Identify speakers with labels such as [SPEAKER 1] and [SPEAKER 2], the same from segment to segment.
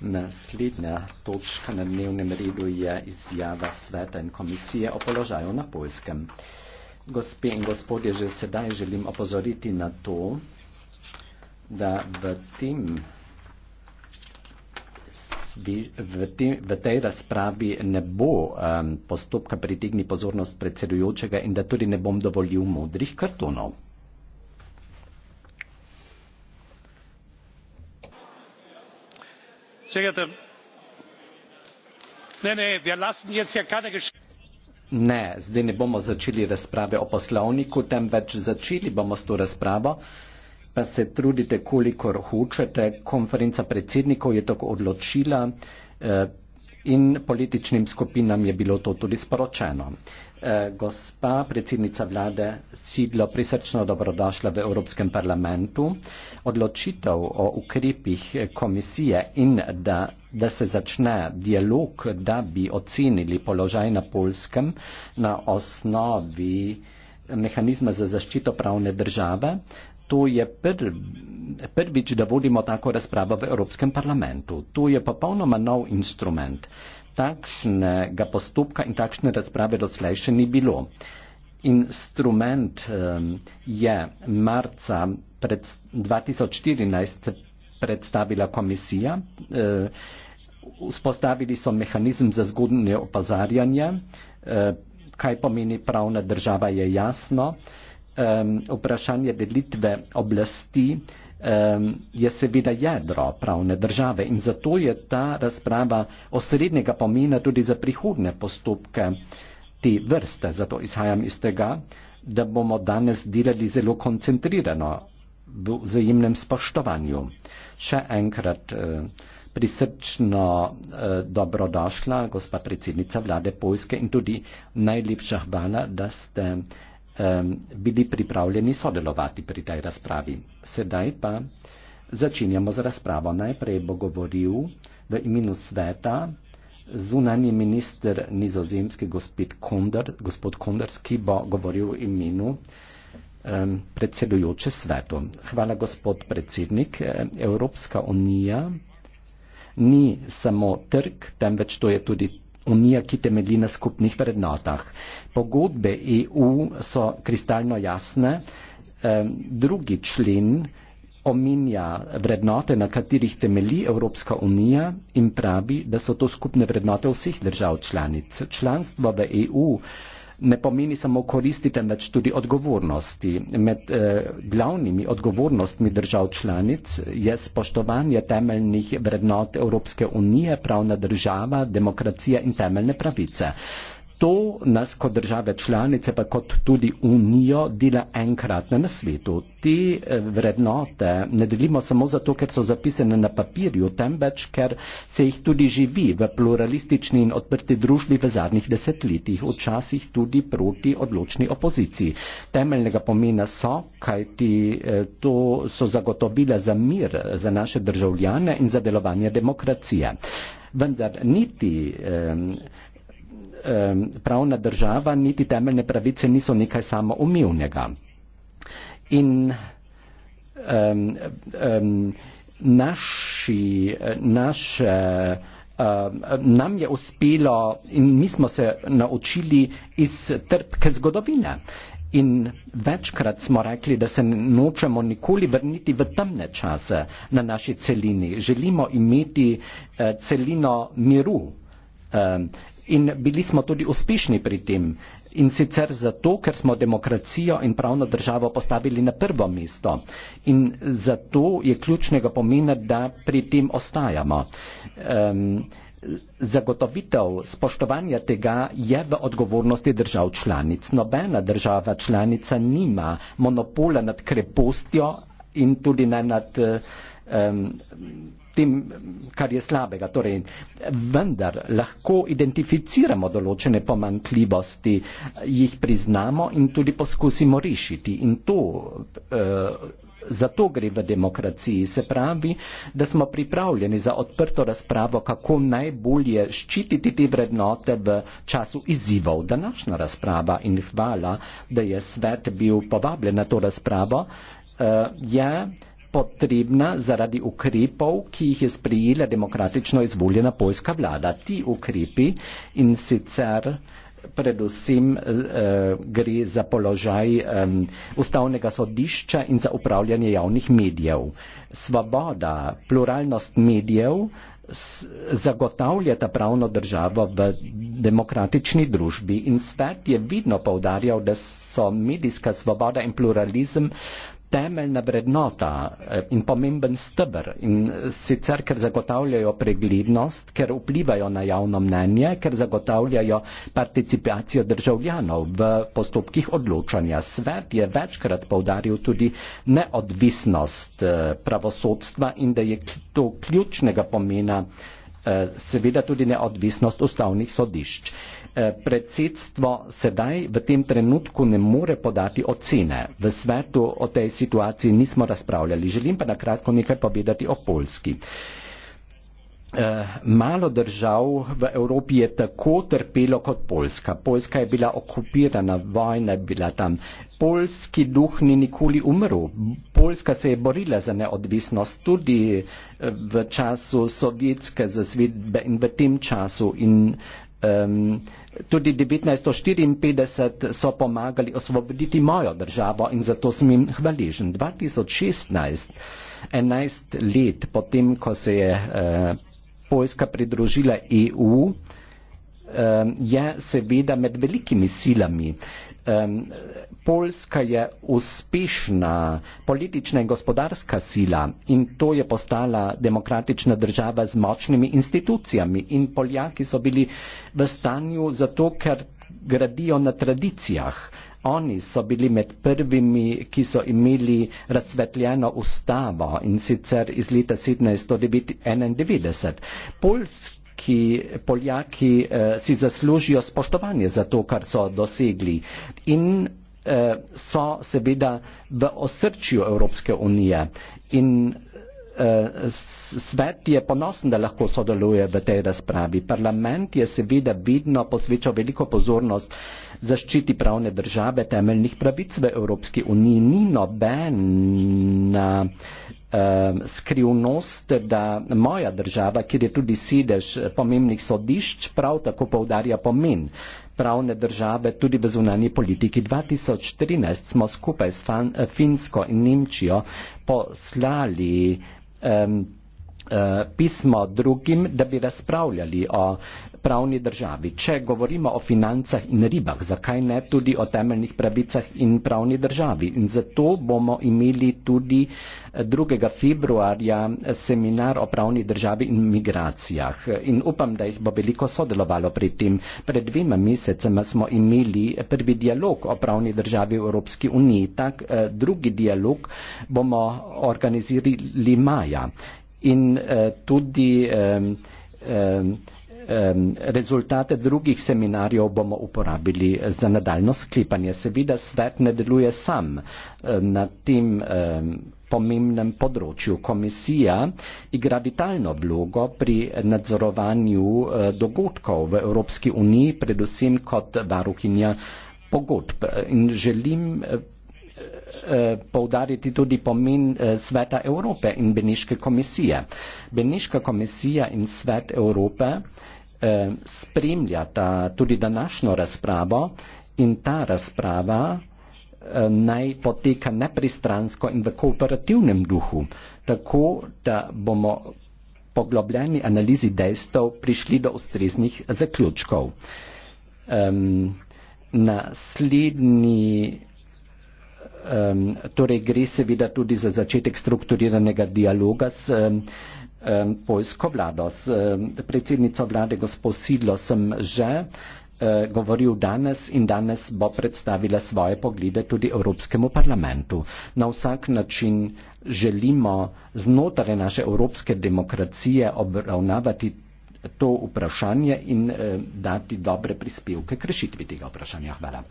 [SPEAKER 1] Naslednja točka na dnevnem redu je izjava sveta in komisije o položaju na Poljskem. Gospe in gospodje, že sedaj želim opozoriti na to, da v, tem, v, tem, v tej razpravi ne bo um, postopka pritegni pozornost predsedujočega in da tudi ne bom dovolil modrih kartonov. ne zdaj ne bomo začeli razprave o poslovniku temveč začeli bomo s to razpravo pa se trudite kolikor hočete konferenca predsednikov je tako odločila pa bomo s tem začeli in političnim skupinam je bilo to tudi sporočeno. E, gospa predsednica vlade Sidlo, prisrčno dobrodošla v Evropskem parlamentu. Odločitev o ukrepih komisije in da, da se začne dialog, da bi ocenili položaj na polskem na osnovi mehanizma za zaščito pravne države, to je pr, prvič, da vodimo tako razpravo v Evropskem parlamentu. To je popolnoma nov instrument. Takšnega postopka in takšne razprave doslej še ni bilo. Instrument je marca 2014 predstavila komisija. Vzpostavili so mehanizem za zgodne opozarjanje, kaj pomeni pravna država je jasno um, vprašanje delitve oblasti um, je seveda jedro pravne države in zato je ta razprava osrednjega pomena tudi za prihodne postopke te vrste. Zato izhajam iz tega, da bomo danes delali zelo koncentrirano v vzajemnem spoštovanju. Še enkrat eh, prisrčno eh, dobrodošla, gospa predsednica vlade Poljske in tudi najlepša hvala, da ste um, bili pripravljeni sodelovati pri tej razpravi. Sedaj pa začenjamo z razpravo. Najprej bo govoril v imenu sveta zunanji minister nizozemski gospod, Kondor, gospod Kondors, ki bo govoril v imenu um, predsedujoče svetu. Hvala, gospod predsednik. Evropska unija ni samo trg, temveč to je tudi unija, ki temelji na skupnih vrednotah. Pogodbe EU so kristalno jasne. Drugi člen omenja vrednote, na katerih temelji Evropska unija in pravi, da so to skupne vrednote vseh držav članic. Članstvo v EU ne pomeni samo koristi, temveč tudi odgovornosti. Med eh, glavnimi odgovornostmi držav članic je spoštovanje temeljnih vrednot Evropske unije, pravna država, demokracija in temeljne pravice to nas kot države članice, pa kot tudi Unijo, dela enkrat na svetu. Te eh, vrednote ne delimo samo zato, ker so zapisane na papirju, temveč ker se jih tudi živi v pluralistični in odprti družbi v zadnjih desetletjih, včasih tudi proti odločni opoziciji. Temeljnega pomena so, kaj ti eh, to so zagotovile za mir, za naše državljane in za delovanje demokracije. Vendar niti eh, eh, pravna država niti temeljne pravice niso nekaj samoumevnega. In eh, eh, naši, naš, eh, nam je uspelo in mi smo se naučili iz trpke zgodovine. In večkrat smo rekli, da se nočemo nikoli vrniti v temne čase na naši celini. Želimo imeti eh, celino miru, Ehm, in bili smo tudi uspešni pri tem. In sicer zato, ker smo demokracijo in pravno državo postavili na prvo mesto. In zato je ključnega pomena, da pri tem ostajamo. Um, zagotovitev spoštovanja tega je v odgovornosti držav članic. Nobena država članica nima monopola nad krepostjo in tudi ne nad. Um, tem, kar je slabega. Torej, vendar lahko identificiramo določene pomankljivosti, jih priznamo in tudi poskusimo rešiti. In to, eh, zato gre v demokraciji. Se pravi, da smo pripravljeni za odprto razpravo, kako najbolje ščititi te vrednote v času izzivov. Današnja razprava in hvala, da je svet bil povabljen na to razpravo, eh, je potrebna zaradi ukrepov, ki jih je sprejela demokratično izvoljena poljska vlada. Ti ukrepi in sicer predvsem eh, gre za položaj eh, ustavnega sodišča in za upravljanje javnih medijev. Svoboda, pluralnost medijev zagotavljata pravno državo v demokratični družbi in svet je vidno povdarjal, da so medijska svoboda in pluralizem temeljna vrednota eh, in pomemben stebr in eh, sicer, ker zagotavljajo preglednost, ker vplivajo na javno mnenje, ker zagotavljajo participacijo državljanov v postopkih odločanja. Svet je večkrat povdaril tudi neodvisnost eh, pravosodstva in da je to ključnega pomena seveda tudi neodvisnost ustavnih sodišč. Eh, predsedstvo sedaj v tem trenutku ne more podati ocene. V svetu o tej situaciji nismo razpravljali. Želim pa na kratko nekaj povedati o Polski. Eh, malo držav v Evropi je tako trpelo kot Poljska. Poljska je bila okupirana, vojna je bila tam. Polski duh ni nikoli umrl. Poljska se je borila za neodvisnost tudi eh, v času sovjetske zasvedbe in v tem času. In Um, tudi 1954 so pomagali osvoboditi mojo državo in zato sem jim hvaležen. 2016, 11 let potem, ko se je uh, Poljska pridružila EU, um, e, je seveda med velikimi silami uh, um, Poljska je uspešna politična in gospodarska sila in to je postala demokratična država z močnimi institucijami in Poljaki so bili v stanju zato, ker gradijo na tradicijah. Oni so bili med prvimi, ki so imeli razsvetljeno ustavo in sicer iz leta 1791. Poljska ki Poljaki eh, si zaslužijo spoštovanje za to, kar so dosegli in eh, so seveda v osrčju Evropske unije in Eh, svet je ponosen, da lahko sodeluje v tej razpravi. Parlament je seveda vidno posvečal veliko pozornost zaščiti pravne države, temeljnih pravic v Evropski uniji. Ni noben eh, skrivnost, da moja država, kjer je tudi sedež pomembnih sodišč, prav tako povdarja pomen pravne države tudi v zunanji politiki. 2013 smo skupaj s Finsko in Nemčijo poslali Um, Eh, pismo drugim, da bi razpravljali o pravni državi. Če govorimo o financah in ribah, zakaj ne tudi o temeljnih pravicah in pravni državi? In zato bomo imeli tudi 2. Eh, februarja eh, seminar o pravni državi in migracijah. In upam, da jih bo veliko sodelovalo pri tem. Pred dvema mesecema smo imeli prvi dialog o pravni državi v Evropski uniji, tak drugi dialog bomo organizirali maja in eh, tudi eh, eh, rezultate drugih seminarjev bomo uporabili za nadaljno sklepanje. Seveda svet ne deluje sam eh, na tem eh, pomembnem področju. Komisija igra vitalno vlogo pri nadzorovanju eh, dogodkov v Evropski uniji, predvsem kot varuhinja pogodb. In želim eh, Eh, poudariti tudi pomen eh, Sveta Evrope in Beniške komisije. Beniška komisija in Svet Evrope eh, spremljata tudi današnjo razpravo in ta razprava naj poteka nepristransko in v kooperativnem duhu, tako da bomo poglobljeni analizi dejstev prišli do ustreznih zaključkov. Um, naslednji um, torej gre seveda tudi za začetek strukturiranega dialoga s um, poljsko vlado. S um, predsednico vlade gospod Sidlo sem že eh, govoril danes in danes bo predstavila svoje poglede tudi Evropskemu parlamentu. Na vsak način želimo znotraj naše evropske demokracije obravnavati to vprašanje in eh, dati dobre prispevke k rešitvi tega vprašanja. Hvala.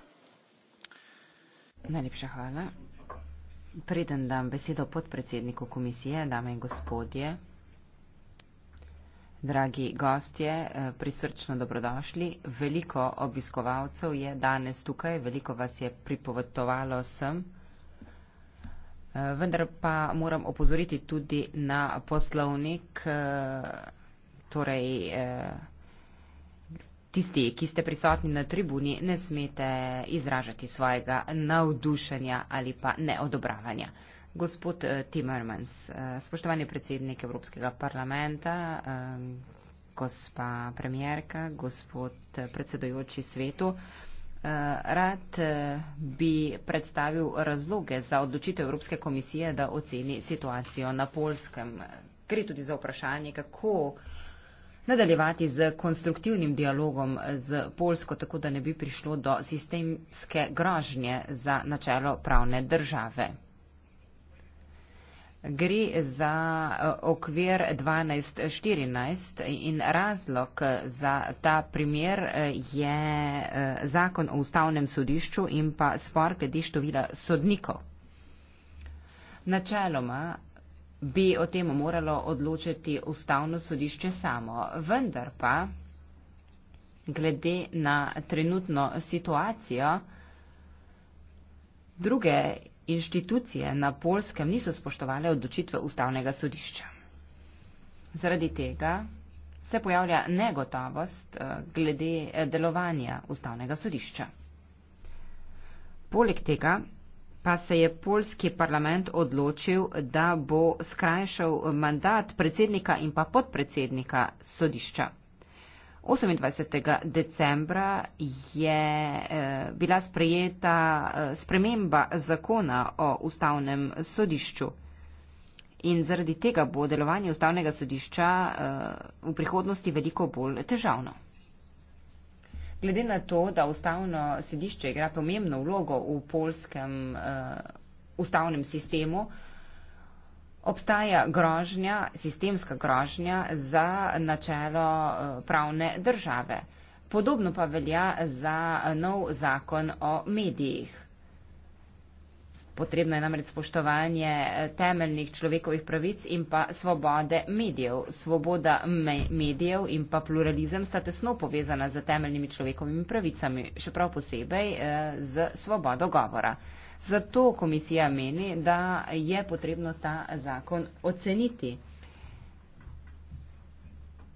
[SPEAKER 2] Najlepša hvala. Preden dam besedo podpredsedniku komisije, dame in gospodje, dragi gostje, eh, prisrčno dobrodošli. Veliko obiskovalcev je danes tukaj, veliko vas je pripovedovalo sem, eh, vendar pa moram opozoriti tudi na poslovnik, eh, torej tisti, ki ste prisotni na tribuni, ne smete izražati svojega navdušenja ali pa neodobravanja. Gospod eh, Timmermans, eh, spoštovani predsednik Evropskega parlamenta, eh, gospa premjerka, gospod predsedojoči svetu, rad bi predstavil razloge za odločitev Evropske komisije, da oceni situacijo na Polskem. Gre tudi za vprašanje, kako nadaljevati z konstruktivnim dialogom z Polsko, tako da ne bi prišlo do sistemske grožnje za načelo pravne države. Gre za eh, okvir 1214 in razlog za ta primer eh, je eh, zakon o ustavnem sodišču in pa spor glede števila sodnikov. Načeloma bi o tem moralo odločiti ustavno sodišče samo. Vendar pa, glede na trenutno situacijo, druge inštitucije na polskem niso spoštovale odločitve ustavnega sodišča. Zaradi tega se pojavlja negotovost eh, glede eh, delovanja ustavnega sodišča. Poleg tega pa se je polski parlament odločil, da bo skrajšal mandat predsednika in pa podpredsednika sodišča. 28. decembra je eh, bila sprejeta eh, sprememba zakona o ustavnem sodišču. In zaradi tega bo delovanje ustavnega sodišča eh, v prihodnosti veliko bolj težavno. Glede na to, da ustavno sedišče igra pomembno vlogo v polskem uh, ustavnem sistemu, obstaja grožnja, sistemska grožnja za načelo uh, pravne države. Podobno pa velja za eh, nov zakon o medijih. Potrebno je namreč spoštovanje eh, temeljnih človekovih pravic in pa svobode medijev. Svoboda me medijev in pa pluralizem sta tesno povezana z temeljnimi človekovimi pravicami, še prav posebej eh, z svobodo govora. Zato komisija meni, da je potrebno ta zakon oceniti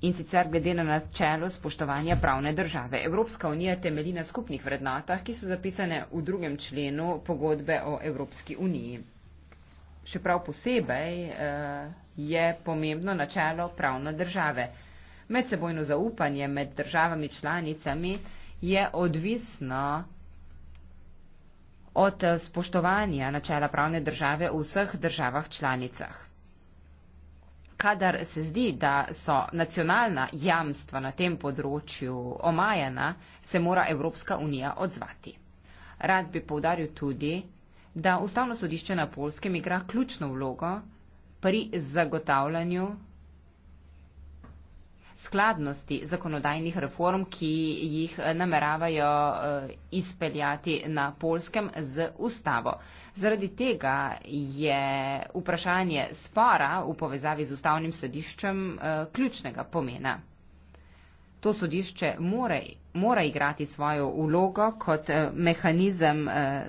[SPEAKER 2] in sicer glede na načelo spoštovanja pravne države. Evropska unija temelji na skupnih vrednotah, ki so zapisane v drugem členu pogodbe o Evropski uniji. Še prav posebej eh, je pomembno načelo pravne države. Medsebojno zaupanje med državami članicami je odvisno od eh, spoštovanja načela pravne države v vseh državah članicah kadar se zdi, da so nacionalna jamstva na tem področju omajena, se mora Evropska unija odzvati. Rad bi povdaril tudi, da Ustavno sodišče na Polskem igra ključno vlogo pri zagotavljanju skladnosti zakonodajnih reform, ki jih eh, nameravajo eh, izpeljati na polskem z ustavo. Zaradi tega je vprašanje spora v povezavi z ustavnim sodiščem eh, ključnega pomena. To sodišče more, mora igrati svojo ulogo kot mehanizem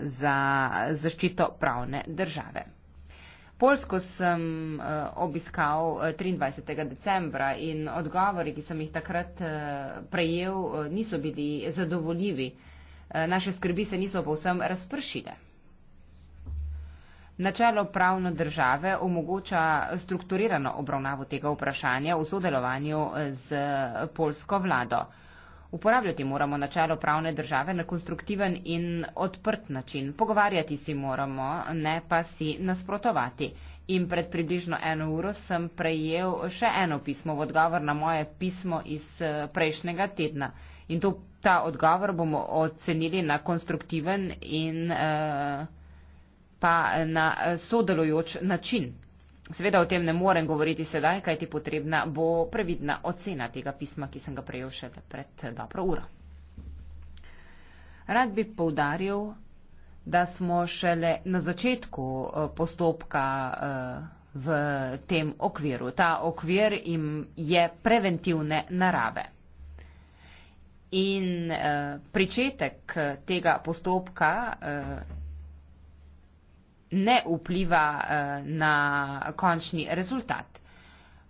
[SPEAKER 2] za zaščito pravne države. Polsko sem eh, obiskal 23. Eh, decembra in odgovori, ki sem jih takrat eh, prejel, niso bili zadovoljivi. Naše skrbi se niso povsem razpršile. Načelo pravno države omogoča strukturirano obravnavo tega vprašanja v sodelovanju z polsko vlado. Uporabljati moramo načelo pravne države na konstruktiven in odprt način. Pogovarjati si moramo, ne pa si nasprotovati. In pred približno eno uro sem prejel še eno pismo v odgovor na moje pismo iz eh, prejšnjega tedna. In to, ta odgovor bomo ocenili na konstruktiven in eh, pa na eh, sodelujoč način. Seveda o tem ne morem govoriti sedaj, kaj ti potrebna bo previdna ocena tega pisma, ki sem ga prejel še pred eh, dobro uro. Rad bi povdaril, da smo šele na začetku eh, postopka eh, v tem okviru. Ta okvir jim je preventivne narave. In eh, pričetek tega postopka eh, ne vpliva eh, na končni rezultat.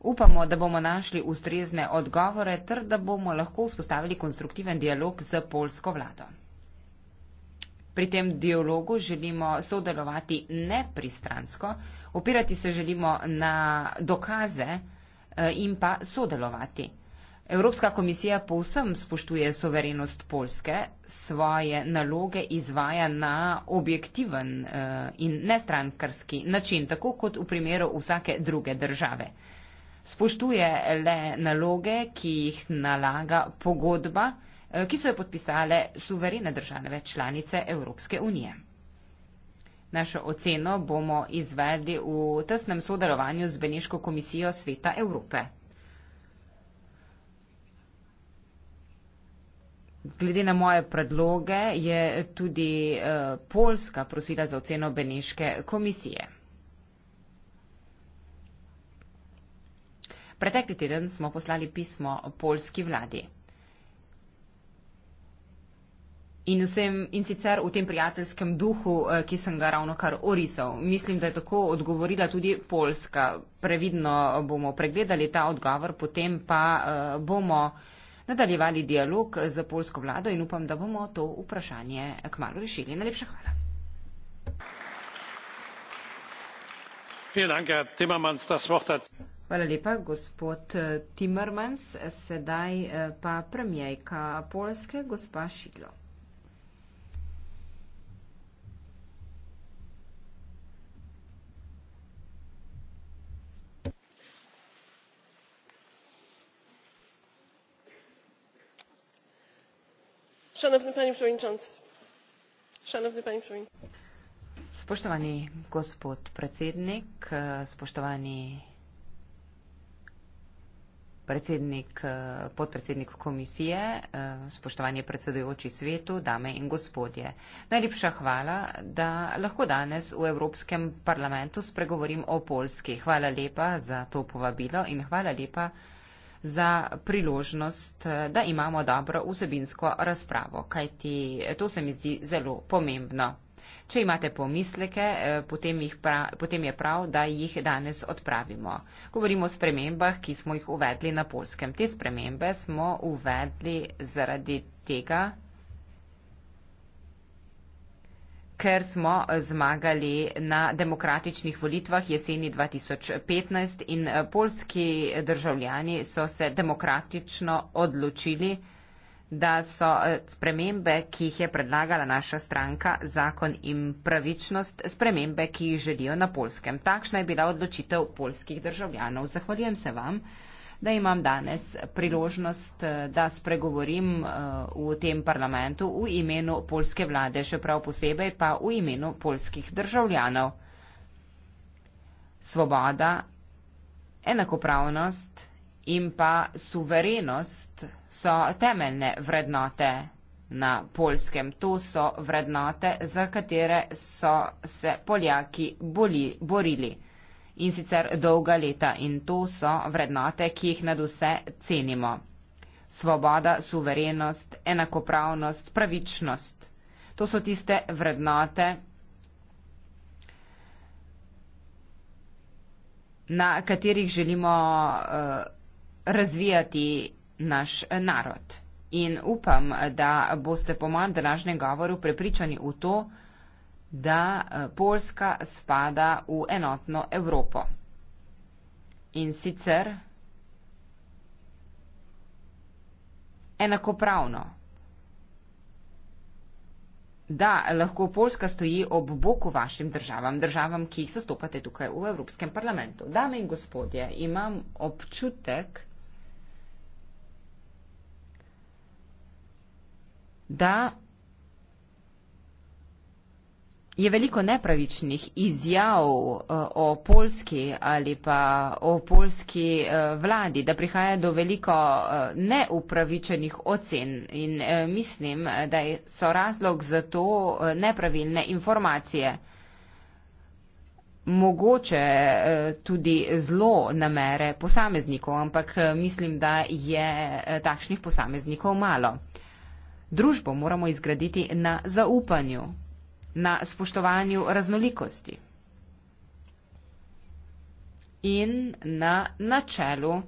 [SPEAKER 2] Upamo, da bomo našli ustrezne odgovore ter da bomo lahko vzpostavili konstruktiven dialog z polsko vlado. Pri tem dialogu želimo sodelovati nepristransko, opirati se želimo na dokaze eh, in pa sodelovati. Evropska komisija povsem spoštuje soverenost Polske, svoje naloge izvaja na objektiven eh, in nestrankarski način, tako kot v primeru vsake druge države. Spoštuje le naloge, ki jih nalaga pogodba, eh, ki so jo podpisale suverene države članice Evropske unije. Našo oceno bomo izvedli v tesnem sodelovanju z Beneško komisijo sveta Evrope. Glede na moje predloge je tudi eh, Poljska prosila za oceno Beneške komisije. Pretekli teden smo poslali pismo polski vladi. In, vsem, in sicer v tem prijateljskem duhu, eh, ki sem ga ravno kar orisal. Mislim, da je tako odgovorila tudi Poljska. Previdno bomo pregledali ta odgovor, potem pa eh, bomo nadaljevali dialog z polsko vlado in upam, da bomo to vprašanje kmalo rešili. Najlepša hvala. Hvala lepa, gospod eh, Timmermans. Sedaj eh, pa premijejka Polske, gospa Šidlo. Spoštovani gospod predsednik, spoštovani predsednik, podpredsednik komisije, spoštovani predsedujoči svetu, dame in gospodje. Najlepša hvala, da lahko danes v Evropskem parlamentu spregovorim o Polski. Hvala lepa za to povabilo in hvala lepa za priložnost, da imamo dobro vsebinsko razpravo, kajti to se mi zdi zelo pomembno. Če imate pomisleke, eh, potem, pra, potem je prav, da jih danes odpravimo. Govorimo o spremembah, ki smo jih uvedli na polskem. Te spremembe smo uvedli zaradi tega, ker smo eh, zmagali na demokratičnih volitvah jeseni 2015 in eh, polski državljani so se demokratično odločili, da so eh, spremembe, ki jih je predlagala naša stranka, zakon in pravičnost, spremembe, ki jih želijo na polskem. Takšna je bila odločitev polskih državljanov. Zahvaljujem se vam da imam danes priložnost, eh, da spregovorim eh, v tem parlamentu v imenu polske vlade, še prav posebej pa v imenu polskih državljanov. Svoboda, enakopravnost in pa suverenost so temeljne vrednote na polskem. To so vrednote, za katere so se Poljaki boli, borili in sicer dolga leta in to so vrednote, ki jih nad vse cenimo. Svoboda, suverenost, enakopravnost, pravičnost. To so tiste vrednote, na katerih želimo uh, razvijati naš eh, narod. In upam, da boste po mojem današnjem govoru prepričani v to, da eh, Poljska spada v enotno Evropo. In sicer enakopravno. Da lahko Poljska stoji ob boku vašim državam, državam, ki jih zastopate tukaj v Evropskem parlamentu. Dame in gospodje, imam občutek, da Je veliko nepravičnih izjav eh, o polski ali pa o polski eh, vladi, da prihaja do veliko eh, neupravičenih ocen in mislim, da so razlog za to nepravilne informacije, mogoče tudi zlo namere posameznikov, ampak mislim, da je takšnih posameznikov malo. Družbo moramo izgraditi na zaupanju na spoštovanju raznolikosti in na načelu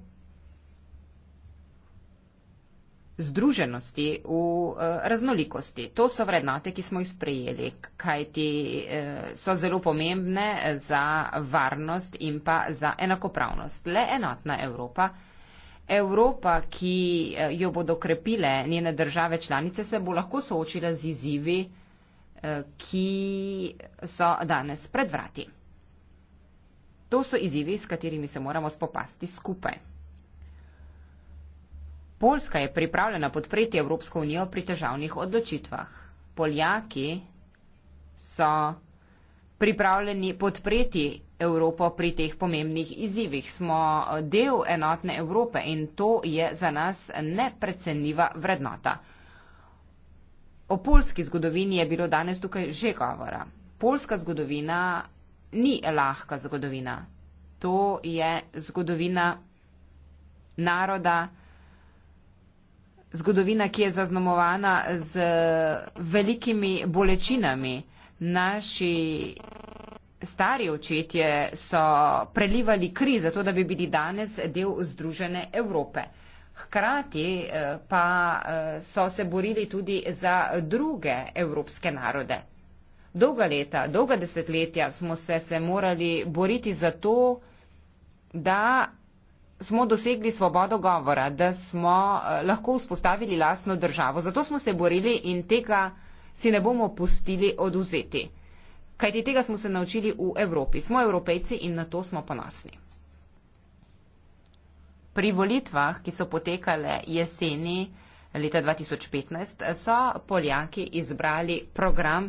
[SPEAKER 2] združenosti v eh, raznolikosti. To so vrednote, ki smo jih sprejeli, kajti eh, so zelo pomembne za varnost in pa za enakopravnost. Le enotna Evropa. Evropa, ki eh, jo bodo krepile njene države članice, se bo lahko soočila z izzivi, ki so danes pred vrati. To so izzivi, s katerimi se moramo spopasti skupaj. Poljska je pripravljena podpreti Evropsko unijo pri težavnih odločitvah. Poljaki so pripravljeni podpreti Evropo pri teh pomembnih izzivih. Smo del enotne Evrope in to je za nas neprecenljiva vrednota. O polski zgodovini je bilo danes tukaj že govora. Polska zgodovina ni lahka zgodovina. To je zgodovina naroda, zgodovina, ki je zaznamovana z velikimi bolečinami. Naši stari očetje so prelivali kri, zato da bi bili danes del združene Evrope hkrati eh, pa eh, so se borili tudi za druge evropske narode. Dolga leta, dolga desetletja smo se, se morali boriti za to, da smo dosegli svobodo govora, da smo eh, lahko vzpostavili lastno državo. Zato smo se borili in tega si ne bomo pustili oduzeti. Kajti tega smo se naučili v Evropi. Smo evropejci in na to smo ponosni. Pri volitvah, ki so potekale jeseni leta 2015, so Poljaki izbrali program,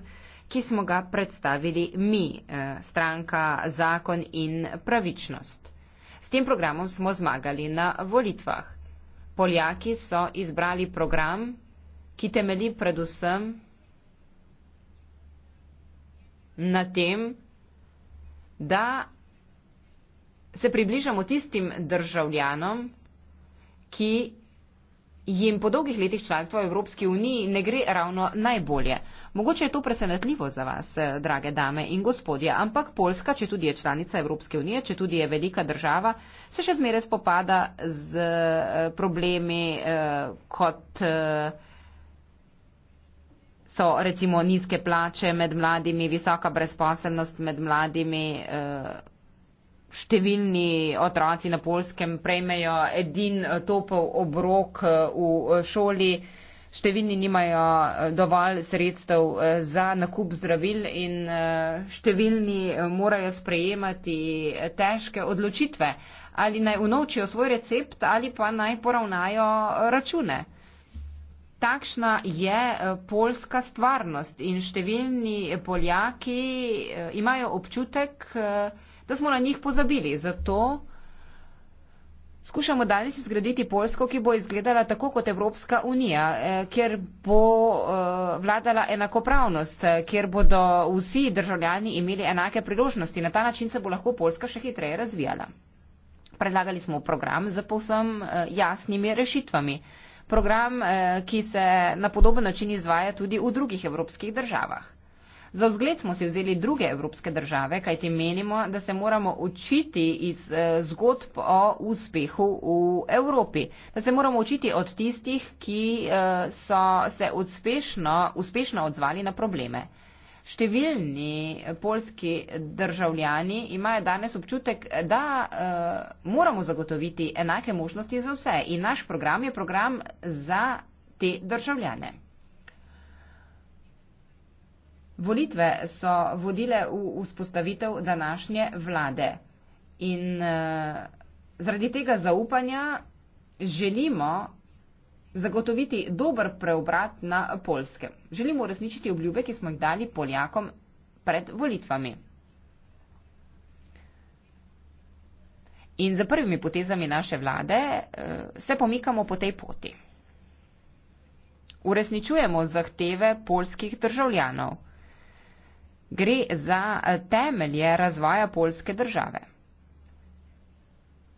[SPEAKER 2] ki smo ga predstavili mi, eh, stranka Zakon in pravičnost. S tem programom smo zmagali na volitvah. Poljaki so izbrali program, ki temeli predvsem na tem, da se približamo tistim državljanom, ki jim po dolgih letih članstva v Evropski uniji ne gre ravno najbolje. Mogoče je to presenetljivo za vas, eh, drage dame in gospodje, ampak Poljska, če tudi je članica Evropske unije, če tudi je velika država, se še zmeraj spopada z eh, problemi eh, kot so recimo nizke plače med mladimi, visoka brezposelnost med mladimi številni otroci na polskem prejmejo edin eh, topel obrok eh, v eh, šoli, številni nimajo dovolj sredstev za nakup zdravil in številni morajo sprejemati težke odločitve, ali naj unovčijo svoj recept ali pa naj poravnajo račune. Takšna je polska stvarnost in številni Poljaki imajo občutek, da smo na njih pozabili. Zato skušamo danes izgraditi Polsko, ki bo izgledala tako kot Evropska unija, eh, kjer bo eh, vladala enakopravnost, eh, kjer bodo vsi državljani imeli enake priložnosti. Na ta način se bo lahko Polska še hitreje razvijala. Predlagali smo program z povsem jasnimi rešitvami. Program, ki se na podoben način izvaja tudi v drugih evropskih državah. Za vzgled smo si vzeli druge evropske države, kajti menimo, da se moramo učiti iz eh, zgodb o uspehu v Evropi. Da se moramo učiti od tistih, ki eh, so se uspešno, uspešno odzvali na probleme. Številni eh, polski državljani imajo danes občutek, da uh, moramo zagotoviti enake možnosti za vse in naš program je program za te državljane. Volitve so vodile v vzpostavitev današnje vlade in uh, zaradi tega zaupanja želimo zagotoviti dober preobrat na polskem. Želimo uresničiti obljube, ki smo jih dali Poljakom pred volitvami. In za prvimi potezami naše vlade eh, se pomikamo po tej poti. Uresničujemo zahteve polskih državljanov gre za eh, temelje razvoja polske države.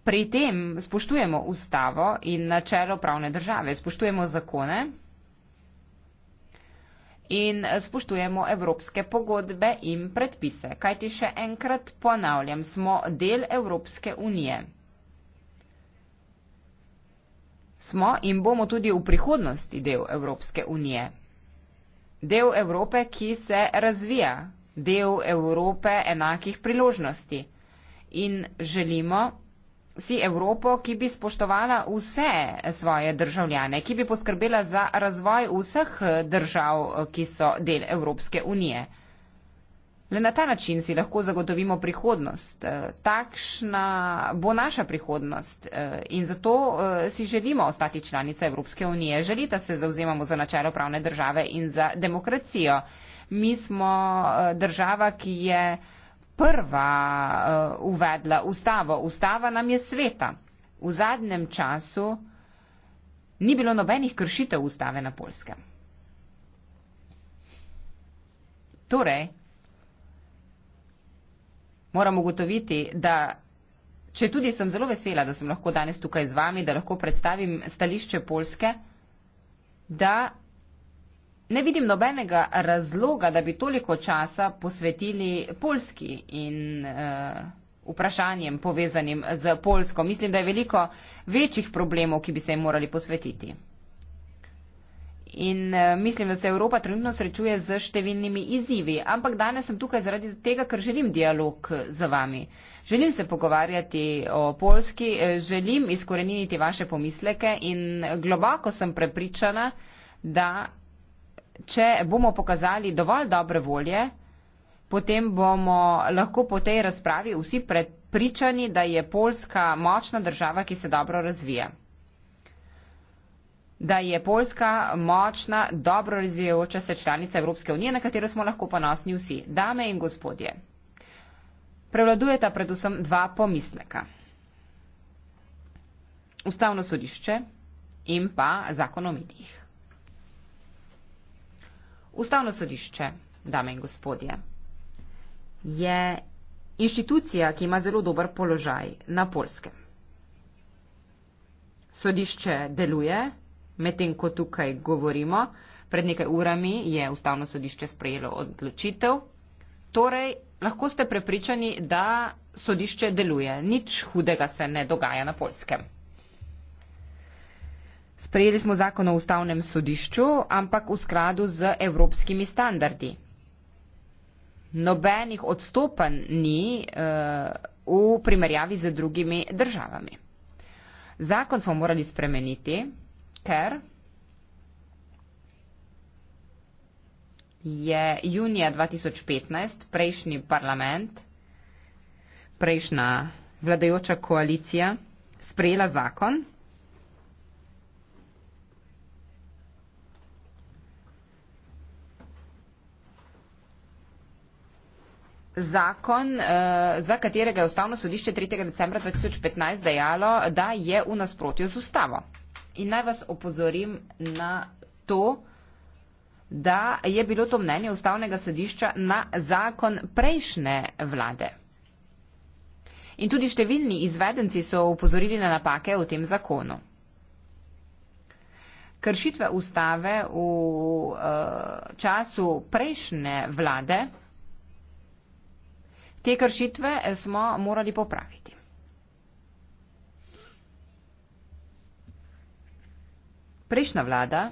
[SPEAKER 2] Pri tem spoštujemo ustavo in načelo pravne države, spoštujemo zakone in eh, spoštujemo evropske pogodbe in predpise. Kajti še enkrat ponavljam, smo del Evropske unije. Smo in bomo tudi v prihodnosti del Evropske unije del Evrope, ki se razvija, del Evrope enakih priložnosti. In želimo si Evropo, ki bi spoštovala vse svoje državljane, ki bi poskrbela za razvoj vseh držav, ki so del Evropske unije. Le na ta način si lahko zagotovimo prihodnost. Eh, takšna bo naša prihodnost eh, in zato eh, si želimo ostati članice Evropske unije. Želite se zauzemamo za načelo pravne države in za demokracijo. Mi smo država, ki je prva uvedla ustavo. Ustava nam je sveta. V zadnjem času ni bilo nobenih kršitev ustave na polskem. Torej, moram ugotoviti, da če tudi sem zelo vesela, da sem lahko danes tukaj z vami, da lahko predstavim stališče Polske, da ne vidim nobenega razloga, da bi toliko časa posvetili Polski in uh, vprašanjem povezanim z Polsko. Mislim, da je veliko večjih problemov, ki bi se jim morali posvetiti. In eh, mislim, da se Evropa trenutno srečuje z številnimi izzivi, ampak danes sem tukaj zaradi tega, ker želim dialog z vami. Želim se pogovarjati o Polski, eh, želim izkoreniniti vaše pomisleke in globoko sem prepričana, da če bomo pokazali dovolj dobre volje, potem bomo lahko po tej razpravi vsi prepričani, da je Polska močna država, ki se dobro razvija da je Poljska močna, dobro razvijajoča se članica Evropske unije, na katero smo lahko ponosni vsi, dame in gospodje. Prevladujeta predvsem dva pomisleka. Ustavno sodišče in pa zakon o medijih. Ustavno sodišče, dame in gospodje, je inštitucija, ki ima zelo dober položaj na Poljskem. Sodišče deluje, Medtem ko tukaj govorimo, pred nekaj urami je ustavno sodišče sprejelo odločitev. Torej, lahko ste prepričani, da sodišče deluje. Nič hudega se ne dogaja na polskem. Sprejeli smo zakon o ustavnem sodišču, ampak v skladu z evropskimi standardi. Nobenih odstopanj ni uh, v primerjavi z drugimi državami. Zakon smo morali spremeniti, Ester je junija 2015 prejšnji parlament, prejšnja vladajoča koalicija sprejela zakon, Zakon, eh, za katerega je ustavno sodišče 3. decembra 2015 dejalo, da je v nasprotju z ustavo in naj vas opozorim na to, da je bilo to mnenje ustavnega sodišča na zakon prejšnje vlade. In tudi številni izvedenci so upozorili na napake v tem zakonu. Kršitve ustave v uh, času prejšnje vlade, te kršitve smo morali popraviti. prejšnja vlada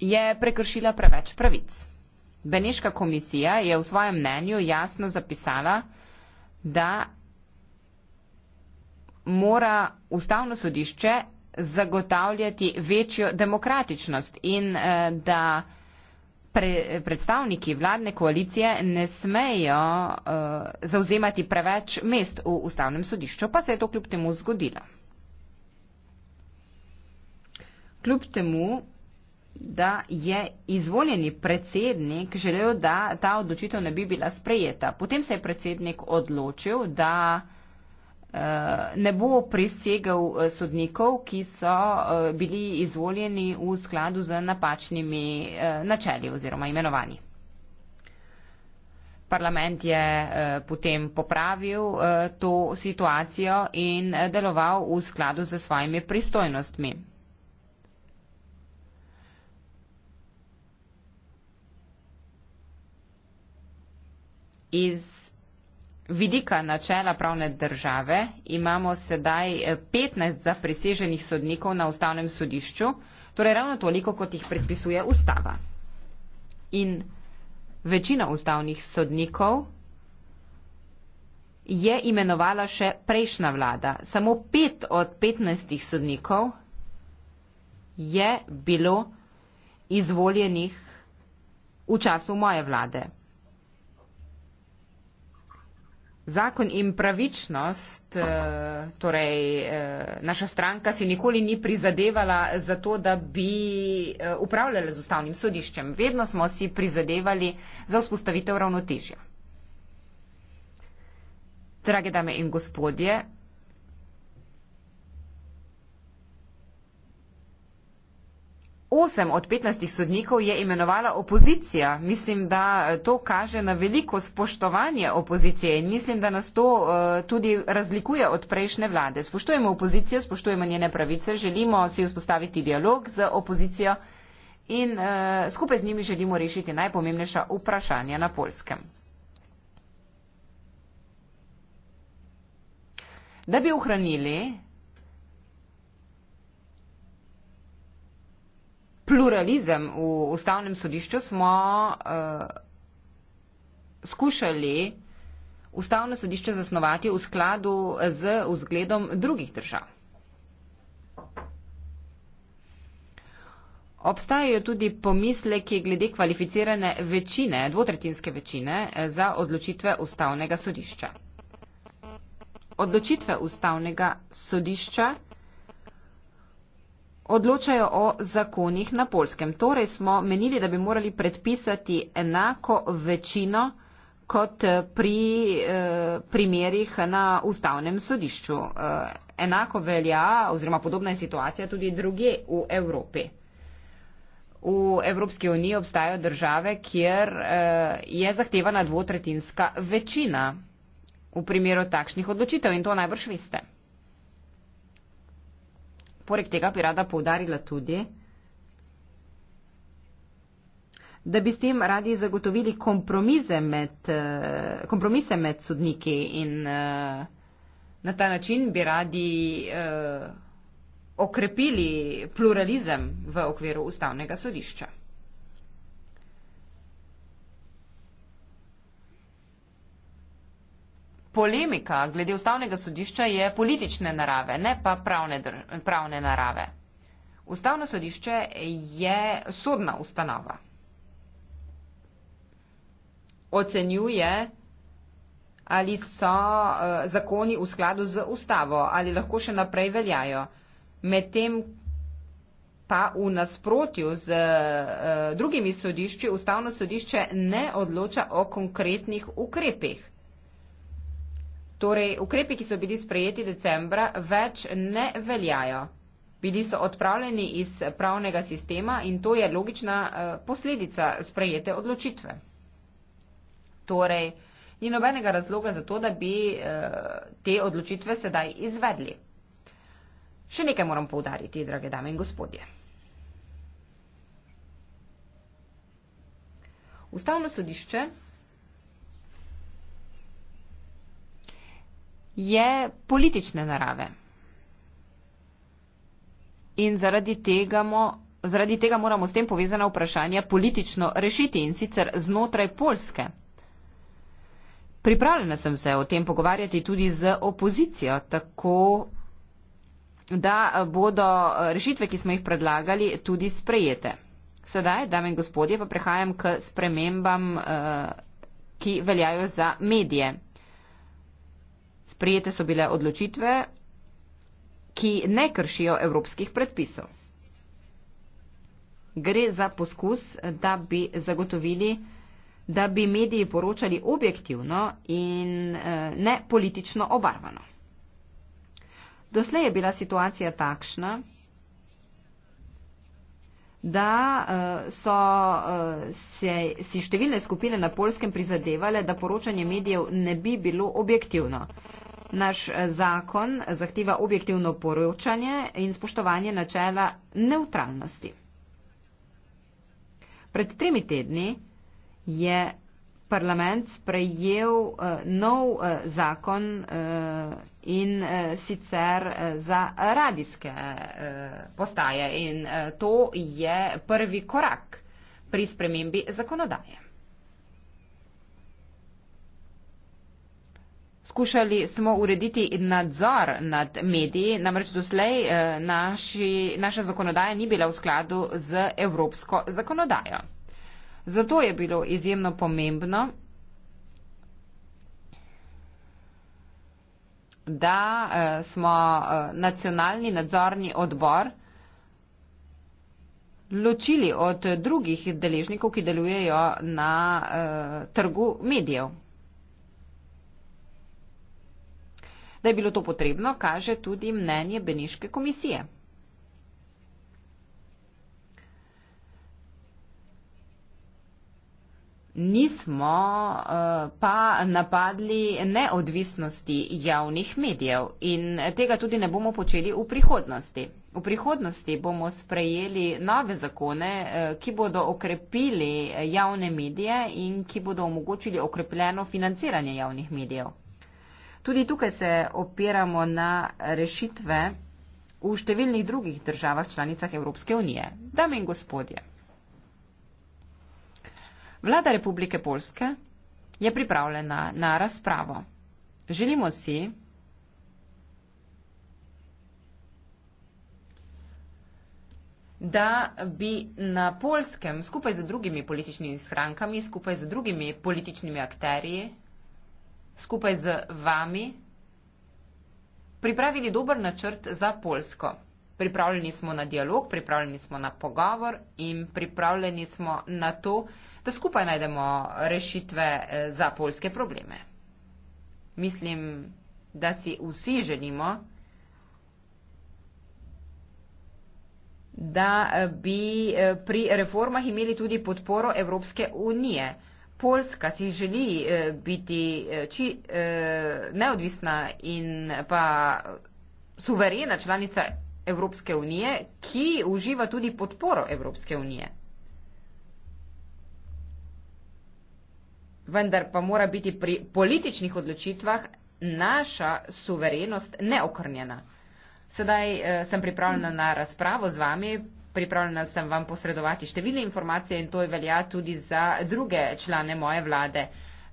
[SPEAKER 2] je prekršila preveč pravic. Beneška komisija je v svojem mnenju jasno zapisala, da mora ustavno sodišče zagotavljati večjo demokratičnost in eh, da pre, predstavniki vladne koalicije ne smejo uh, eh, zauzemati preveč mest v ustavnem sodišču, pa se je to kljub temu zgodilo. Kljub temu, da je izvoljeni predsednik želel, da ta odločitev ne bi bila sprejeta. Potem se je predsednik odločil, da Eh, ne bo presegal eh, sodnikov, ki so eh, bili izvoljeni v skladu z napačnimi načeli oziroma imenovani. Parlament je potem popravil to situacijo in deloval v skladu z svojimi pristojnostmi. Iz vidika načela pravne države imamo sedaj 15 eh, zapriseženih sodnikov na ustavnem sodišču, torej ravno toliko, kot jih predpisuje ustava. In večina ustavnih sodnikov je imenovala še prejšnja vlada. Samo pet od 15 sodnikov je bilo izvoljenih v času moje vlade. Zakon in pravičnost, eh, torej eh, naša stranka si nikoli ni prizadevala za to, da bi eh, upravljala z ustavnim sodiščem. Vedno smo si prizadevali za vzpostavitev ravnotežja. Drage dame in gospodje, Osem od petnajstih sodnikov je imenovala opozicija. Mislim, da eh, to kaže na veliko spoštovanje opozicije in mislim, da nas to uh, tudi razlikuje od prejšnje vlade. Spoštujemo opozicijo, spoštujemo njene pravice, želimo si vzpostaviti dialog z opozicijo in uh, skupaj z njimi želimo rešiti najpomembnejša vprašanja na polskem. Da bi ohranili pluralizem v ustavnem sodišču smo uh, skušali ustavno sodišče zasnovati v skladu z vzgledom drugih držav. Obstajajo tudi pomisleki glede kvalificirane večine, dvotretinske večine, eh, za odločitve ustavnega sodišča. Odločitve ustavnega sodišča odločajo o zakonih na polskem. Torej smo menili, da bi morali predpisati enako večino kot pri eh, primerjih na ustavnem sodišču. Eh, enako velja oziroma podobna je situacija tudi druge v Evropi. V Evropski uniji obstajajo države, kjer eh, je zahtevana dvotretinska večina v primeru takšnih odločitev in to najbrž veste. Poleg tega bi rada povdarila tudi, da bi s tem radi zagotovili kompromise med, eh, kompromise med sodniki in eh, na ta način bi radi eh, okrepili pluralizem v okviru ustavnega sodišča. polemika glede ustavnega sodišča je politične narave, ne pa pravne, dr, pravne narave. Ustavno sodišče je sodna ustanova. Ocenjuje, ali so uh, zakoni v skladu z ustavo, ali lahko še naprej veljajo. Medtem pa v nasprotju z uh, drugimi sodišči, ustavno sodišče ne odloča o konkretnih ukrepih. Torej, ukrepi, ki so bili sprejeti decembra, več ne veljajo. Bili so odpravljeni iz pravnega sistema in to je logična eh, posledica sprejete odločitve. Torej, ni nobenega razloga za to, da bi eh, te odločitve sedaj izvedli. Še nekaj moram povdariti, drage dame in gospodje. Ustavno sodišče je politične narave. In zaradi tega, mo, zaradi tega moramo s tem povezana vprašanja politično rešiti in sicer znotraj Polske. Pripravljena sem se o tem pogovarjati tudi z opozicijo, tako da bodo rešitve, ki smo jih predlagali, tudi sprejete. Sedaj, dame in gospodje, pa prehajam k spremembam, eh, ki veljajo za medije. Sprijete so bile odločitve, ki ne kršijo evropskih predpisov. Gre za poskus, da bi zagotovili, da bi mediji poročali objektivno in eh, ne politično obarvano. Doslej je bila situacija takšna, da eh, so eh, se, si številne skupine na polskem prizadevale, da poročanje medijev ne bi bilo objektivno. Naš eh, zakon zahteva objektivno poročanje in spoštovanje načela neutralnosti. Pred tremi tedni je parlament sprejel eh, nov eh, zakon in sicer za radijske postaje in to je prvi korak pri spremembi zakonodaje. Skušali smo urediti nadzor nad mediji, namreč doslej eh, naši, naša zakonodaja ni bila v skladu z evropsko zakonodajo. Zato je bilo izjemno pomembno, da eh, smo eh, nacionalni nadzorni odbor ločili od drugih deležnikov, ki delujejo na trgu medijev. Da je bilo to potrebno, kaže tudi mnenje Beniške komisije. Nismo uh, pa napadli neodvisnosti javnih medijev in tega tudi ne bomo počeli v prihodnosti. V prihodnosti bomo sprejeli nove zakone, uh, ki bodo okrepili javne medije in ki bodo omogočili okrepljeno financiranje javnih medijev. Tudi tukaj se opiramo na rešitve v številnih drugih državah članicah Evropske unije. Dame in gospodje, vlada Republike Polske je pripravljena na razpravo. Želimo si, da bi na polskem skupaj z drugimi političnimi strankami, skupaj z drugimi političnimi akterji skupaj z vami pripravili dober načrt za Polsko. Pripravljeni smo na dialog, pripravljeni smo na pogovor in pripravljeni smo na to, da skupaj najdemo rešitve eh, za polske probleme. Mislim, da si vsi želimo, da eh, bi eh, pri reformah imeli tudi podporo Evropske unije. Poljska si želi eh, biti eh, či, eh, neodvisna in pa suverena članica Evropske unije, ki uživa tudi podporo Evropske unije. Vendar pa mora biti pri političnih odločitvah naša suverenost neokrnjena. Sedaj sem pripravljena na razpravo z vami, pripravljena sem vam posredovati številne informacije in to velja tudi za druge člane moje vlade.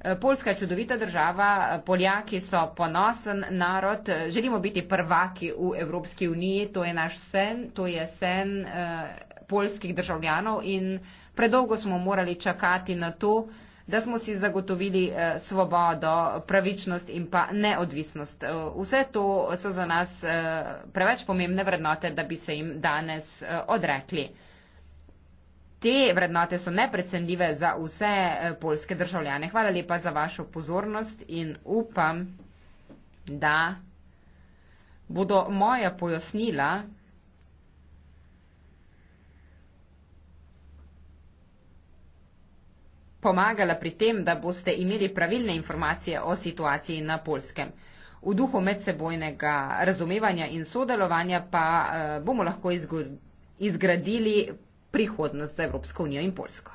[SPEAKER 2] E, Poljska je čudovita država, e, Poljaki so ponosen narod, želimo biti prvaki v Evropski uniji, to je naš sen, to je sen eh, poljskih državljanov in predolgo smo morali čakati na to, eh, da smo si zagotovili eh, svobodo, pravičnost in pa neodvisnost. Eh, vse to so za nas eh, preveč pomembne vrednote, da bi se jim danes odrekli. Te vrednote so neprecenljive za vse polske državljane. Hvala lepa za vašo pozornost in upam, da bodo moja pojasnila, pomagala pri tem, da boste imeli pravilne informacije o situaciji na polskem. V duhu medsebojnega razumevanja in sodelovanja pa eh, bomo lahko izgradili prihodnost za Evropsko unijo in Polsko.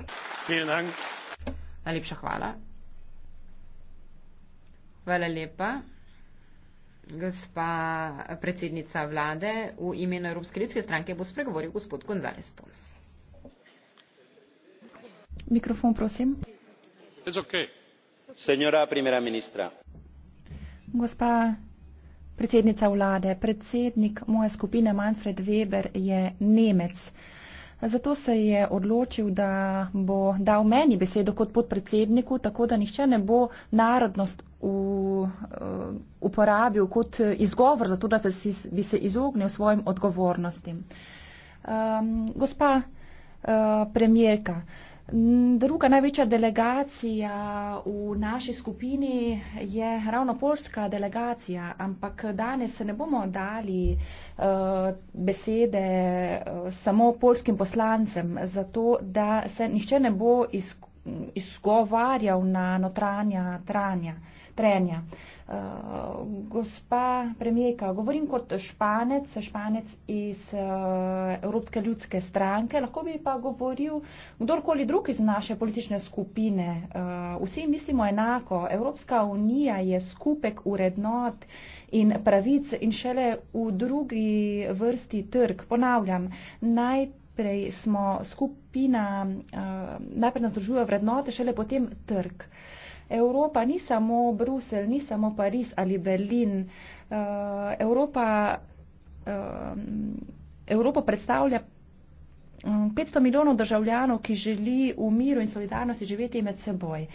[SPEAKER 2] Najlepša hvala. Hvala lepa. Gospa predsednica vlade v imenu Evropske ljudske stranke bo spregovoril gospod Gonzales Pons
[SPEAKER 3] señora primera ministra
[SPEAKER 4] gospa predsednica vlade predsednik moje skupine manfred weber je nemec zato se je odločil da bo dal meni besedo kot podpredsedniku tako da nihče ne bo narodnost v, eh, uporabil kot izgovor zato da bi, bi se izognil svojim odgovornostim um, gospa uh, eh, premijerka uh, Druga največja delegacija v naši skupini je ravno polska delegacija, ampak danes se ne bomo dali eh, besede eh, samo polskim poslancem, zato da se nihče ne bo izgovarjal na notranja tranja trenja. Uh, gospa premijeka, govorim kot španec, španec iz uh, Evropske ljudske stranke, lahko bi pa govoril kdorkoli drug iz naše politične skupine. Uh, vsi mislimo enako, Evropska unija je skupek urednot in pravic in šele v drugi vrsti trg. Ponavljam, najprej smo skupina, uh, najprej nas združujejo vrednote, šele potem trg. Uh, Evropa ni samo Brusel, ni samo Pariz ali Berlin. Uh, Evropa, uh, Evropo predstavlja 500 mm, milijonov državljanov, ki želi v miru in solidarnosti živeti med seboj.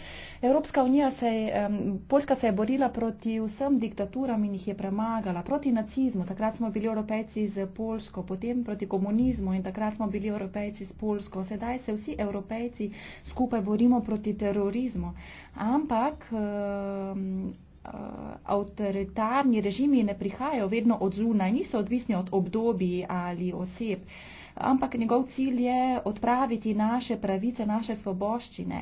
[SPEAKER 4] Evropska unija se je, Poljska se je borila proti vsem diktaturam in jih je premagala, proti nacizmu, takrat smo bili evropejci z Poljsko, potem proti komunizmu in takrat smo bili evropejci z Poljsko. Sedaj se vsi evropejci skupaj borimo proti terorizmu. Ampak eh, avtoritarni režimi ne prihajajo vedno od zunaj, niso odvisni od obdobij ali oseb ampak njegov cilj je odpraviti naše pravice, naše svoboščine.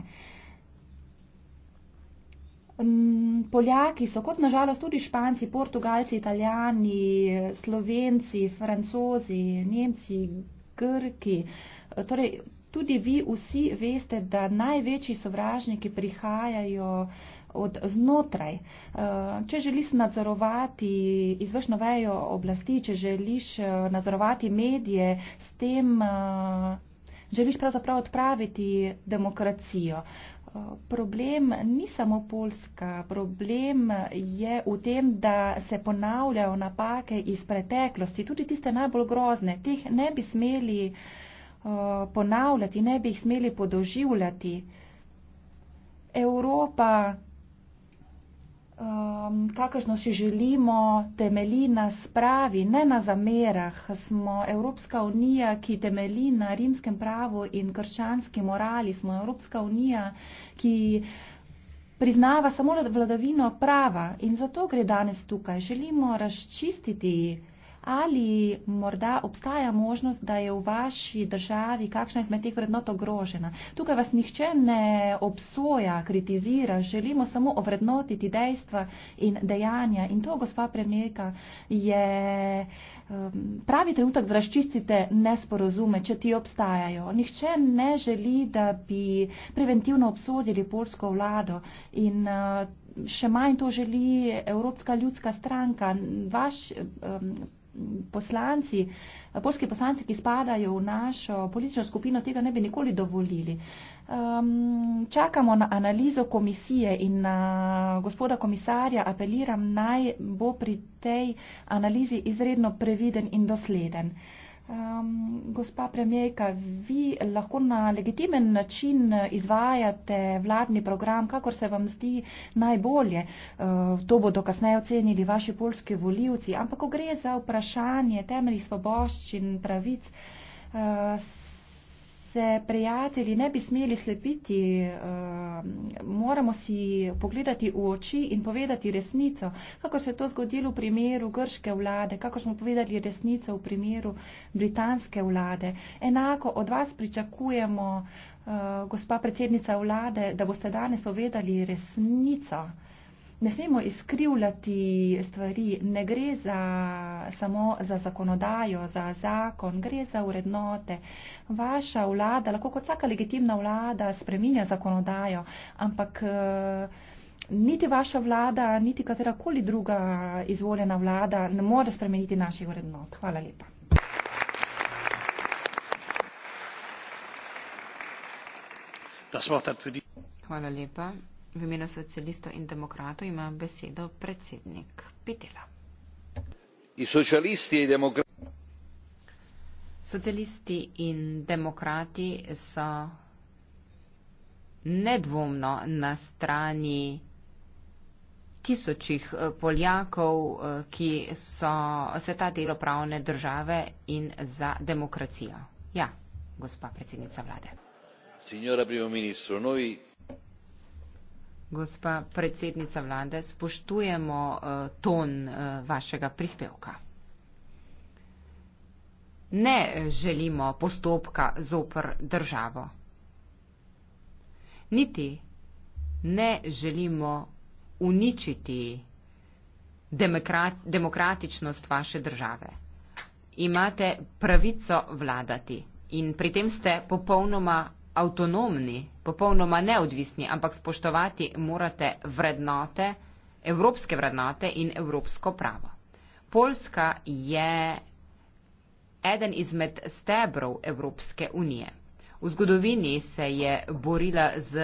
[SPEAKER 4] Mm, Poljaki so, kot nažalost tudi Španci, Portugalci, Italijani, Slovenci, Francozi, Nemci, Grki, torej tudi vi vsi veste, da največji sovražniki prihajajo od znotraj. Eh, če želiš nadzorovati izvršno vejo oblasti, če želiš eh, nadzorovati medije, s tem eh, želiš pravzaprav odpraviti demokracijo. Problem ni samo Poljska, problem je v tem, da se ponavljajo napake iz preteklosti, tudi tiste najbolj grozne. Teh ne bi smeli ponavljati, ne bi jih smeli podoživljati. Evropa um, kakršno si želimo, temelji na spravi, ne na zamerah. Smo Evropska unija, ki temelji na rimskem pravu in krščanski morali. Smo Evropska unija, ki priznava samo vladavino prava in zato gre danes tukaj. Želimo razčistiti Ali morda obstaja možnost, da je v vaši državi kakšna izmed teh vrednot ogrožena? Tukaj vas nihče ne obsoja, kritizira, želimo samo ovrednotiti dejstva in dejanja. In to, gospa premijerka, je um, pravi trenutek, da razčistite nesporozume, če ti obstajajo. Nihče ne želi, da bi preventivno obsodili polsko vlado. In, uh, Še manj to želi Evropska ljudska stranka. Vaš um, poslanci, polski poslanci, ki spadajo v našo politično skupino, tega ne bi nikoli dovolili. Um, čakamo na analizo komisije in na gospoda komisarja apeliram, naj bo pri tej analizi izredno previden in dosleden. Uh, Um, gospa premijejka, vi lahko na legitimen način izvajate vladni program, kakor se vam zdi najbolje. Uh, to bodo kasneje ocenili vaši polski voljivci. Ampak ko gre za vprašanje temeljih svoboščin, pravic, uh, se prijatelji ne bi smeli slepiti, eh, moramo si pogledati v oči in povedati resnico, kako se je to zgodilo v primeru grške vlade, kako smo povedali resnico v primeru britanske vlade. Enako od vas pričakujemo, eh, gospa predsednica vlade, da boste danes povedali resnico ne smemo izkrivljati stvari, ne gre za, samo za zakonodajo, za zakon, gre za urednote. Vaša vlada, lahko kot vsaka legitimna vlada, spreminja zakonodajo, ampak. Eh, niti vaša vlada, niti katerakoli druga izvoljena vlada ne more spremeniti naših vrednot. Hvala lepa.
[SPEAKER 2] Hvala lepa. V imenu socialistov in demokratov ima besedo predsednik Pitela. Socialisti in demokrati so nedvomno na strani tisočih eh, Poljakov, eh, ki so se ta delo pravne države in za demokracijo. Ja, gospa predsednica
[SPEAKER 5] vlade. Signora primo ministro, noi
[SPEAKER 2] Gospa predsednica vlade, spoštujemo uh, ton uh, vašega prispevka. Ne eh, želimo postopka zopr državo. Niti ne želimo uničiti demokratičnost vaše države. Imate pravico vladati in pri tem ste popolnoma avtonomni popolnoma neodvisni, ampak spoštovati morate vrednote, evropske vrednote in evropsko pravo. Poljska je eden izmed stebrov Evropske unije. V zgodovini se je borila z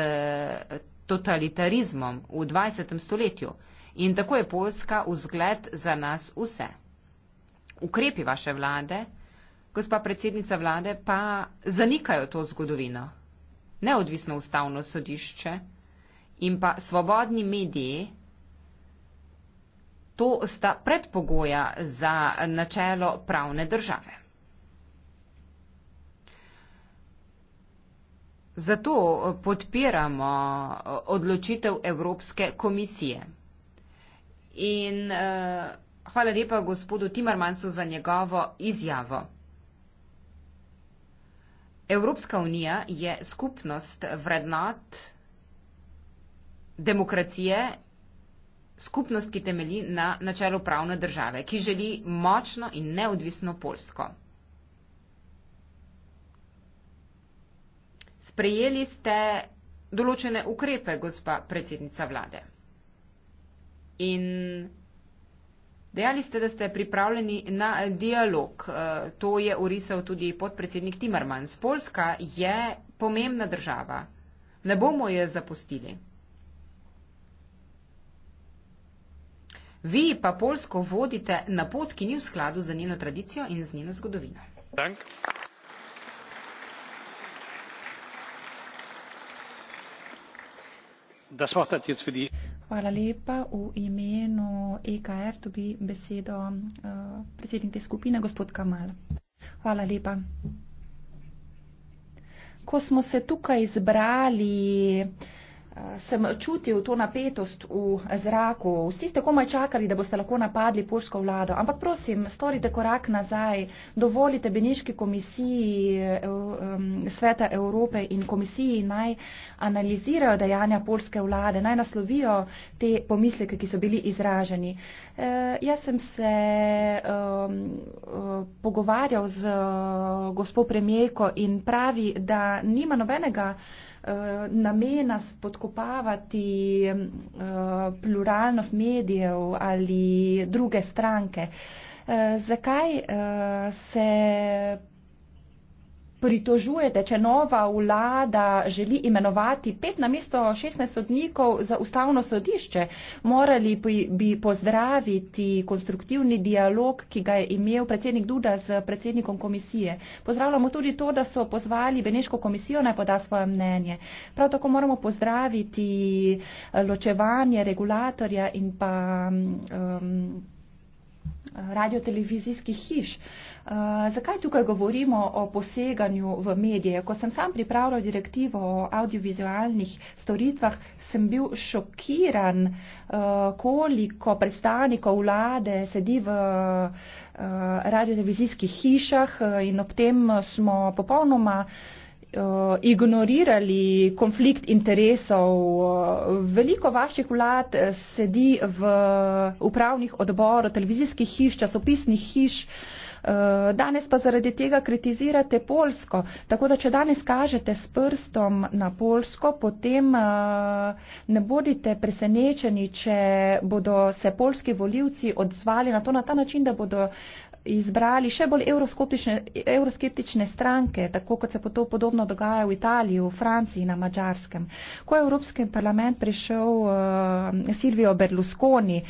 [SPEAKER 2] totalitarizmom v 20. stoletju in tako je Poljska vzgled za nas vse. Ukrepi vaše vlade, gospa predsednica vlade, pa zanikajo to zgodovino neodvisno ustavno sodišče in pa svobodni mediji, to sta predpogoja za načelo pravne države. Zato podpiramo eh, odločitev Evropske komisije. In eh, hvala lepa gospodu Timarmansu za njegovo izjavo. Evropska unija je skupnost vrednot demokracije, skupnost, ki temelji na načelu pravne države, ki želi močno in neodvisno Polsko. Sprejeli ste določene ukrepe, gospa predsednica vlade. In Dejali ste, da ste pripravljeni na dialog. Eh, to je orisal tudi podpredsednik Timmermans. Poljska je pomembna država. Ne bomo je zapustili. Vi pa Polsko vodite na pot, ki ni v skladu z njeno tradicijo in z njeno zgodovino.
[SPEAKER 6] Dank. Hvala
[SPEAKER 4] lepa. V imenu EKR dobi besedo uh, predsednik te skupine, gospod Kamal. Hvala lepa. Ko smo se tukaj zbrali, uh, sem čutil to napetost v zraku. Vsi ste komaj čakali, da boste lahko napadli polsko vlado. Ampak prosim, storite korak nazaj, dovolite Beniški komisiji Sveta Evrope in komisiji naj analizirajo dejanja polske vlade, naj naslovijo te pomisleke, ki so bili izraženi. E, jaz sem se pogovarjal z eh, gospod premijejko in pravi, da nima nobenega Eh, namena spodkopavati eh, pluralnost medijev ali druge stranke. Eh, zakaj se pritožujete, če nova vlada želi imenovati pet na mesto 16 sodnikov za ustavno sodišče, morali bi pozdraviti konstruktivni dialog, ki ga je imel predsednik Duda z predsednikom komisije. Pozdravljamo tudi to, da so pozvali Beneško komisijo naj poda svoje mnenje. Prav tako moramo pozdraviti eh, ločevanje regulatorja in pa um, radiotelevizijskih hiš. Uh, Eh, zakaj tukaj govorimo o poseganju v medije? Ko sem sam pripravljal direktivo o audiovizualnih storitvah, sem bil šokiran, eh, koliko predstavnikov vlade sedi v eh, radiotelevizijskih hišah in ob tem smo popolnoma ignorirali konflikt interesov. Veliko vaših vlad sedi v upravnih odborov, televizijskih hiš, časopisnih hiš. Uh, Eh, danes pa zaradi tega kritizirate Polsko. Tako da, če danes kažete s prstom na Polsko, potem eh, ne bodite presenečeni, če bodo se polski voljivci odzvali na to na ta način, da bodo uh, izbrali še bolj evroskeptične stranke, tako kot se po to podobno dogaja v Italiji, v Franciji, na Mačarskem. Ko je v Evropski parlament prišel uh, Silvio Berlusconi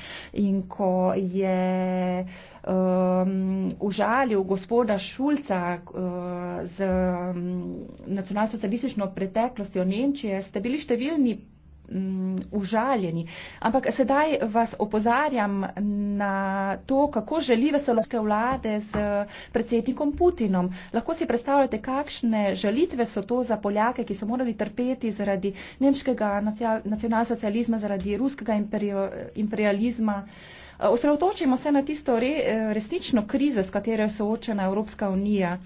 [SPEAKER 4] in ko je um, užalil gospoda Šulca uh, z um, nacionalsocialistično preteklostjo Nemčije, ste bili številni Mm, užaljeni. Ampak sedaj vas opozarjam na to, kako želive so lovske vlade z predsednikom Putinom. Lahko si predstavljate, kakšne želitve so to za Poljake, ki so morali trpeti zaradi nemškega nacionalsocializma, zaradi ruskega imperializma. Osredotočimo se na tisto re, resnično krizo, s katero je soočena Evropska unija.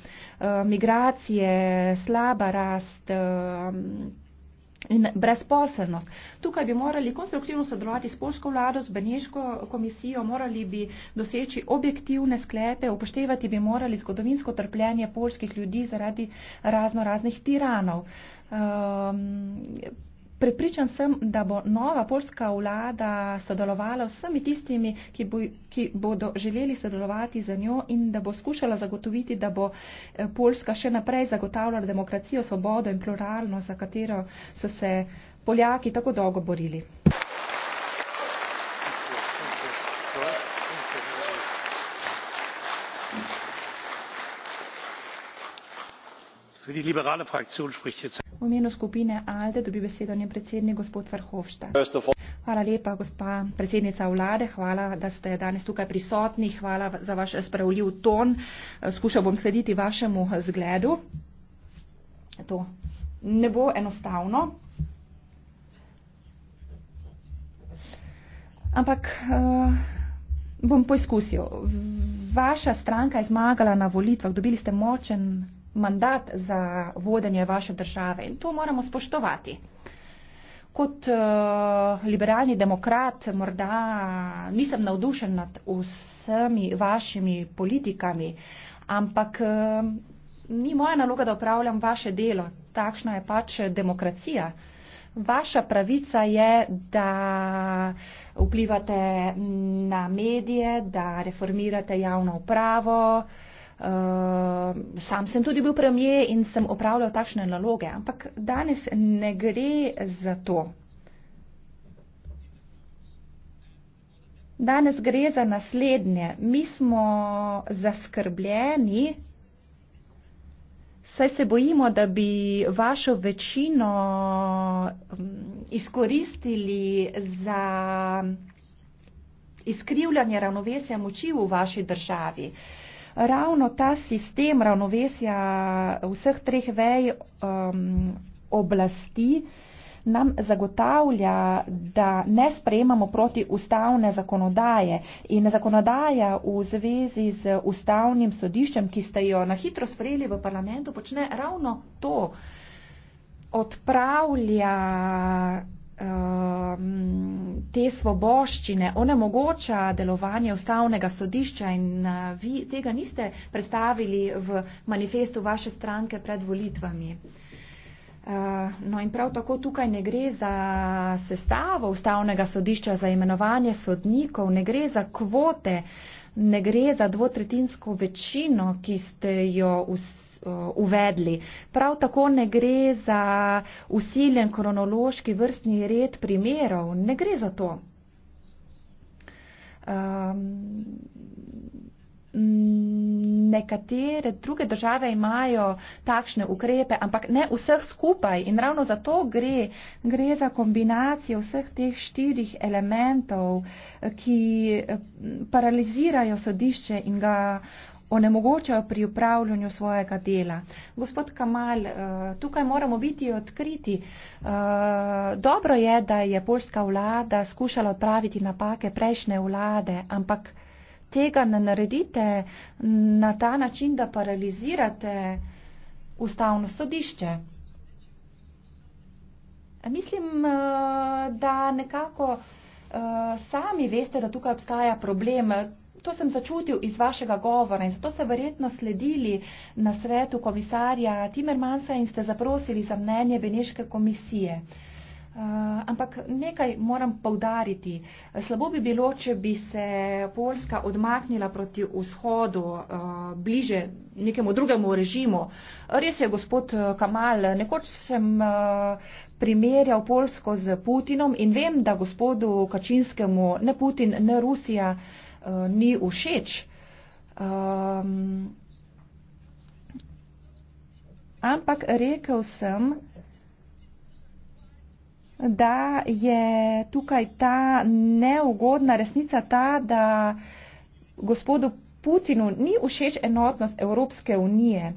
[SPEAKER 4] Eh, migracije, slaba rast, eh, in brezposelnost. Tukaj bi morali konstruktivno sodelovati s polsko vlado, s Beneško komisijo, morali bi doseči objektivne sklepe, upoštevati bi morali zgodovinsko trpljenje polskih ljudi zaradi razno raznih tiranov. Um, Pripričan sem, da bo nova polska vlada sodelovala vsemi tistimi, ki, bo, ki bodo želeli sodelovati za njo in da bo skušala zagotoviti, da bo eh, Polska še naprej zagotavljala demokracijo, svobodo in pluralnost, za katero so se Poljaki tako dolgo borili. Hvala lepa, gospa predsednica vlade. Hvala, da ste danes tukaj prisotni. Hvala za vaš razpravljiv ton. Skušal bom slediti vašemu zgledu. To ne bo enostavno. Ampak eh, bom poizkusil. Vaša stranka je zmagala na volitvah. Dobili ste močen mandat za vodenje vaše države in to moramo spoštovati. Kot uh, liberalni demokrat morda nisem navdušen nad vsemi vašimi politikami, ampak uh, ni moja naloga, da upravljam vaše delo. Takšna je pač demokracija. Vaša pravica je, da vplivate na medije, da reformirate javno upravo, uh, Ehm, sam sem tudi bil premijer in sem opravljal takšne naloge, ampak danes ne gre za to. Danes gre za naslednje. Mi smo zaskrbljeni, saj se bojimo, da bi vašo večino mm, izkoristili za izkrivljanje ravnovesja moči v vaši državi. Uh, ravno ta sistem ravnovesja vseh treh vej um, oblasti nam zagotavlja, da ne sprejemamo proti ustavne zakonodaje. In zakonodaja v zvezi z ustavnim sodiščem, ki ste jo na hitro sprejeli v parlamentu, počne ravno to. Odpravlja Um, te svoboščine onemogoča delovanje ustavnega sodišča in uh, vi tega niste predstavili v manifestu vaše stranke pred volitvami. Uh, no in prav tako tukaj ne gre za sestavo ustavnega sodišča, za imenovanje sodnikov, ne gre za kvote, ne gre za dvotretinsko večino, ki ste jo vsi Eh, uvedli. Prav tako ne gre za usiljen kronološki vrstni red primerov, ne gre za to. Um, nekatere druge države imajo takšne ukrepe, ampak ne vseh skupaj in ravno za to gre. Gre za kombinacijo vseh teh štirih elementov, ki eh, paralizirajo sodišče in ga onemogočajo pri upravljanju svojega dela. Gospod Kamal, eh, tukaj moramo biti odkriti. Eh, dobro je, da je polska vlada skušala odpraviti napake prejšnje vlade, ampak tega ne naredite na ta način, da paralizirate ustavno sodišče. Mislim, eh, da nekako sami veste, da tukaj obstaja problem to sem začutil iz vašega govora in zato ste verjetno sledili na svetu komisarja Timermansa in ste zaprosili za mnenje Beneške komisije. Uh, ampak nekaj moram povdariti. Slabo bi bilo, če bi se Poljska odmaknila proti vzhodu, uh, bliže nekemu drugemu režimu. Res je, gospod uh, Kamal, nekoč sem uh, primerjal Poljsko z Putinom in vem, da gospodu Kačinskemu ne Putin, ne Rusija uh, uh, ni všeč. Um, ampak rekel sem, da je tukaj ta neugodna resnica ta, da gospodu Putinu ni všeč enotnost Evropske unije.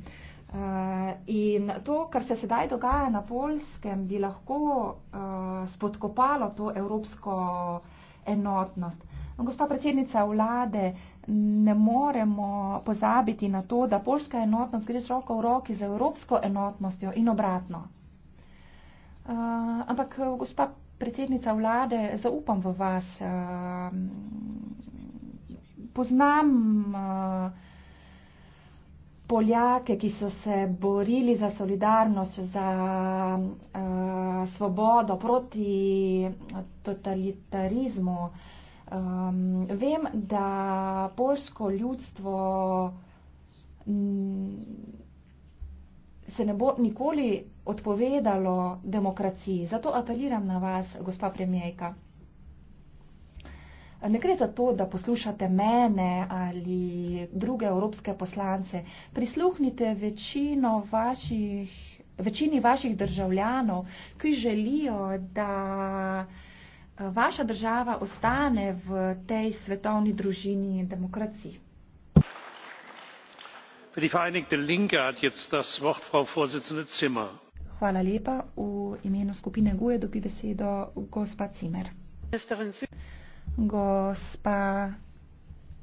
[SPEAKER 4] Uh, in to, kar se sedaj dogaja na polskem, bi lahko uh, spodkopalo to evropsko enotnost. Gospa predsednica vlade, ne moremo pozabiti na to, da polska enotnost gre z roko v roki z evropsko enotnostjo in obratno. Uh, ampak, gospa predsednica vlade, zaupam v vas. Uh, poznam uh, Poljake, ki so se borili za solidarnost, za uh, svobodo proti totalitarizmu. Uh, Um, vem, da polsko ljudstvo m, se ne bo nikoli odpovedalo demokraciji. Zato apeliram na vas, gospa premijejka. Ne gre za to, da poslušate mene ali druge evropske poslance. Prisluhnite večino vaših, večini vaših državljanov, ki želijo, da vaša država ostane v tej svetovni družini demokraciji? Hvala lepa. V imenu skupine GUE dobi besedo gospa Cimer. Gospa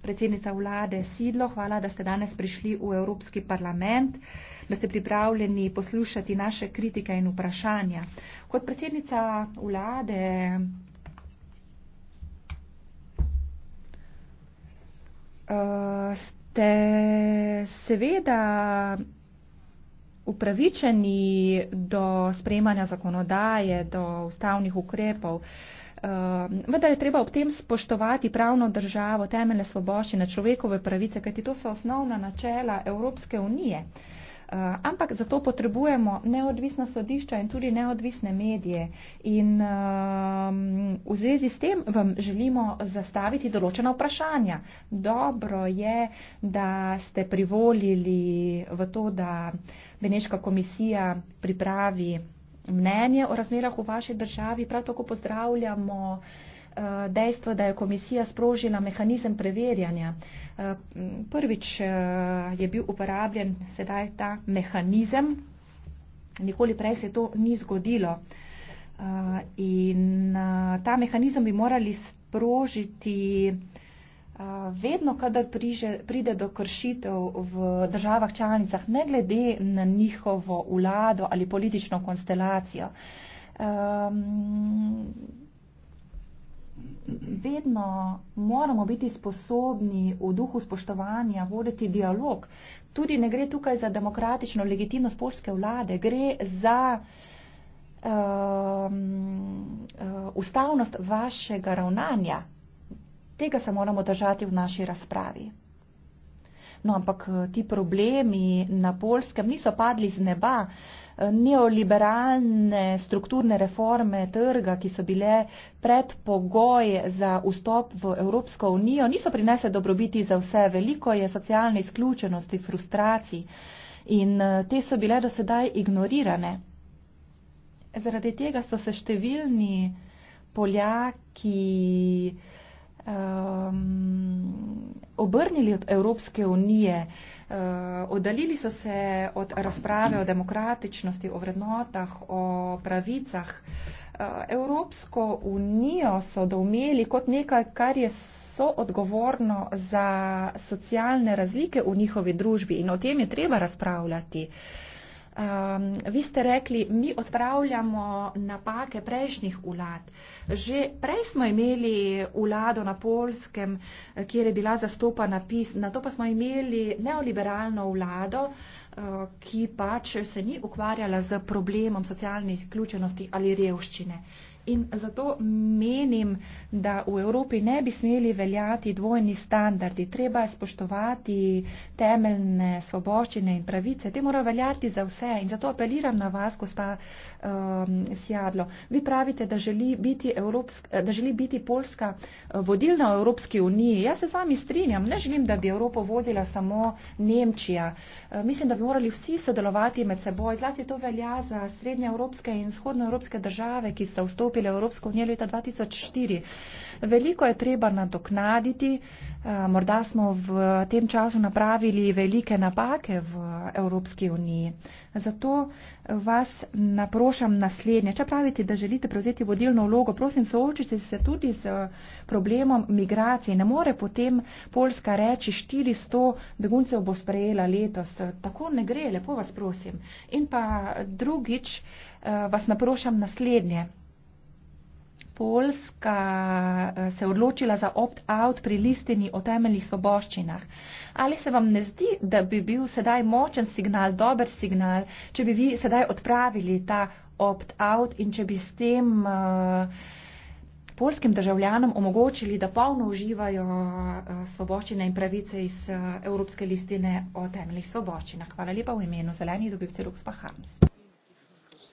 [SPEAKER 4] predsednica vlade Sidlo, hvala, da ste danes prišli v Evropski parlament, da ste pripravljeni poslušati naše kritike in vprašanja. Kot predsednica vlade Eh, ste seveda upravičeni do sprejemanja zakonodaje, do ustavnih ukrepov. Eh, vendar je treba ob tem spoštovati pravno državo, temeljne svoboščine, človekove pravice, kajti to so osnovna načela Evropske unije. Uh, Eh, ampak zato potrebujemo neodvisna sodišča in tudi neodvisne medije. In um, v zvezi s tem vam želimo zastaviti določena vprašanja. Dobro je, da ste privolili v to, da Beneška komisija pripravi mnenje o razmerah v vaši državi. Prav tako pozdravljamo. Eh, dejstvo, da je komisija sprožila mehanizem preverjanja. Eh, prvič eh, je bil uporabljen sedaj ta mehanizem, nikoli prej se to ni zgodilo. In ta mehanizem bi morali sprožiti vedno, kadar pride do kršitev v državah članicah, ne glede na njihovo vlado ali politično konstelacijo. Ehm, vedno moramo biti sposobni v duhu spoštovanja voditi dialog. Tudi ne gre tukaj za demokratično legitimnost polske vlade, gre za um, uh, ustavnost vašega ravnanja. Tega se moramo držati v naši razpravi. No, ampak uh, ti problemi na polskem niso padli z neba. Uh, neoliberalne strukturne reforme trga, ki so bile predpogoj za vstop v Evropsko unijo, niso prinese dobrobiti za vse. Veliko je socialne izključenosti, frustracij in eh, te so bile do sedaj ignorirane. Zaradi tega so se številni Poljaki, ki um, obrnili od Evropske unije, uh, oddaljili so se od razprave o demokratičnosti, o vrednotah, o pravicah. Uh, Evropsko unijo so domeli kot nekaj, kar je so odgovorno za socialne razlike v njihovi družbi in o tem je treba razpravljati. Uh, Um, vi ste rekli, mi odpravljamo napake prejšnjih vlad. Že prej smo imeli vlado na Polskem, eh, kjer je bila zastopana pis, na to pa smo imeli neoliberalno vlado, eh, ki pač se ni ukvarjala z problemom socialne izključenosti ali revščine. In zato menim, da v Evropi ne bi smeli veljati dvojni standardi. Treba je spoštovati temeljne svoboščine in pravice. Te morajo veljati za vse. In zato apeliram na vas, gospa um, Sjadlo. Vi pravite, da želi, biti Evropsk, da želi biti Polska eh, vodilna v Evropski uniji. Jaz se z vami strinjam. Ne želim, da bi Evropo vodila samo Nemčija. Uh, mislim, da bi morali vsi sodelovati med seboj. Zlasti to velja za srednje evropske in vzhodno evropske države, ki so vstopili vstopili v Evropsko unijo leta 2004. Veliko je treba nadoknaditi, eh, morda smo v tem času napravili velike napake v Evropski uniji. Zato vas naprošam naslednje. Če pravite, da želite prevzeti vodilno vlogo, prosim, soočite se tudi z problemom migracije. Ne more potem Poljska reči, 400 beguncev bo sprejela letos. Tako ne gre, lepo vas prosim. In pa drugič eh, vas naprošam naslednje. Poljska eh, se odločila za opt-out pri listini o temeljnih svoboščinah. Ali se vam ne zdi, da bi bil sedaj močen signal, dober signal, če bi vi sedaj odpravili ta opt-out in če bi s tem uh, eh, polskim državljanom omogočili, da polno uživajo uh, svoboščine in pravice iz uh, Evropske listine o temeljnih svoboščinah? Hvala lepa v imenu zelenih dobivcev Ruxpa Harms.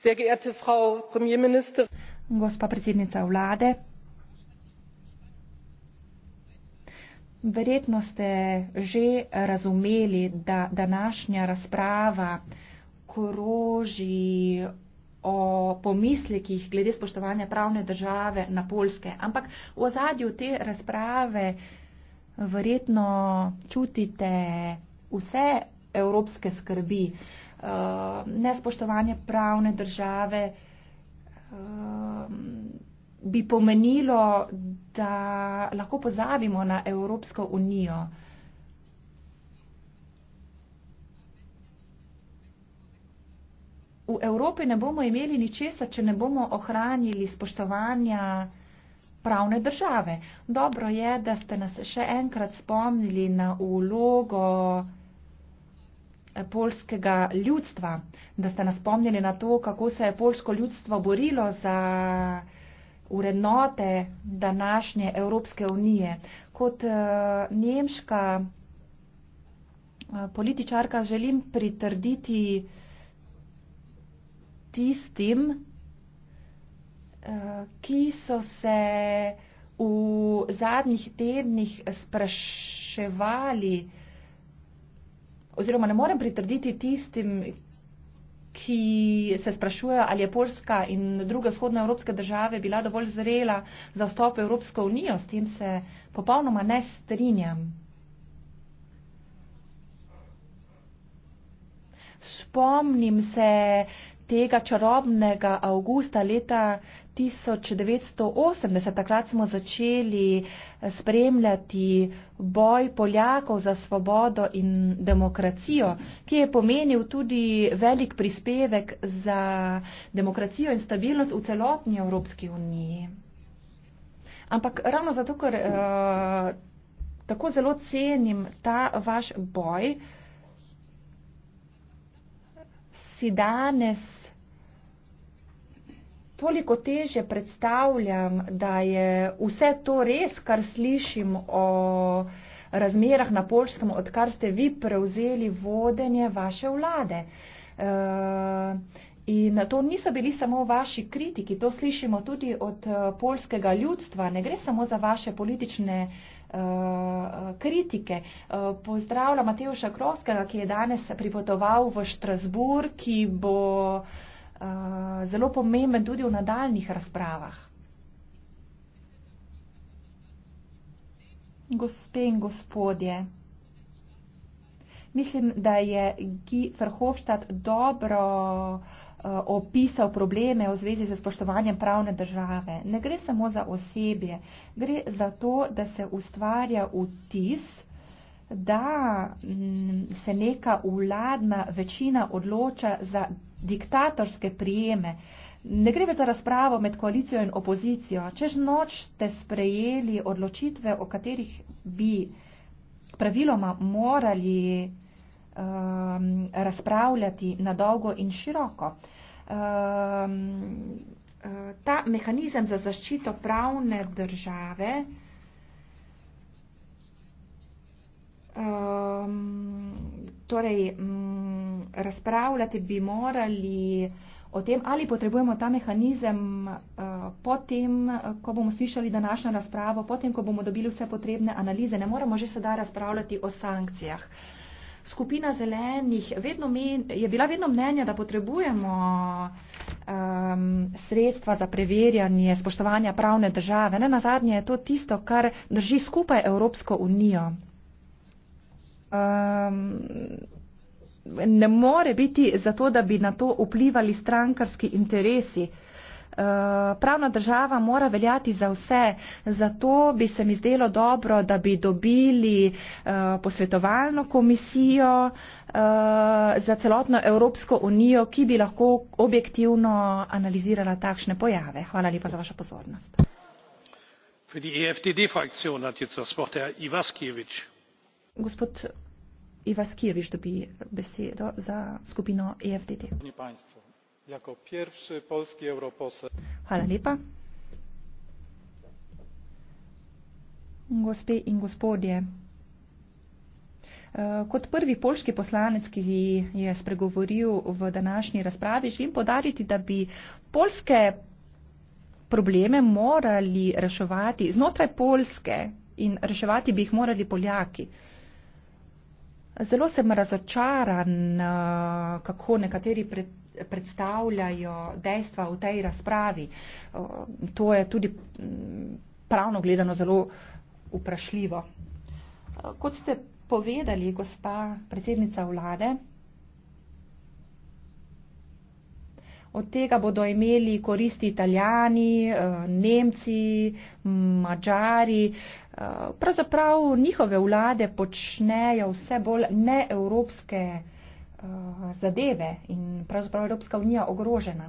[SPEAKER 4] Sehr
[SPEAKER 1] geehrte Frau Premierministerin
[SPEAKER 4] gospa predsednica vlade. Verjetno ste že razumeli, da današnja razprava kroži o pomislekih glede spoštovanja pravne države na polske. Ampak v ozadju te razprave verjetno čutite vse evropske skrbi. Eh, nespoštovanje pravne države. Eh, bi pomenilo, da lahko pozabimo na Evropsko unijo. V Evropi ne bomo imeli ničesa, če ne bomo ohranili spoštovanja pravne države. Dobro je, da ste nas še enkrat spomnili na ulogo polskega ljudstva, da ste nas spomnili na to, kako se je polsko ljudstvo borilo za vrednote današnje Evropske unije. Kot eh, nemška eh, političarka želim pritrditi tistim, eh, ki so se v zadnjih tednih spraševali, oziroma ne morem pritrditi tistim, ki se sprašujejo, ali je Poljska in druge vzhodnoevropske države bila dovolj zrela za vstop v Evropsko unijo, s tem se popolnoma ne strinjam. Spomnim se tega čarobnega avgusta leta 1980, takrat smo začeli eh, spremljati boj Poljakov za svobodo in demokracijo, ki je pomenil tudi velik prispevek za demokracijo in stabilnost v celotni Evropski uniji. Ampak ravno zato, ker uh, tako zelo cenim ta vaš boj, si danes toliko teže predstavljam, da je vse to res, kar slišim o razmerah na Polskem, odkar ste vi prevzeli vodenje vaše vlade. Eh, in to niso bili samo vaši kritiki, to slišimo tudi od eh, polskega ljudstva. Ne gre samo za vaše politične eh, kritike. Pozdravljam Mateusa Krovskega, ki je danes pripotoval v Štrasburg, ki bo Eh, zelo pomemben tudi v nadaljnih razpravah. Gospe in gospodje, mislim, da je Guy Verhofstadt dobro eh, opisal probleme v zvezi z spoštovanjem pravne države. Ne gre samo za osebje, gre za to, da se ustvarja vtis, da mm, se neka vladna večina odloča za diktatorske prijeme. Ne gre več za razpravo med koalicijo in opozicijo. Čež noč ste sprejeli odločitve, o katerih bi praviloma morali um, razpravljati na dolgo in široko. Um, uh, ta mehanizem za zaščito pravne države um, Torej, mm, razpravljati bi morali o tem, ali potrebujemo ta mehanizem eh, potem, ko bomo slišali današnjo razpravo, potem, ko bomo dobili vse potrebne analize. Ne moramo že sedaj razpravljati o sankcijah. Skupina zelenih vedno men, je bila vedno mnenja, da potrebujemo um, sredstva za preverjanje spoštovanja pravne države. Ne na zadnje je to tisto, kar drži skupaj Evropsko unijo
[SPEAKER 7] um,
[SPEAKER 4] ne more biti zato, da bi na to vplivali strankarski interesi. Ehm, pravna država mora veljati za vse, zato bi se mi zdelo dobro, da bi dobili ehm, posvetovalno komisijo za celotno Evropsko unijo, ki bi lahko objektivno analizirala takšne pojave. Hvala lepa za vašo pozornost. Gospod Ivas Kirviš dobi besedo za skupino EFDD. Hvala lepa. Gospe in gospodje, e, kot prvi polski poslanec, ki je spregovoril v današnji razpravi, želim podariti, da bi polske probleme morali reševati znotraj Polske in reševati bi jih morali Poljaki. Zelo sem razočaran, eh, kako nekateri predstavljajo dejstva v tej razpravi. Eh, to je tudi mm, pravno gledano zelo vprašljivo. Eh, kot ste povedali, gospa predsednica vlade, od tega bodo imeli koristi italijani, nemci, mađari. Eh, pravzaprav njihove vlade počnejo vse bolj neevropske eh, zadeve in pravzaprav Evropska unija ogrožena.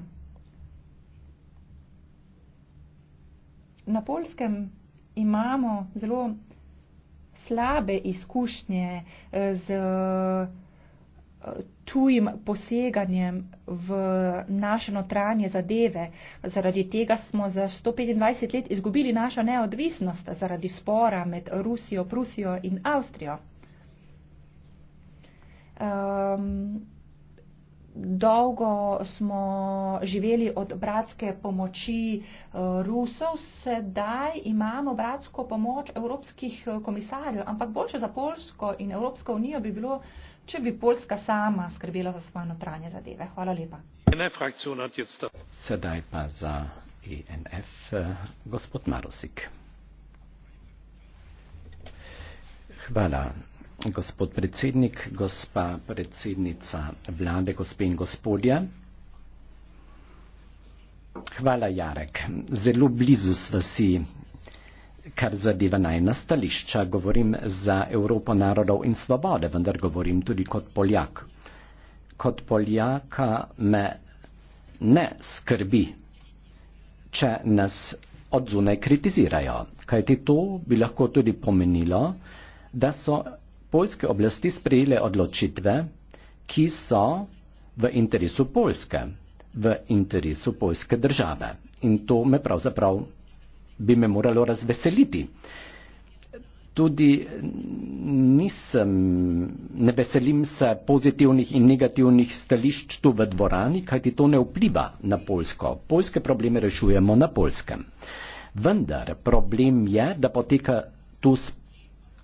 [SPEAKER 4] Na polskem imamo zelo slabe izkušnje eh, z tujim poseganjem v naše notranje zadeve. Zaradi tega smo za 125 let izgubili našo neodvisnost zaradi spora med Rusijo, Prusijo in Avstrijo. Um, dolgo smo živeli od bratske pomoči eh, Rusov, sedaj imamo bratsko pomoč evropskih eh, komisarjev, ampak boljše za Polsko in Evropsko unijo bi bilo če bi Poljska sama skrbela za svoje notranje zadeve. Hvala lepa.
[SPEAKER 1] Sedaj pa za INF e gospod Marosik. Hvala, gospod predsednik, gospa predsednica vlade, gospe in gospodje. Hvala, Jarek. Zelo blizu sva si kar zadeva najna stališča, govorim za Evropo narodov in svobode, vendar govorim tudi kot Poljak. Kot Poljaka me ne skrbi, če nas odzune kritizirajo, kajti to bi lahko tudi pomenilo, da so poljske oblasti sprejele odločitve, ki so v interesu Poljske, v interesu Poljske države. In to me pravzaprav bi me moralo razveseliti. Tudi nisem, ne veselim se pozitivnih in negativnih stališč tu v dvorani, kajti to ne vpliva na Polsko. Polske probleme rešujemo na Polskem. Vendar problem je, da poteka, tu,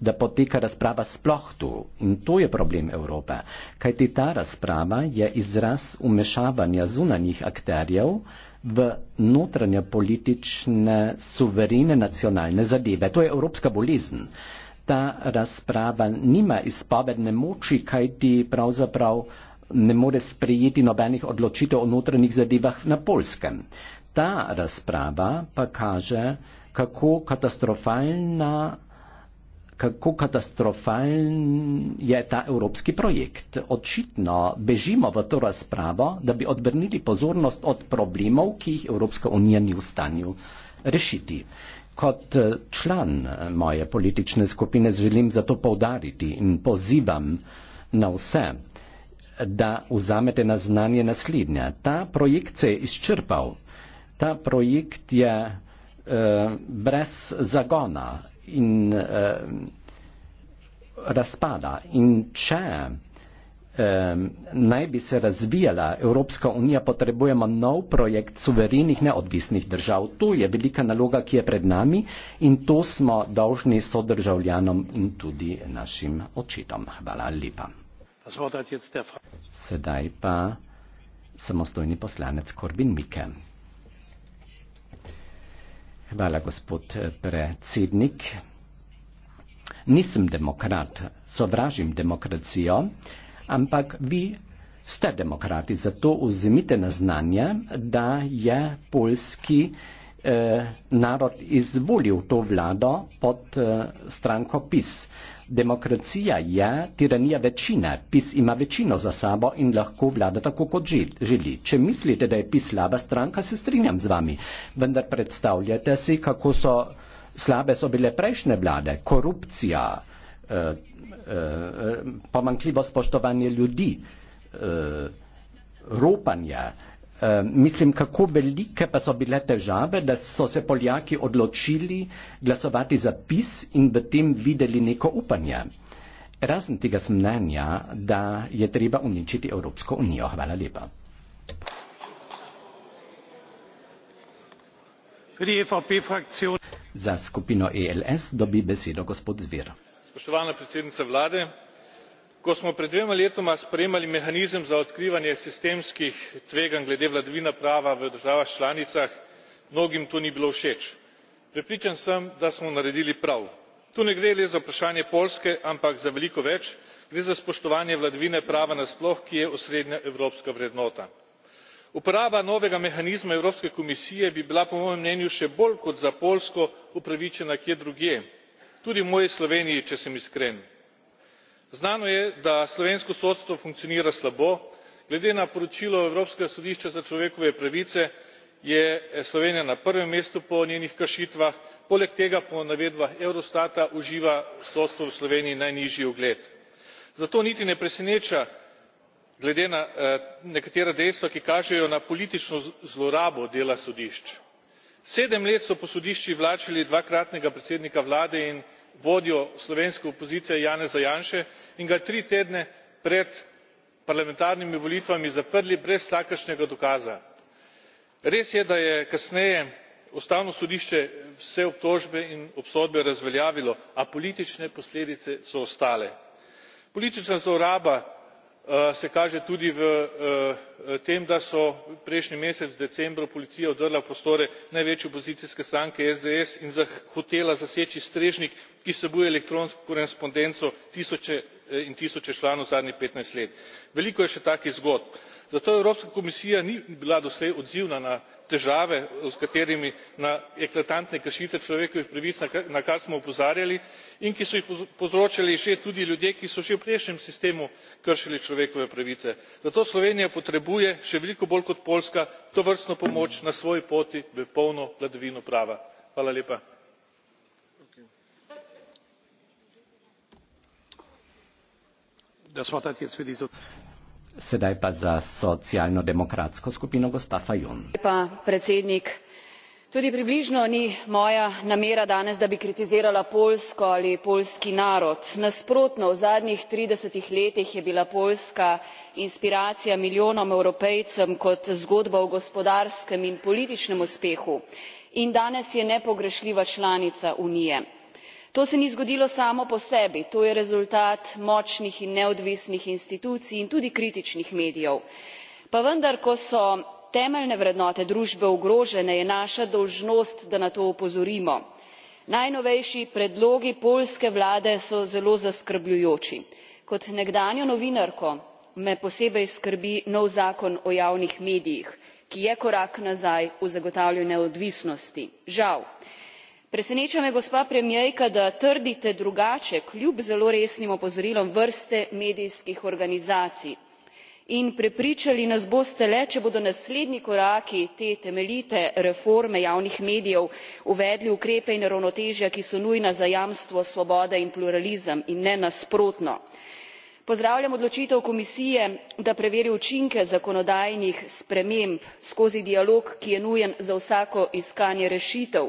[SPEAKER 1] da poteka razprava sploh tu in to je problem Evrope, kajti ta razprava je izraz umešavanja zunanjih akterjev, v notranje politične suverene nacionalne zadeve. To je evropska bolezen. Ta razprava nima izpovedne moči, kaj ti pravzaprav ne more sprejeti nobenih odločitev o notranjih zadevah na polskem. Ta razprava pa kaže, kako katastrofalna kako katastrofalen je ta evropski projekt. Očitno bežimo v to razpravo, da bi odbrnili pozornost od problemov, ki jih Evropska unija ni v stanju rešiti. Kot eh, član eh, moje politične skupine želim zato povdariti in pozivam na vse, da vzamete na znanje naslednja. Ta projekt se je izčrpal. Ta projekt je eh, brez zagona in eh, razpada. In če eh, naj bi se razvijala Evropska unija, potrebujemo nov projekt suverenih neodvisnih držav. To je velika naloga, ki je pred nami in to smo dolžni sodržavljanom in tudi našim očitom. Hvala lepa. Sedaj pa samostojni poslanec Korbin Mikem. Hvala, gospod eh, predsednik. Nisem demokrat, sovražim demokracijo, ampak vi ste demokrati, zato vzmite na znanje, da je polski eh, narod izvolil to vlado pod eh, stranko PIS. Eh, Demokracija je tiranija večine, pis ima večino za sabo in lahko vlada tako, kot želi. Če mislite, da je pis slaba stranka, se strinjam z vami, vendar predstavljate si, kako so slabe so bile prejšnje vlade, korupcija, eh, eh, eh pomankljivo spoštovanje ljudi, eh, ropanje. Eh, Ehm, mislim, kako velike pa so bile težave, da so se Poljaki odločili glasovati za pis in v tem videli neko upanje. Razen tega mnenja, da je treba uničiti Evropsko unijo. Hvala lepa. Za skupino ELS dobi besedo gospod Zver.
[SPEAKER 5] Spoštovana predsednica vlade, ko smo pred dvema letoma sprejemali mehanizem za odkrivanje sistemskih tveganj glede vladavine prava v državah članicah mnogim to ni bilo všeč. prepričan sem da smo naredili prav. tu ne gre le za vprašanje poljske ampak za veliko več gre za spoštovanje vladavine prava nasploh ki je osrednja evropska vrednota. uporaba novega mehanizma evropske komisije bi bila po mojem mnenju še bolj kot za poljsko upravičena kje drugje tudi v moji sloveniji če sem iskren znano je da slovensko sodstvo funkcionira slabo glede na poročilo evropskega sodišča za človekove pravice je eh, slovenija na prvem mestu po njenih kršitvah poleg tega po navedbah eurostata uživa sodstvo v sloveniji najnižji ugled. zato niti ne preseneča glede na eh, nekatera dejstva ki kažejo na politično zlorabo dela sodišč. sedem let so po sodiščih vlačili dvakratnega predsednika vlade in vodjo slovenske opozicije janeza janše in ga tri tedne pred parlamentarnimi volitvami zaprli brez vsakršnega dokaza. res je da je kasneje ustavno sodišče vse obtožbe in obsodbe razveljavilo a politične posledice so ostale. politična zloraba Eh, se kaže tudi v eh, eh, tem da so prejšnji mesec decembra policija vdrla v prostore največje opozicijske stranke sds in hotela zaseči strežnik ki vsebuje elektronsko korespondenco tisoče in tisoče članov zadnjih petnajst let. veliko je še takih zgodb zato evropska komisija ni bila doslej odzivna na težave s katerimi na eklatantne kršitve človekovih pravic na kar smo opozarjali in ki so jih povzročali že tudi ljudje ki so že v prejšnjem sistemu kršili človekove pravice zato slovenija potrebuje še veliko bolj kot poljska tovrstno pomoč na svoji poti v polno vladavino prava.
[SPEAKER 1] Sedaj pa za socialno-demokratsko skupino gospa Fajon.
[SPEAKER 3] Lepa, Tudi približno ni moja namera danes, da bi kritizirala Poljsko ali polski narod. Nasprotno, v zadnjih 30 letih je bila Poljska inspiracija milijonom evropejcem kot zgodba o gospodarskem in političnem uspehu. In danes je nepogrešljiva članica Unije to se ni zgodilo samo po sebi to je rezultat močnih in neodvisnih institucij in tudi kritičnih medijev pa vendar ko so temeljne vrednote družbe ogrožene je naša dolžnost da na to opozorimo. najnovejši predlogi poljske vlade so zelo zaskrbljujoči. kot nekdanjo novinarko me posebej skrbi nov zakon o javnih medijih ki je korak nazaj v zagotavljanju neodvisnosti žal preseneča me gospa premierka da trdite drugače kljub zelo resnim opozorilom vrste medijskih organizacij in prepričali nas boste le če bodo naslednji koraki te temeljite reforme javnih medijev uvedli ukrepe in ravnotežja ki so nujna za jamstvo svobode in pluralizem in ne nasprotno. pozdravljam odločitev komisije da preveri učinke zakonodajnih sprememb skozi dialog ki je nujen za vsako iskanje rešitev.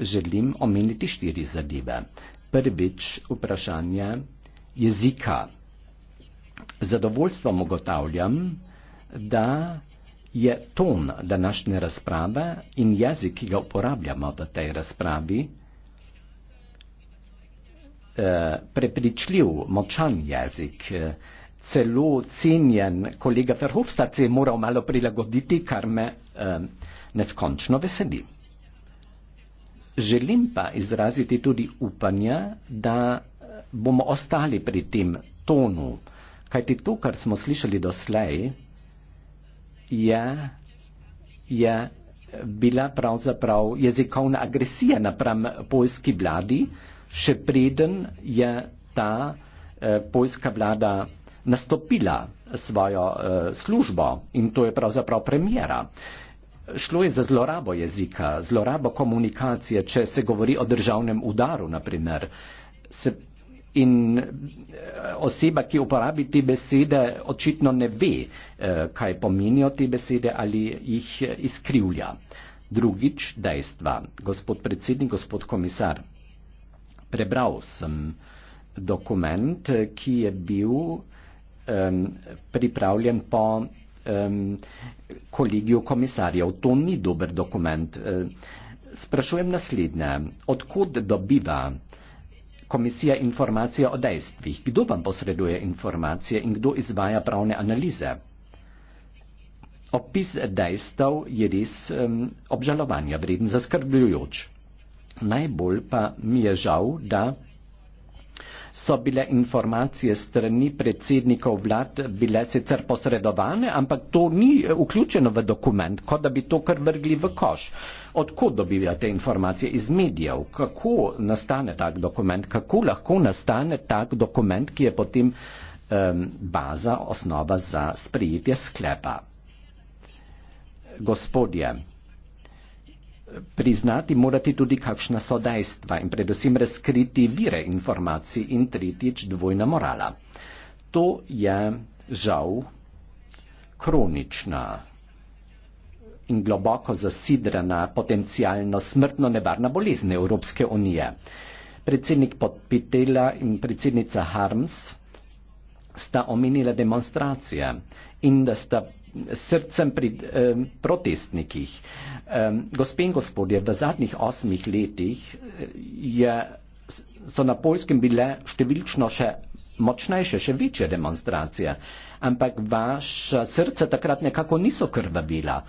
[SPEAKER 1] želim omeniti štiri zadeve. Prvič vprašanje jezika. Zadovoljstvom ugotavljam, da je ton današnje razprave in jezik, ki ga uporabljamo v tej razpravi, eh, prepričljiv, močan jezik. Celo cenjen kolega Verhofstadt se je moral malo prilagoditi, kar me eh, neskončno veseli. Želim pa izraziti tudi upanje, da eh, bomo ostali pri tem tonu, kajti to, kar smo slišali doslej, je, je bila pravzaprav jezikovna agresija napram poljski vladi, še preden je ta eh, poljska vlada nastopila svojo eh, službo in to je pravzaprav premjera. Eh, Šlo je za zlorabo jezika, zlorabo komunikacije, če se govori o državnem udaru, naprimer. Se, in eh, oseba, ki uporabi te besede, očitno ne ve, eh, kaj pominijo te besede ali jih eh, izkrivlja. Drugič, dejstva. Gospod predsednik, gospod komisar, prebral sem dokument, ki je bil um, pripravljen po um, kolegijo komisarjev. To ni dober dokument. E, sprašujem naslednje. Odkud dobiva komisija informacije o dejstvih? Kdo vam posreduje informacije in kdo izvaja pravne analize? Opis dejstev je res um, obžalovanja vreden, zaskrbljujoč. Najbolj pa mi je žal, da so bile informacije strani predsednikov vlad bile sicer posredovane, ampak to ni eh, vključeno v dokument, kot da bi to kar vrgli v koš. Odkud dobiva te informacije? Iz medijev. Kako nastane tak dokument? Kako lahko nastane tak dokument, ki je potem um, baza, osnova za sprejetje sklepa? Gospodje, priznati morati tudi kakšna so dejstva in predvsem razkriti vire informacij in tretjič dvojna morala. To je žal kronična in globoko zasidrana potencijalno smrtno nevarna bolezen Evropske unije. Predsednik Podpitela in predsednica Harms sta omenila demonstracije in da sta srcem pri eh, protestnikih. Eh, Um, gospe in gospodje, v zadnjih osmih letih eh, je, so na Poljskem bile številčno še močnejše, še večje demonstracije, ampak vaše srce takrat nekako niso krvavila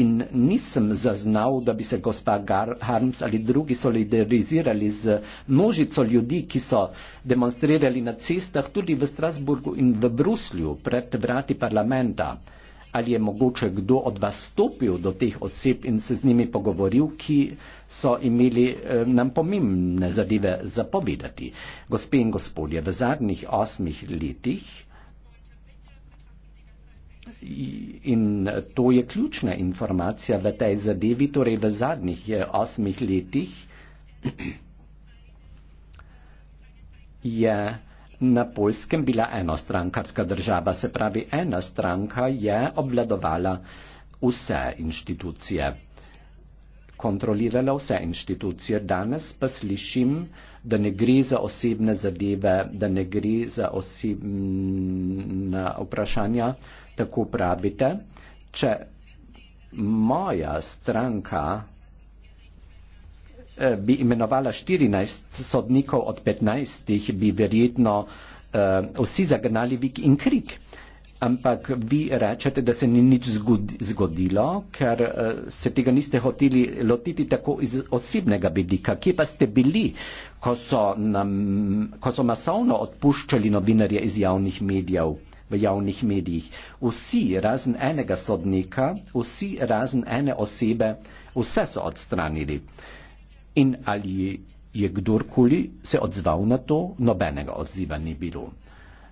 [SPEAKER 1] in nisem zaznal, da bi se gospa Gar Harms ali drugi solidarizirali z množico ljudi, ki so demonstrirali na cestah tudi v Strasburgu in v Bruslju pred vrati parlamenta ali je mogoče kdo od vas stopil do teh oseb in se z njimi pogovoril, ki so imeli eh, nam pomembne zadeve zapovedati. Gospe in gospodje, v zadnjih osmih letih in to je ključna informacija v tej zadevi, torej v zadnjih eh, osmih letih je na Poljskem bila enostrankarska država, se pravi ena stranka je obvladovala vse inštitucije, kontrolirala vse inštitucije. Danes pa slišim, da ne gre za osebne zadeve, da ne gre za osebna vprašanja, tako pravite. Če moja stranka Eh, bi imenovala 14 sodnikov od 15, bi verjetno uh, vsi zagnali vik in krik. Ampak vi rečete, da se ni nič zgodilo, ker uh, se tega niste hoteli lotiti tako iz osebnega vidika. Kje pa ste bili, ko so, nam, ko so masovno odpuščali novinarje iz javnih medijev? v javnih medijih. Vsi razen enega sodnika, vsi razen ene osebe, vse so odstranili. Uh, in ali je kdorkoli se odzval na to, nobenega odziva ni bilo.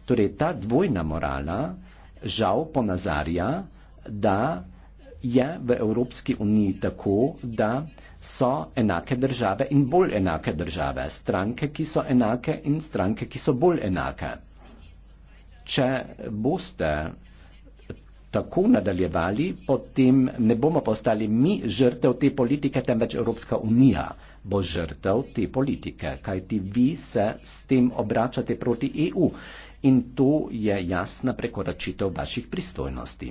[SPEAKER 1] Torej, ta dvojna morala žal ponazarja, da je v Evropski uniji tako, da so enake države in bolj enake države, stranke, ki so enake in stranke, ki so bolj enake. Če boste tako nadaljevali, potem ne bomo postali mi žrtev te politike, temveč Evropska unija bo žrtev te politike, kajti vi se s tem obračate proti EU in to je jasna prekoračitev vaših pristojnosti.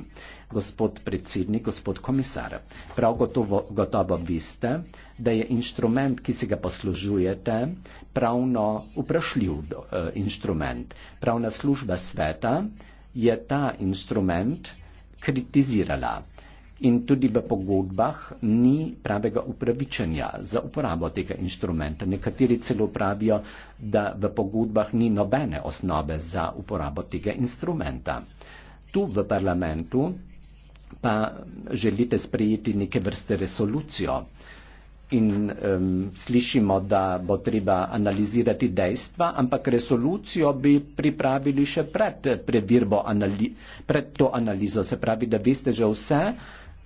[SPEAKER 1] Gospod predsednik, gospod komisar, prav gotovo, gotovo veste, da je inštrument, ki si ga poslužujete, pravno vprašljiv do, eh, e, inštrument. Pravna služba sveta je ta inštrument kritizirala in tudi v pogodbah ni pravega upravičenja za uporabo tega inštrumenta. Nekateri celo pravijo, da v pogodbah ni nobene osnove za uporabo tega inštrumenta. Tu v parlamentu pa želite sprejeti neke vrste resolucijo in um, slišimo, da bo treba analizirati dejstva, ampak resolucijo bi pripravili še pred, pred, pred to analizo, se pravi, da veste že vse,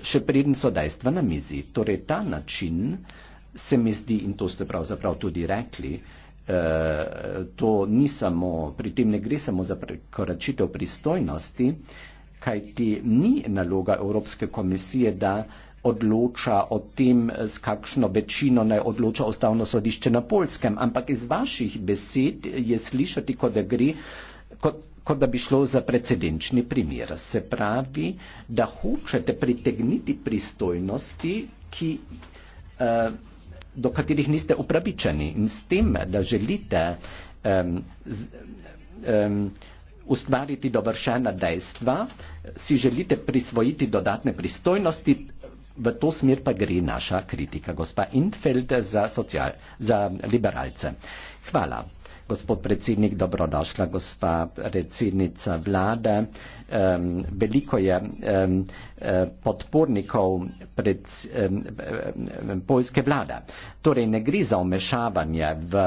[SPEAKER 1] še preden so dejstva na mizi. Torej, ta način se mi zdi, in to ste pravzaprav tudi rekli, eh, to ni samo, pri tem ne gre samo za prekoračitev pristojnosti, kaj ti ni naloga Evropske komisije, da odloča o tem, s kakšno večino naj odloča ustavno sodišče na polskem, ampak iz vaših besed je slišati, kot da gre, kot kot da bi šlo za precedenčni primer. Se pravi, da hočete pritegniti pristojnosti, ki, eh, do katerih niste upravičeni in s tem, da želite eh, z, eh, ustvariti dovršena dejstva, si želite prisvojiti dodatne pristojnosti, v to smer pa gre naša kritika, gospa Infeld, za, social, za liberalce. Hvala, gospod predsednik, dobrodošla, gospa predsednica vlade. Um, veliko je um, podpornikov pred, um, poljske vlade. Torej, ne gre za omešavanje v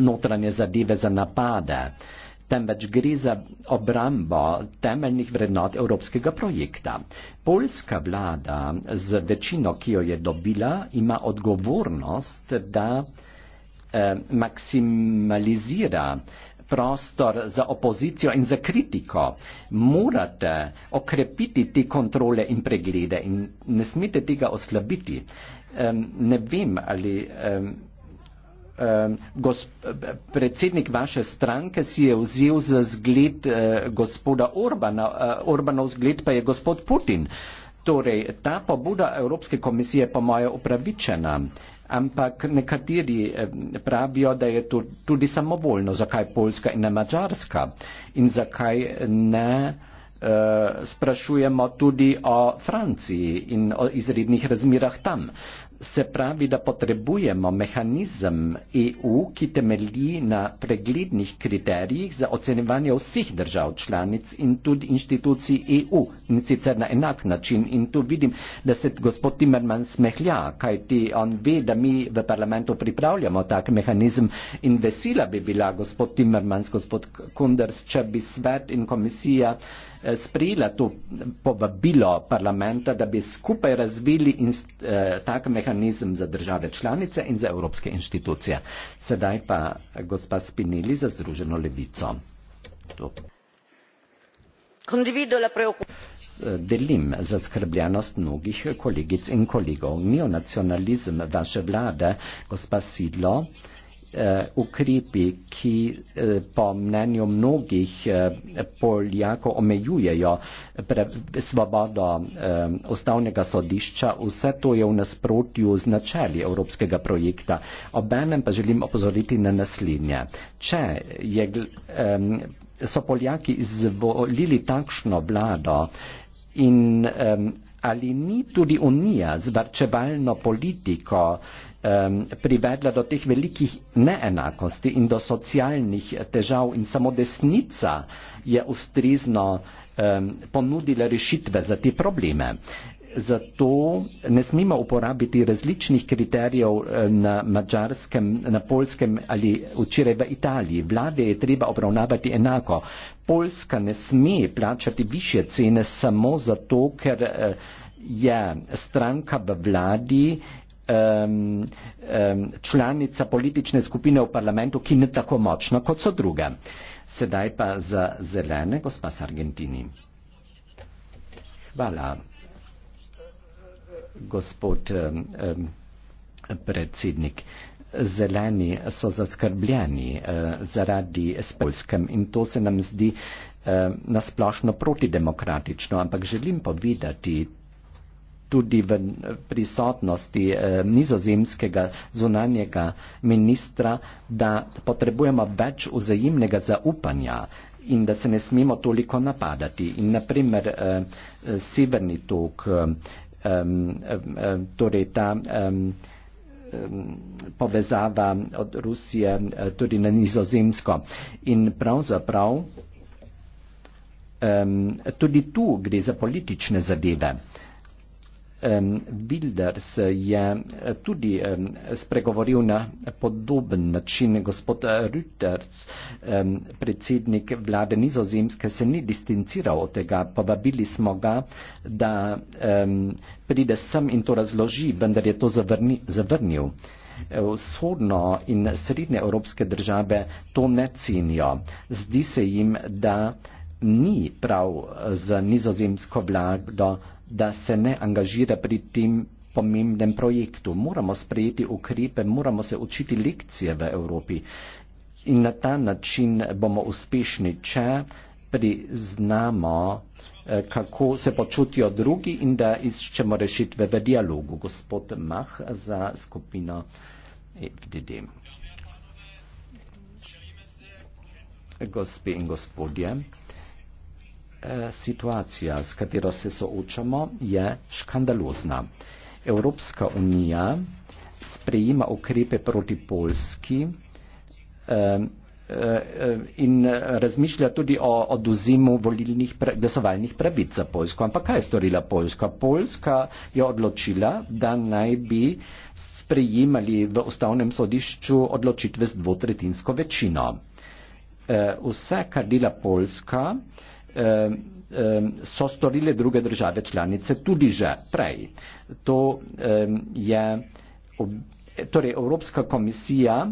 [SPEAKER 1] notranje zadeve, za napade temveč gre za obrambo temeljnih vrednot evropskega projekta. Polska vlada z večino, ki jo je dobila, ima odgovornost, da eh, maksimalizira prostor za opozicijo in za kritiko. Morate okrepiti te kontrole in preglede in ne smete tega oslabiti. Eh, ne vem, ali. Eh, eh, predsednik vaše stranke si je vzel za zgled eh, gospoda Orbana, eh, Orbanov zgled pa je gospod Putin. Torej, ta pobuda Evropske komisije po moje upravičena, ampak nekateri eh, pravijo, da je to tudi samovoljno, zakaj Poljska in ne Mačarska in zakaj ne eh, sprašujemo tudi o Franciji in o izrednih razmirah tam. Eh, se pravi, da potrebujemo mehanizem EU, ki temelji na preglednih kriterijih za ocenjevanje vseh držav članic in tudi inštitucij EU in sicer na enak način. In tu vidim, da se gospod Timerman smehlja, kajti on ve, da mi v parlamentu pripravljamo tak mehanizem in vesela bi bila gospod Timerman, gospod Kunders, če bi svet in komisija Eh, sprejela to povabilo parlamenta, da bi skupaj razvili eh, tak mehanizem za države članice in za evropske inštitucije. Sedaj pa gospa Spinelli za Združeno levico. Eh, delim zaskrbljenost mnogih kolegic in kolegov. Neonacionalizem vaše vlade, gospa Sidlo, uh, ukrepi, ki uh, po mnenju mnogih uh, Poljakov omejujejo svobodo uh, ustavnega sodišča, vse to je v nasprotju z načeli evropskega projekta. Obenem pa želim opozoriti na naslednje. Če je, um, so Poljaki izvolili takšno vlado in um, ali ni tudi Unija z varčevalno politiko, um, privedla do teh velikih neenakosti in do socialnih eh, težav in samo desnica je ustrezno um, ponudila rešitve za te probleme. Zato ne smemo uporabiti različnih kriterijev eh, na mačarskem, na polskem ali včeraj v Italiji. Vlade je treba obravnavati enako. Polska ne sme plačati više cene samo zato, ker eh, je stranka v vladi, um, um, članica politične skupine v parlamentu, ki ni tako močna kot so druge. Sedaj pa za zelene, gospa Sargentini. Hvala, gospod um, predsednik. Zeleni so zaskrbljeni uh, zaradi spolskem in to se nam zdi uh, eh, nasplošno protidemokratično, ampak želim povedati tudi v prisotnosti eh, nizozemskega zunanjega ministra, da potrebujemo več vzajemnega zaupanja in da se ne smemo toliko napadati. In naprimer eh, eh, Severni tok, torej ta povezava od Rusije tudi na nizozemsko. In pravzaprav tudi tu gre za politične zadeve. Bilders je e, tudi spregovoril na podoben način. Gospod e, Rüters, predsednik vlade nizozemske, se ni distanciral od tega. Povabili smo ga, da pride sem in to razloži, vendar je to zavrnil. Vzhodno in srednje evropske države to ne cenijo. Zdi se jim, da ni prav za nizozemsko vlado da se ne angažira pri tem pomembnem projektu. Moramo sprejeti ukrepe, moramo se učiti lekcije v Evropi in na ta način bomo uspešni, če priznamo, eh, kako se počutijo drugi in da iščemo rešitve v dialogu. Gospod Mah za skupino e FDD. Gospe in gospodje situacija, s katero se soočamo, je škandalozna. Evropska unija sprejima ukrepe proti Polski eh, eh, in razmišlja tudi o oduzimu volilnih glasovalnih pravic za Poljsko. Ampak kaj je storila Poljska? Poljska je odločila, da naj bi sprejemali v ustavnem sodišču odločitve z dvotretinsko večino. Eh, vse, kar dela Poljska, Ehm, ehm, so storile druge države članice tudi že prej. To ehm, je, torej Evropska komisija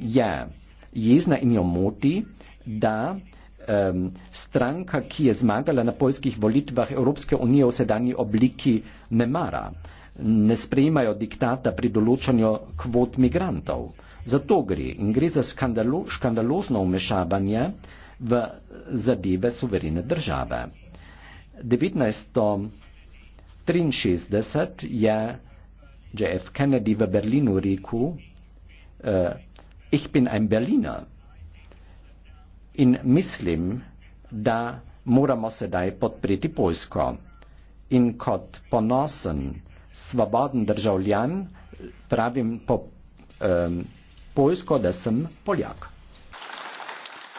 [SPEAKER 1] je jezna in jo moti, da stranka, ki je zmagala na poljskih volitvah Evropske unije v sedanji obliki, ne mara, ne sprejemajo diktata pri določanju kvot migrantov. Zato gre in gre za škandalo, škandalozno umešavanje eh, v zadeve suverene države. 1963 je JF Kennedy v Berlinu rekel, uh, ich bin ein Berliner in mislim, da moramo sedaj podpreti Poljsko. In kot ponosen, svoboden državljan pravim po um, Poljsko, da sem Poljak.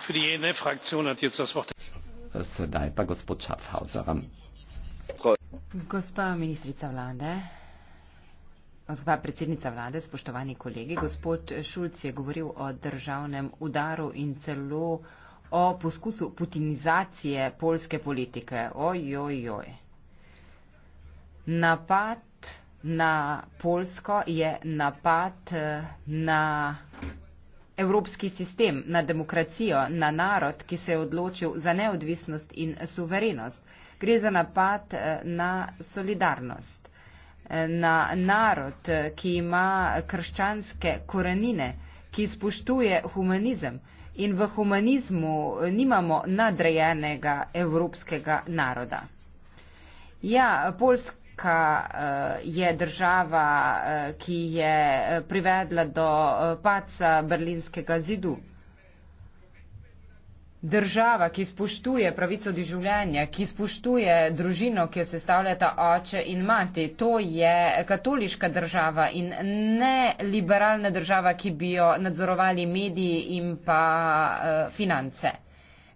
[SPEAKER 6] Für die ENF Fraktion hat jetzt das Wort.
[SPEAKER 1] Sedaj pa gospod Schaffhauser.
[SPEAKER 2] Gospa ministrica vlade, gospa predsednica vlade, spoštovani kolegi, gospod Šulc je govoril o državnem udaru in celo o poskusu putinizacije polske politike. Ojojoj. Napad na Polsko je napad eh, na evropski sistem, na demokracijo, na narod, ki se je odločil za neodvisnost in suverenost. Gre za napad eh, na solidarnost, eh, na narod, eh, ki ima krščanske korenine, ki spoštuje humanizem in v humanizmu nimamo nadrejenega evropskega naroda. Ja, Polska Amerika eh, je država, eh, ki je eh, privedla do paca berlinskega zidu. Država, ki spoštuje pravico do življenja, ki spoštuje družino, ki jo sestavljata oče in mati, to je katoliška država in ne liberalna država, ki bi jo nadzorovali mediji in pa uh, finance.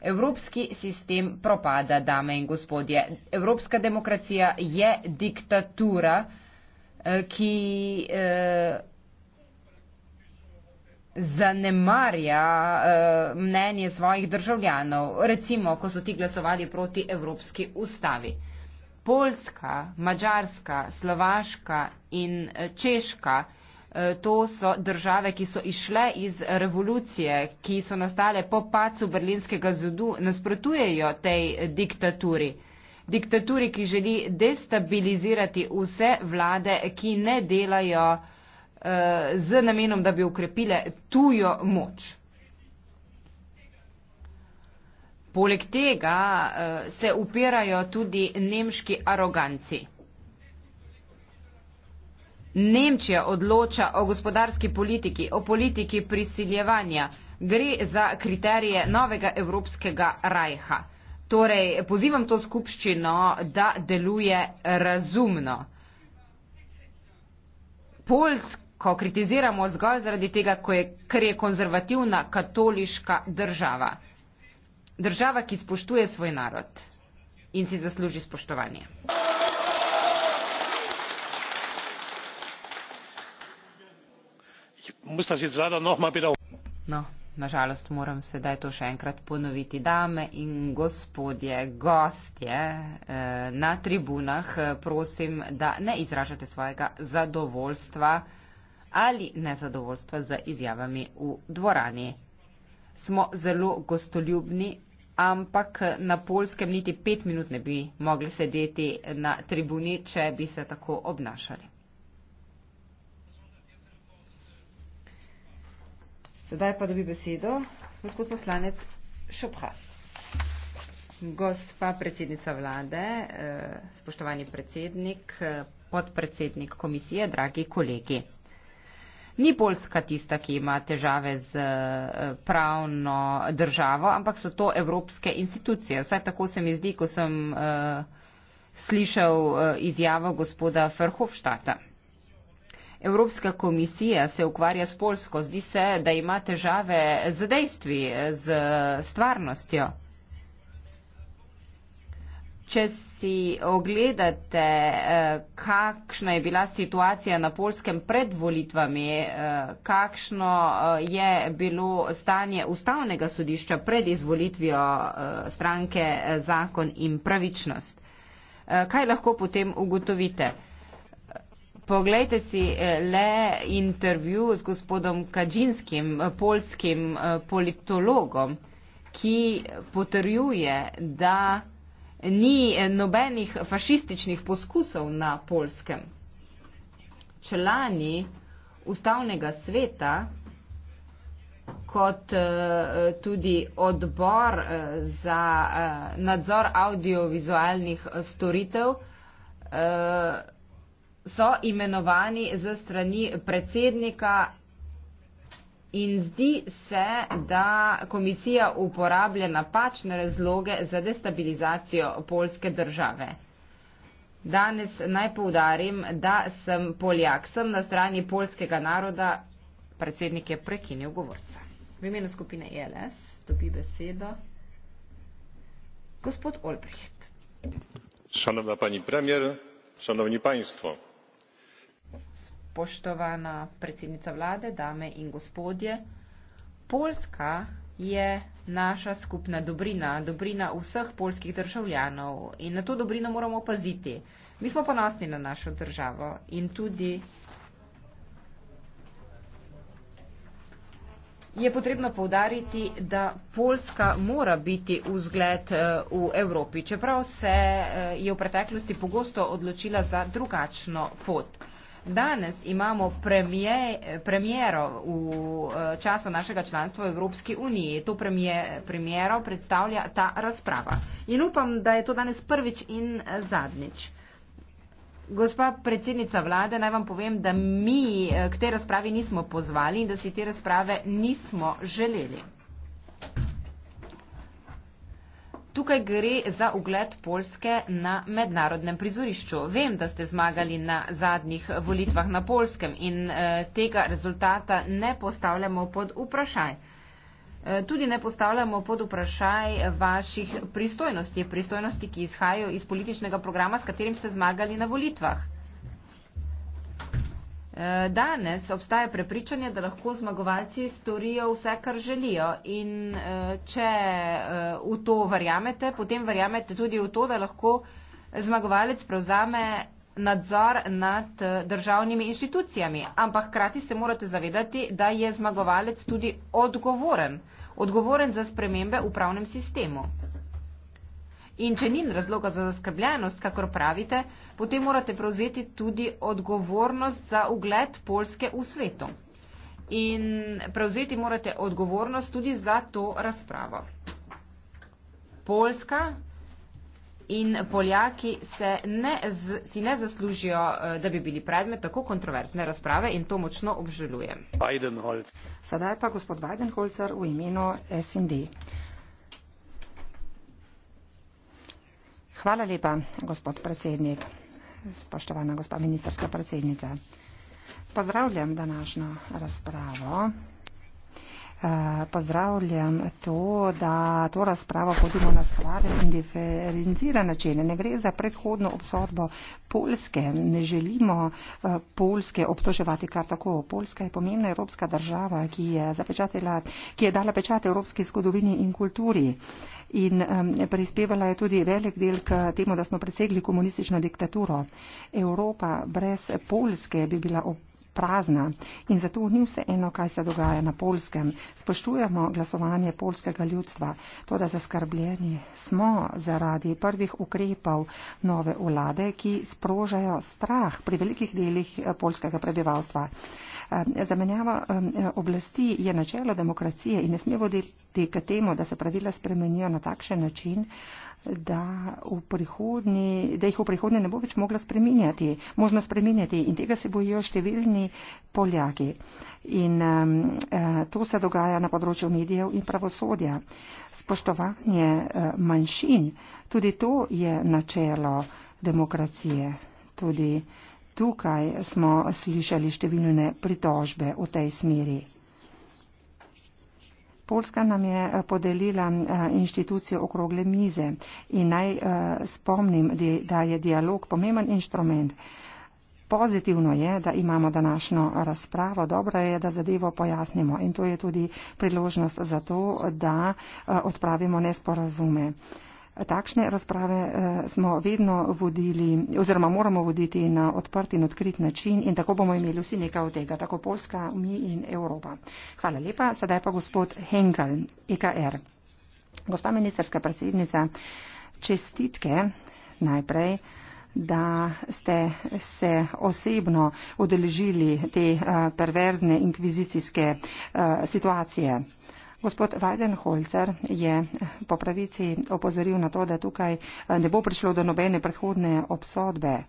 [SPEAKER 2] Evropski sistem propada, dame in gospodje. Evropska demokracija je diktatura, eh, ki eh, zanemarja eh, mnenje svojih državljanov, recimo, ko so ti glasovali proti Evropski ustavi. Poljska, Mačarska, Slovaška in Češka. Eh, to so države, ki so išle iz revolucije, ki so nastale po pacu berlinskega zudu, nasprotujejo tej diktaturi. Diktaturi, ki želi destabilizirati vse vlade, ki ne delajo eh, z namenom, da bi ukrepile tujo moč. Poleg tega eh, se upirajo tudi nemški aroganci. Nemčija odloča o gospodarski politiki, o politiki prisiljevanja. Gre za kriterije novega evropskega rajha. Torej, pozivam to skupščino, da deluje razumno. Polsko kritiziramo zgolj zaradi tega, ker je konzervativna katoliška država. Država, ki spoštuje svoj narod in si zasluži spoštovanje. No, nažalost moram sedaj to še enkrat ponoviti. Dame in gospodje, gostje eh, na tribunah, eh, prosim, da ne izražate svojega zadovoljstva ali nezadovoljstva z izjavami v dvorani. Smo zelo gostoljubni, ampak na polskem niti pet minut ne bi mogli sedeti na tribuni, če bi se tako obnašali. Sedaj pa dobi besedo gospod poslanec Šoprat. Gospa predsednica vlade, eh, spoštovani predsednik, eh, podpredsednik komisije, dragi kolegi. Ni Poljska tista, ki ima težave z eh, pravno državo, ampak so to evropske institucije. Vsaj tako se mi zdi, ko sem slišal izjavo gospoda Ferhofštata. Evropska komisija se ukvarja s Polsko, zdi se, da ima težave z dejstvi, z stvarnostjo. Če si ogledate, eh, kakšna je bila situacija na polskem pred volitvami, eh, kakšno eh, je bilo stanje ustavnega sodišča pred izvolitvijo stranke zakon in pravičnost, kaj lahko potem ugotovite? Poglejte si eh, le intervju z gospodom Kađinskim, eh, polskim eh, politologom, ki potrjuje, da ni nobenih fašističnih poskusov na polskem. Člani ustavnega sveta kot tudi odbor za nadzor audiovizualnih storitev so imenovani z strani predsednika in zdi se, da komisija uporablja napačne razloge za destabilizacijo polske države. Danes naj povdarim, da sem Poljak, sem na strani polskega naroda, predsednik je prekinil govorca. V imenu skupine ELS dobi besedo gospod Olbricht.
[SPEAKER 5] Šanovna pani premjer, šanovni panjstvo
[SPEAKER 2] spoštovana predsednica vlade, dame in gospodje. Polska je naša skupna dobrina, dobrina vseh polskih državljanov in na to dobrino moramo paziti. Mi smo ponosni na našo državo in tudi je potrebno povdariti, da Polska mora biti vzgled eh, v Evropi, čeprav se eh, je v preteklosti pogosto odločila za drugačno pot. Danes imamo premije, premjero v eh, času našega članstva v Evropski uniji. To premije, premjero predstavlja ta razprava. In upam, da je to danes prvič in eh, zadnjič. Gospa predsednica vlade, naj vam povem, da mi eh, k tej razpravi nismo pozvali in da si te razprave nismo želeli. Tukaj gre za ugled Polske na mednarodnem prizorišču. Vem, da ste zmagali na zadnjih volitvah na Polskem in eh, tega rezultata ne postavljamo pod vprašaj. Eh, tudi ne postavljamo pod vprašaj vaših pristojnosti, pristojnosti, ki izhajajo iz političnega programa, s katerim ste zmagali na volitvah. Eh, danes obstaja prepričanje, da lahko zmagovalci storijo vse, kar želijo. In eh, če eh, v to verjamete, potem verjamete tudi v to, da lahko zmagovalec prevzame nadzor nad državnimi inštitucijami. Ampak hkrati se morate zavedati, da je zmagovalec tudi odgovoren. Odgovoren za spremembe v pravnem sistemu. In če ni razloga za zaskrbljenost, kakor pravite, potem morate prevzeti tudi odgovornost za ugled Polske v svetu. In prevzeti morate odgovornost tudi za to razpravo. Polska in Poljaki se ne z, si ne zaslužijo, eh, da bi bili predmet tako
[SPEAKER 7] kontroverzne razprave in to močno obžalujem. Sedaj pa gospod Weidenholzer v imenu SND. Hvala lepa, gospod predsednik spoštovana gospa ministrska predsednica. Pozdravljam današnjo razpravo pozdravljam to, da to razpravo vodimo na skladen in diferenciran način. Ne gre za predhodno obsodbo Polske. Ne želimo eh, Polske obtoževati kar tako. Polska je pomembna evropska država, ki je, ki je dala pečat evropski zgodovini in kulturi. In um, prispevala je tudi velik del k temu, da smo presegli komunistično diktaturo. Evropa brez Polske bi bila opustila prazna in zato ni vse eno, kaj se dogaja na polskem. Spoštujemo glasovanje polskega ljudstva, to da zaskrbljeni smo zaradi prvih ukrepov nove vlade, ki sprožajo strah pri velikih delih eh, polskega prebivalstva. Eh, zamenjava eh, oblasti je načelo demokracije in ne sme voditi k temu, da se pravila spremenijo na takšen način, da, prihodni, da jih v prihodnje ne bo več mogla spreminjati, možno spreminjati in tega se bojijo številni poljaki. In um, to se dogaja na področju medijev in pravosodja. Spoštovanje uh, manjšin, tudi to je načelo demokracije. Tudi tukaj smo slišali številne pritožbe v tej smeri. Polska nam je eh, podelila eh, inštitucijo okrogle mize in naj eh, spomnim, da je dialog pomemben inštrument. Pozitivno je, da imamo današnjo razpravo, dobro je, da zadevo pojasnimo in to je tudi priložnost za to, da odpravimo nesporazume. Takšne razprave eh, smo vedno vodili oziroma moramo voditi na odprt in odkrit način in tako bomo imeli vsi nekaj od tega, tako Polska, mi in Evropa. Hvala lepa. Sedaj pa gospod Henkel, EKR. Gospa ministerska predsednica, čestitke najprej da ste se osebno odeležili te eh, perverzne inkvizicijske eh, situacije. Gospod Weidenholzer je eh, po pravici opozoril na to, da tukaj eh, ne bo prišlo do nobene predhodne obsodbe.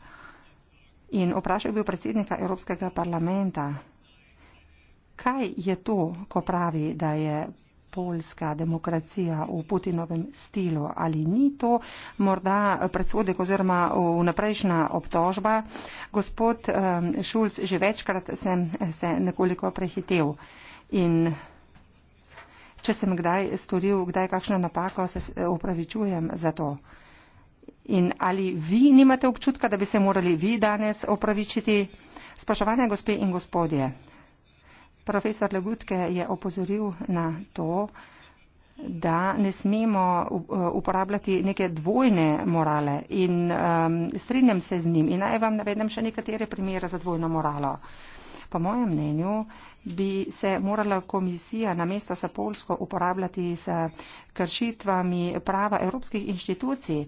[SPEAKER 7] In vprašal je bil predsednika Evropskega parlamenta, kaj je to, ko pravi, da je polska demokracija v Putinovem stilu ali ni to morda predsodek oziroma eh, vnaprejšnja obtožba. Gospod Šulc, že večkrat sem se nekoliko prehitev in Če sem kdaj storil, kdaj kakšno napako, se eh, opravičujem za to. In ali vi nimate občutka, da bi se morali vi danes opravičiti? Spraševanje gospe in gospodje. Profesor Legutke je opozoril na to, da ne smemo uh, uh, uporabljati neke dvojne morale in um, strinjam se z njim in naj vam navedem še nekatere primere za dvojno moralo. Po mojem mnenju bi se morala komisija na mesto za Polsko uporabljati s kršitvami prava evropskih inštitucij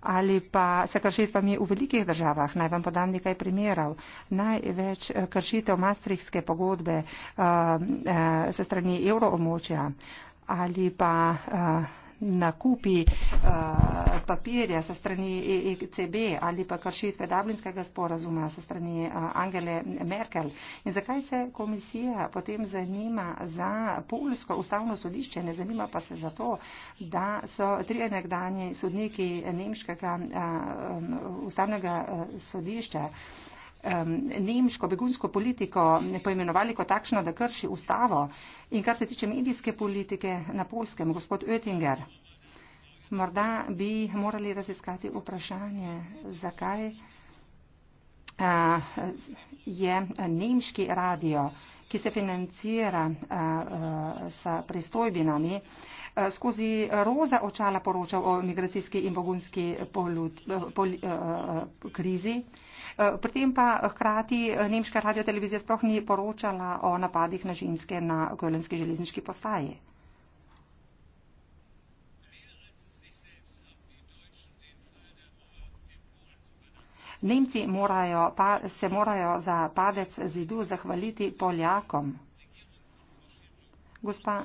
[SPEAKER 7] ali pa se kršitvami v velikih državah. Naj vam podam nekaj primerov. Največ kršitev Maastrichtske pogodbe uh, eh, uh, eh, se strani evroomočja ali pa uh, nakupi uh, papirja sa strani ECB e ali pa kršitve Dublinskega sporazuma sa strani uh, Angele Merkel. In zakaj se komisija potem zanima za polsko ustavno sodišče, ne zanima pa se za to, da so tri nekdani sodniki nemškega uh, ustavnega uh, sodišča uh, um, nemško begunsko politiko poimenovali kot takšno, da krši ustavo. In kar se tiče medijske politike na polskem, gospod Oettinger, morda bi morali raziskati vprašanje, zakaj uh, je nemški radio, ki se financira uh, s pristojbinami, skozi roza očala poročal o migracijski in bogunski polut, pol, uh, krizi. Uh, Pri tem pa hkrati eh, nemška radiotelevizija sploh ni poročala o napadih na ženske na Gölenski železniški postaji. Nemci morajo, pa, se morajo za padec zidu zahvaliti Poljakom. Gospa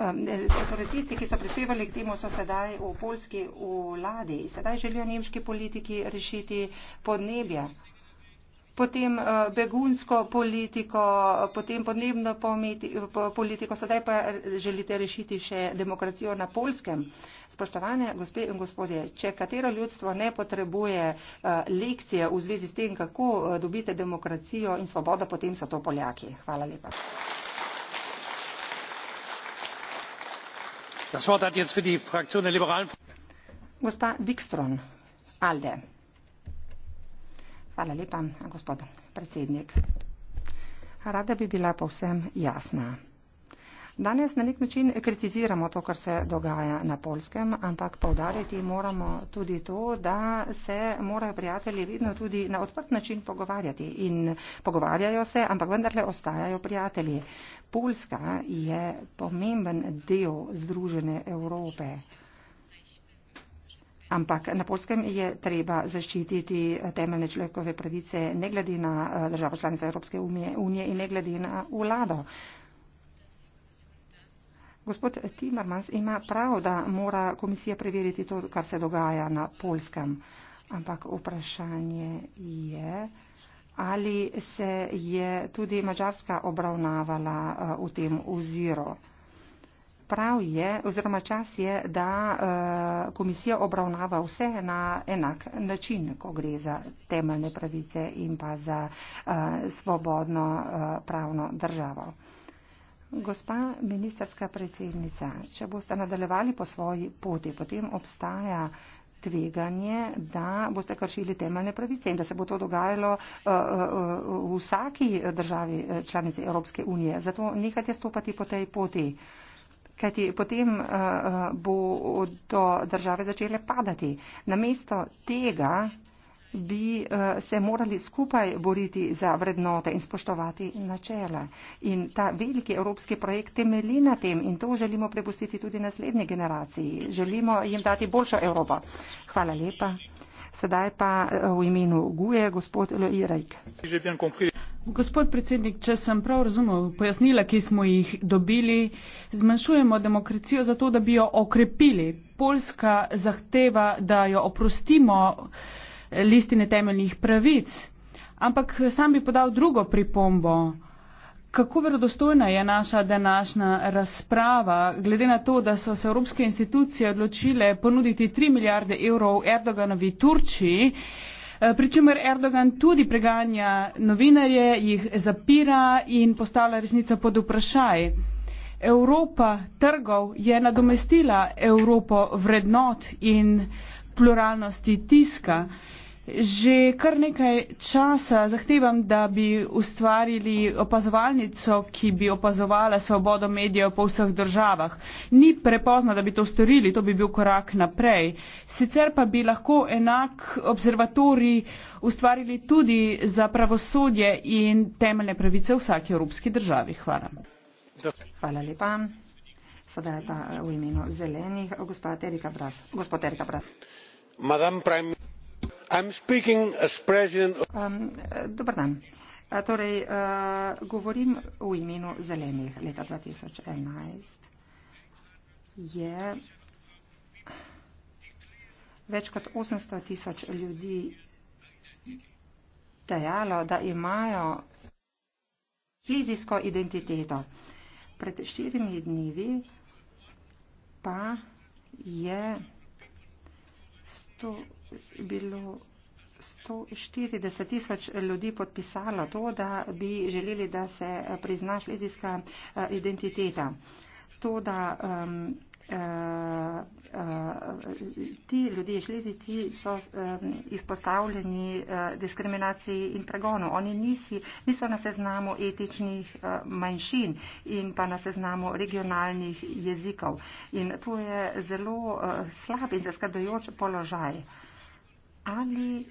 [SPEAKER 7] Ehm, eh, torej, tisti, ki so prispevali k temu, so sedaj v polski vladi. Sedaj želijo nemški politiki rešiti podnebje, potem eh, begunsko politiko, potem podnebno politiko, sedaj pa želite rešiti še demokracijo na polskem. Spoštovane gospe in gospodje, če katero ljudstvo ne potrebuje eh, lekcije v zvezi s tem, kako dobite demokracijo in svobodo, potem so to Poljaki. Hvala lepa. gospa wikstrm alde gospod predsednik rada bi bila povsem jasna. v evropski uniji obstaja velik problem s katerim se soočamo že dolgo. Danes na nek način kritiziramo to, kar se dogaja na polskem, ampak povdariti moramo tudi to, da se morajo prijatelji vedno tudi na odprt način pogovarjati. In pogovarjajo se, ampak vendarle ostajajo prijatelji. Polska je pomemben del Združene Evrope. Ampak na polskem je treba zaščititi temeljne človekove pravice ne glede na eh, državo članice Evropske unije in ne glede na vlado. Gospod Timmermans ima prav, da mora komisija preveriti to, kar se dogaja na polskem. Ampak vprašanje je, ali se je tudi mačarska obravnavala eh, v tem oziro. Prav je, oziroma čas je, da eh, komisija obravnava vse na enak način, ko gre za temeljne pravice in pa za eh, svobodno pravno državo. Gospa ministerska predsednica, če boste nadaljevali po svoji poti, potem obstaja tveganje, da boste kršili temeljne pravice in da se bo to dogajalo eh, eh, v vsaki državi eh, članice Evropske unije. Zato nehajte stopati po tej poti. Kajti potem uh, bo do države začele padati. Namesto tega bi eh, se morali skupaj boriti za vrednote in spoštovati načela. In ta veliki evropski projekt temeli na tem in to želimo prepustiti tudi naslednji generaciji. Želimo jim dati boljšo Evropo. Hvala
[SPEAKER 8] lepa. Sedaj pa eh, v imenu Guje, gospod Lojirajk. Gospod predsednik, če sem prav razumel pojasnila, ki smo jih dobili, zmanjšujemo demokracijo zato, da bi jo okrepili. Poljska zahteva, da jo oprostimo listine temeljnih pravic. Ampak sam bi podal drugo pripombo. Kako verodostojna je naša današnja razprava, glede na to, da so se evropske institucije odločile ponuditi 3 milijarde evrov Erdoganovi Turčiji, eh, pričemer Erdogan tudi preganja novinarje, jih zapira in postavlja resnico pod vprašaj. Evropa trgov je nadomestila Evropo vrednot in pluralnosti tiska. Že kar nekaj časa zahtevam, da bi ustvarili opazovalnico, ki bi opazovala svobodo medijev po vseh državah. Ni prepozno, da bi to storili, to bi bil korak naprej. Sicer pa bi lahko enak observatori ustvarili tudi za pravosodje in temeljne pravice v vsaki evropski državi. Hvala. Hvala lepa.
[SPEAKER 7] Sedaj je pa v imenu zelenih gospod Erika Bras. Gospod Erika Bras. Um, dober dan torej uh, govorim v imenu zelenih leta dva tisoč enajst je več kot osemsto tisoč ljudi dejalo da imajo fizijsko identiteto pred štirimi dnevi pa je to bilo 140 tisoč ljudi podpisalo to, da bi želeli, da se prizna šlezijska eh, identiteta. To, da um, ti ljudje, žlezici, so eh, izpostavljeni eh, diskriminaciji in pregonu. Oni nisi, niso na seznamu etičnih eh, manjšin in pa na seznamu regionalnih jezikov. In to je zelo slab in zaskrbajoč položaj. Ali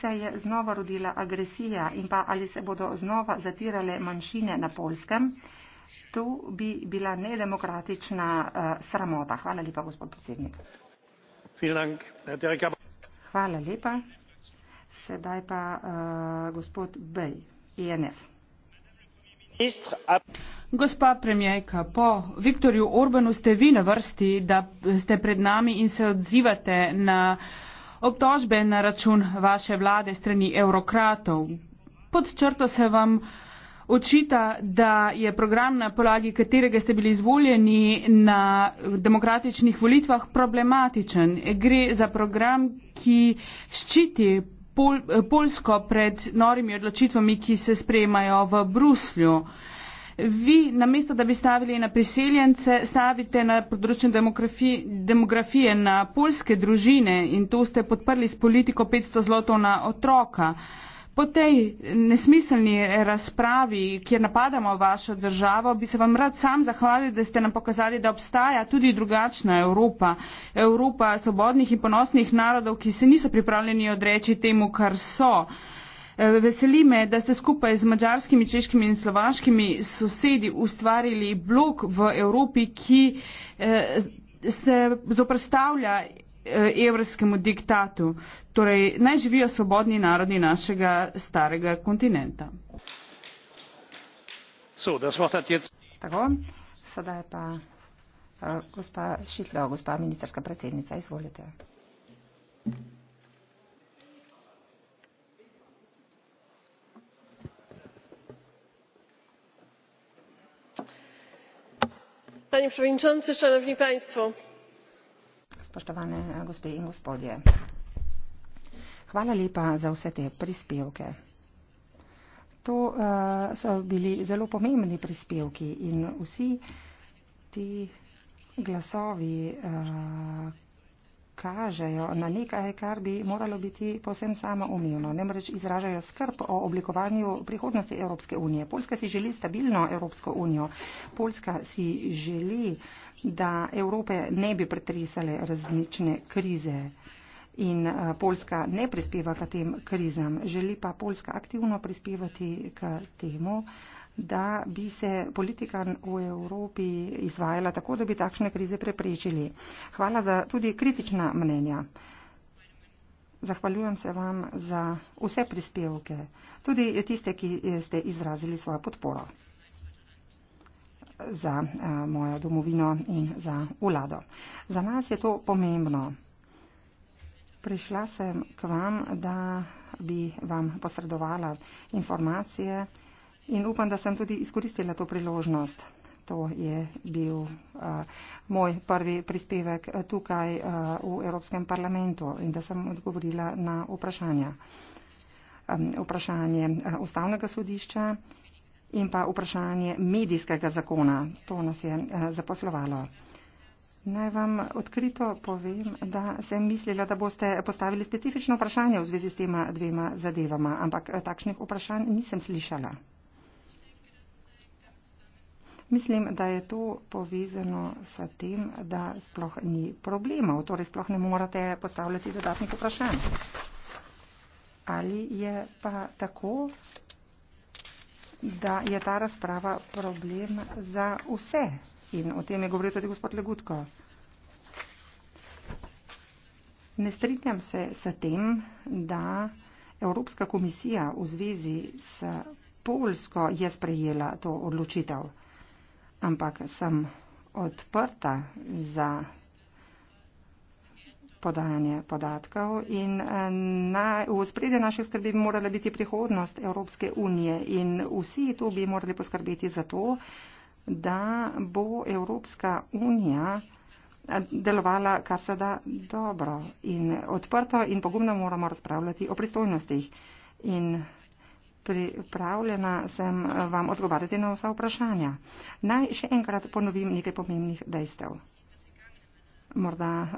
[SPEAKER 7] se je znova rodila agresija in pa ali se bodo znova zatirale manjšine na polskem? To bi bila nedemokratična uh, sramota. Hvala lepa, gospod predsednik. Hvala lepa. Sedaj pa uh, gospod Bej,
[SPEAKER 8] INF. E Gospa premijerka, po Viktorju Orbanu ste vi na vrsti, da ste pred nami in se odzivate na obtožbe na račun vaše vlade strani eurokratov. Pod črto se vam uh, očita, da je program, na podlagi katerega ste bili izvoljeni na demokratičnih volitvah, problematičen. Gre za program, ki ščiti pol, Polsko pred norimi odločitvami, ki se sprejemajo v Bruslju. Vi, namesto da bi stavili na priseljence, stavite na področju demografi, demografije na polske družine in to ste podprli s politiko 500 zlotov na otroka. Uh, Po tej nesmiselni razpravi, kjer napadamo vašo državo, bi se vam rad sam zahvalil, da ste nam pokazali, da obstaja tudi drugačna Evropa. Evropa svobodnih in ponosnih narodov, ki se niso pripravljeni odreči temu, kar so. E, veseli me, da ste skupaj z mačarskimi, češkimi in slovaškimi sosedi ustvarili blok v Evropi, ki e, se zoprstavlja Eh, evrskemu diktatu. Torej, naj živijo svobodni narodi našega starega kontinenta.
[SPEAKER 6] So,
[SPEAKER 7] Tako, sedaj pa uh, gospa Šitlo, gospa ministerska predsednica, izvolite.
[SPEAKER 5] Panie
[SPEAKER 8] Przewodniczący, Szanowni Państwo!
[SPEAKER 7] spoštovane eh, gospe in gospodje. Hvala lepa za vse te prispevke. To uh, so bili zelo pomembni prispevki in vsi ti glasovi, uh, kažejo na nekaj, kar bi moralo biti posem samoumivno. Namreč izražajo skrb o oblikovanju prihodnosti Evropske unije. Polska si želi stabilno Evropsko unijo. Polska si želi, da Evrope ne bi pretresale različne krize. In eh, Polska ne prispeva k tem krizam, želi pa Polska aktivno prispevati k temu, da bi se politika v Evropi izvajala tako, da bi takšne krize preprečili. Hvala za tudi kritična mnenja. Zahvaljujem se vam za vse prispevke, tudi tiste, ki ste izrazili svojo podporo za eh, mojo domovino in za vlado. Za nas je to pomembno. Prišla sem k vam, da bi vam posredovala informacije, In upam, da sem tudi izkoristila to priložnost. To je bil uh, moj prvi prispevek eh, tukaj uh, v Evropskem parlamentu in da sem odgovorila na vprašanja. Um, vprašanje uh, ustavnega sodišča in pa vprašanje medijskega zakona. To nas je uh, zaposlovalo. Naj vam odkrito povem, da sem mislila, da boste postavili specifično vprašanje v zvezi s tema dvema zadevama, ampak takšnih vprašanj nisem slišala. Mislim, da je to povezano s tem, da sploh ni problemov, torej sploh ne morate postavljati dodatnih vprašanj. Ali je pa tako, da je ta razprava problem za vse? In o tem je govoril tudi gospod Legutko. Ne strinjam se s tem, da Evropska komisija v zvezi s Polsko je sprejela to odločitev ampak sem odprta za podajanje podatkov in eh, na, v spredju naše skrbi bi morala biti prihodnost Evropske unije in vsi tu bi morali poskrbeti za to, da bo Evropska unija eh, delovala kar se da dobro in odprto in pogumno moramo razpravljati o pristojnostih. In pripravljena sem eh, vam odgovarjati na vsa vprašanja. Naj še enkrat ponovim nekaj pomembnih dejstev. Morda uh,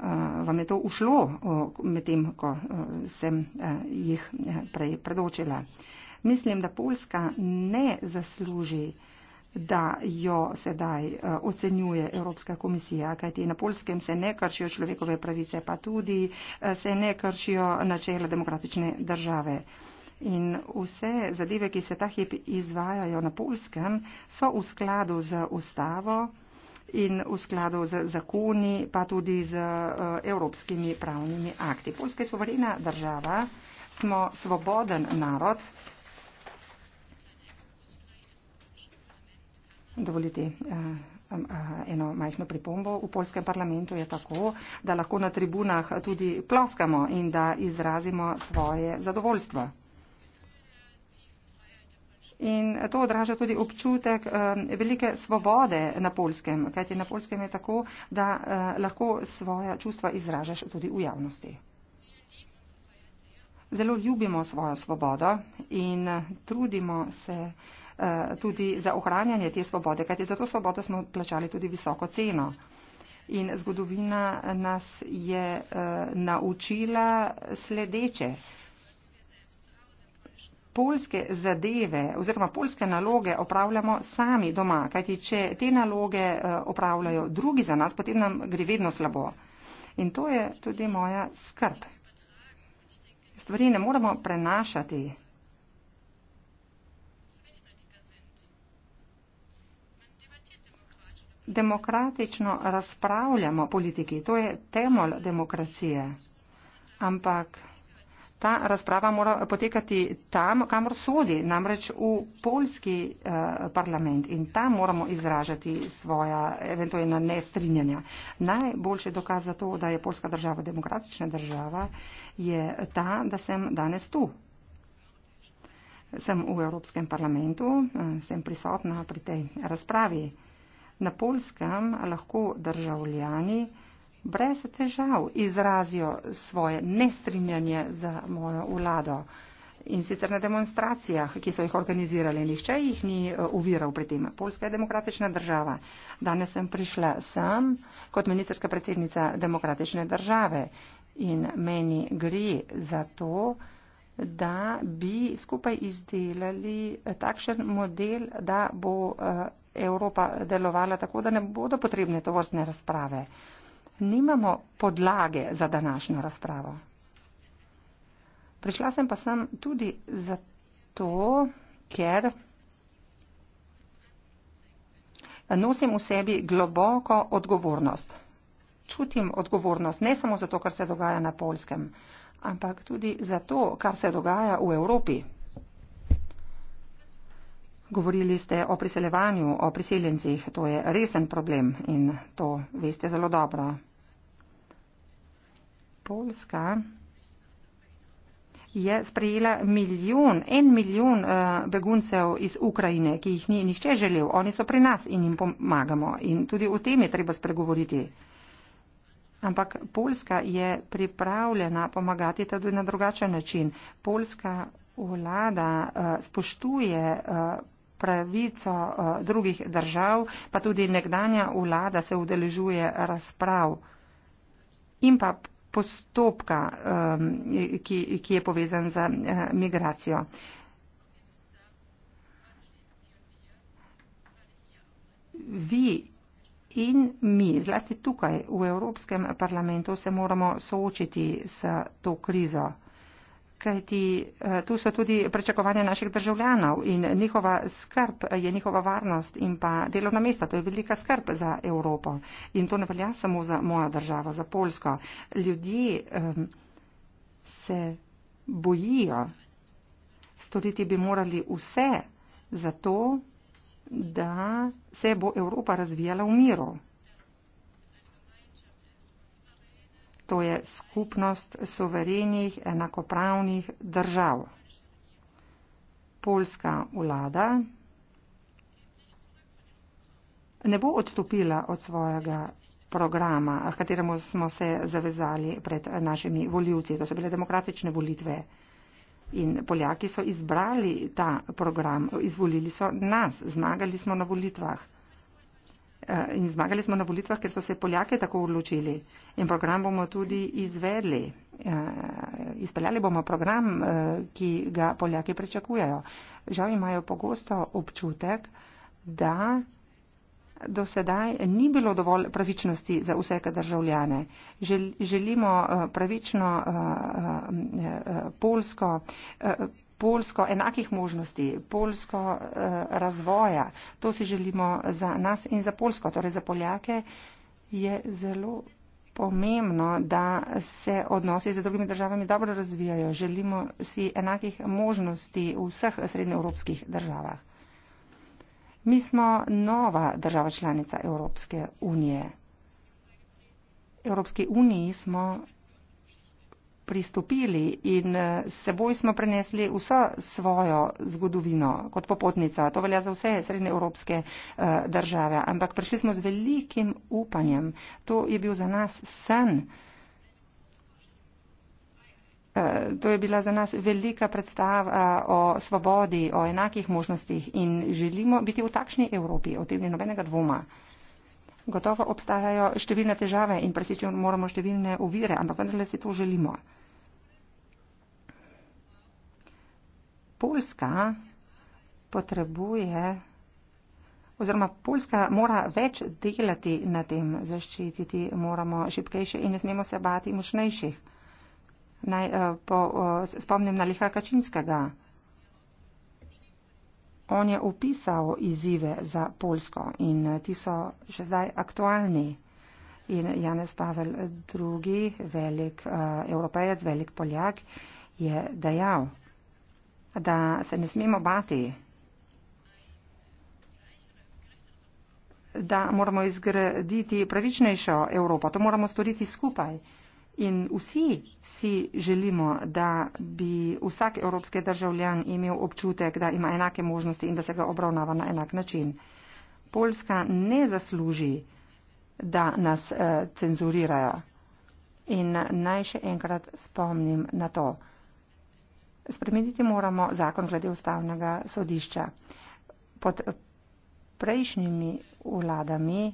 [SPEAKER 7] vam je to ušlo uh, med tem, ko uh, sem uh, jih prej predočila. Mislim, da Poljska ne zasluži, da jo sedaj uh, ocenjuje Evropska komisija, kajti na Poljskem se ne kršijo človekove pravice, pa tudi uh, se ne kršijo načela demokratične države. Uh, In vse zadeve, ki se ta hip izvajajo na polskem, so v skladu z ustavo in v skladu z zakoni, pa tudi z eh, evropskimi pravnimi akti. Polska je suverena država, smo svoboden narod. Dovolite eh, eh, eno majhno pripombo. V polskem parlamentu je tako, da lahko na tribunah tudi ploskamo in da izrazimo svoje zadovoljstvo. In to odraža tudi občutek eh, velike svobode na polskem, kajti na polskem je tako, da eh, lahko svoja čustva izražaš tudi v javnosti. Zelo ljubimo svojo svobodo in eh, trudimo se tudi za ohranjanje te svobode, kajti za to svobodo smo plačali tudi visoko ceno. In zgodovina nas je naučila sledeče polske zadeve oziroma polske naloge opravljamo sami doma, kajti če te naloge eh, opravljajo drugi za nas, potem nam gre vedno slabo. In to je tudi moja skrb. Stvari ne moremo prenašati. Demokratično razpravljamo politiki, to je temelj demokracije. Ampak ta razprava mora potekati tam, kamor sodi, namreč v polski eh, parlament in tam moramo izražati svoja eventualna nestrinjanja. Najboljši dokaz za to, da je polska država demokratična država, je ta, da sem danes tu. Sem v Evropskem parlamentu, eh, sem prisotna pri tej razpravi. Na polskem lahko državljani brez težav izrazijo svoje nestrinjanje za mojo vlado in sicer na demonstracijah, ki so jih organizirali. Nihče jih ni eh, uviral pri tem. Polska je demokratična država. Danes sem prišla sem kot ministerska predsednica demokratične države in meni gre za to, da bi skupaj izdelali takšen model, da bo eh, Evropa delovala tako, da ne bodo potrebne tovrstne razprave nimamo podlage za današnjo razpravo. Prišla sem pa sem tudi zato, ker nosim v sebi globoko odgovornost. Čutim odgovornost ne samo zato, kar se dogaja na Polskem, ampak tudi zato, kar se dogaja v Evropi. Govorili ste o priseljevanju, o priseljencih, to je resen problem in to veste zelo dobro. Poljska je sprejela milijon, en milijon uh, beguncev iz Ukrajine, ki jih ni nihče želel. Oni so pri nas in jim pomagamo. In tudi o tem je treba spregovoriti. Ampak Poljska je pripravljena pomagati tudi na drugačen način. Poljska vlada uh, spoštuje uh, pravico uh, drugih držav, pa tudi nekdanja vlada se udeležuje razprav. In pa postopka, um, ki, ki je povezan za uh, eh, migracijo. Vi in mi, zlasti tukaj v Evropskem parlamentu, se moramo soočiti s to krizo kajti eh, tu so tudi prečakovanja naših državljanov in njihova skrb je njihova varnost in pa delovna mesta. To je velika skrb za Evropo in to ne velja samo za mojo državo, za Polsko. Ljudje um, se bojijo. Storiti bi morali vse za to, da se bo Evropa razvijala v miru. to je skupnost suverenih enakopravnih držav. Poljska vlada ne bo odstopila od svojega programa, kateremu smo se zavezali pred našimi voljivci. To so bile demokratične volitve in Poljaki so izbrali ta program, izvolili so nas, zmagali smo na volitvah. Eh, in zmagali smo na volitvah, ker so se Poljake tako odločili. In program bomo tudi izvedli. Eh, izpeljali bomo program, eh, ki ga Poljake pričakujejo. Žal imajo pogosto občutek, da do sedaj ni bilo dovolj pravičnosti za vse državljane. Želimo pravično polsko Polsko, enakih možnosti, Polsko eh, razvoja. To si želimo za nas in za Polsko. Torej za Poljake je zelo pomembno, da se odnosi z drugimi državami dobro razvijajo. Želimo si enakih možnosti v vseh srednjeevropskih državah. Mi smo nova država članica Evropske unije. Evropski uniji smo pristopili in eh, seboj smo prenesli vso svojo zgodovino kot popotnica. To velja za vse srednje evropske eh, države. Ampak prišli smo z velikim upanjem. To je bil za nas sen. Eh, to je bila za nas velika predstava o svobodi, o enakih možnostih in želimo biti v takšni Evropi, o tem ni nobenega dvoma. Gotovo obstajajo številne težave in presečemo moramo številne uvire, ampak vendarle si to želimo. Poljska potrebuje oziroma Poljska mora več delati na tem, zaščititi moramo šipkejše in ne smemo se bati močnejših. Naj eh, po, eh, spomnim na Liha Kačinskega. On je opisal izzive za Poljsko in eh, ti so še zdaj aktualni. In Janez Pavel II, velik uh, evropejec, velik poljak, je dejal, da se ne smemo bati, da moramo izgraditi pravičnejšo Evropo. To moramo storiti skupaj. In vsi si želimo, da bi vsak evropski državljan imel občutek, da ima enake možnosti in da se ga obravnava na enak način. Poljska ne zasluži, da nas eh, cenzurirajo. In naj še enkrat spomnim na to spremeniti moramo zakon glede ustavnega sodišča. Pod prejšnjimi vladami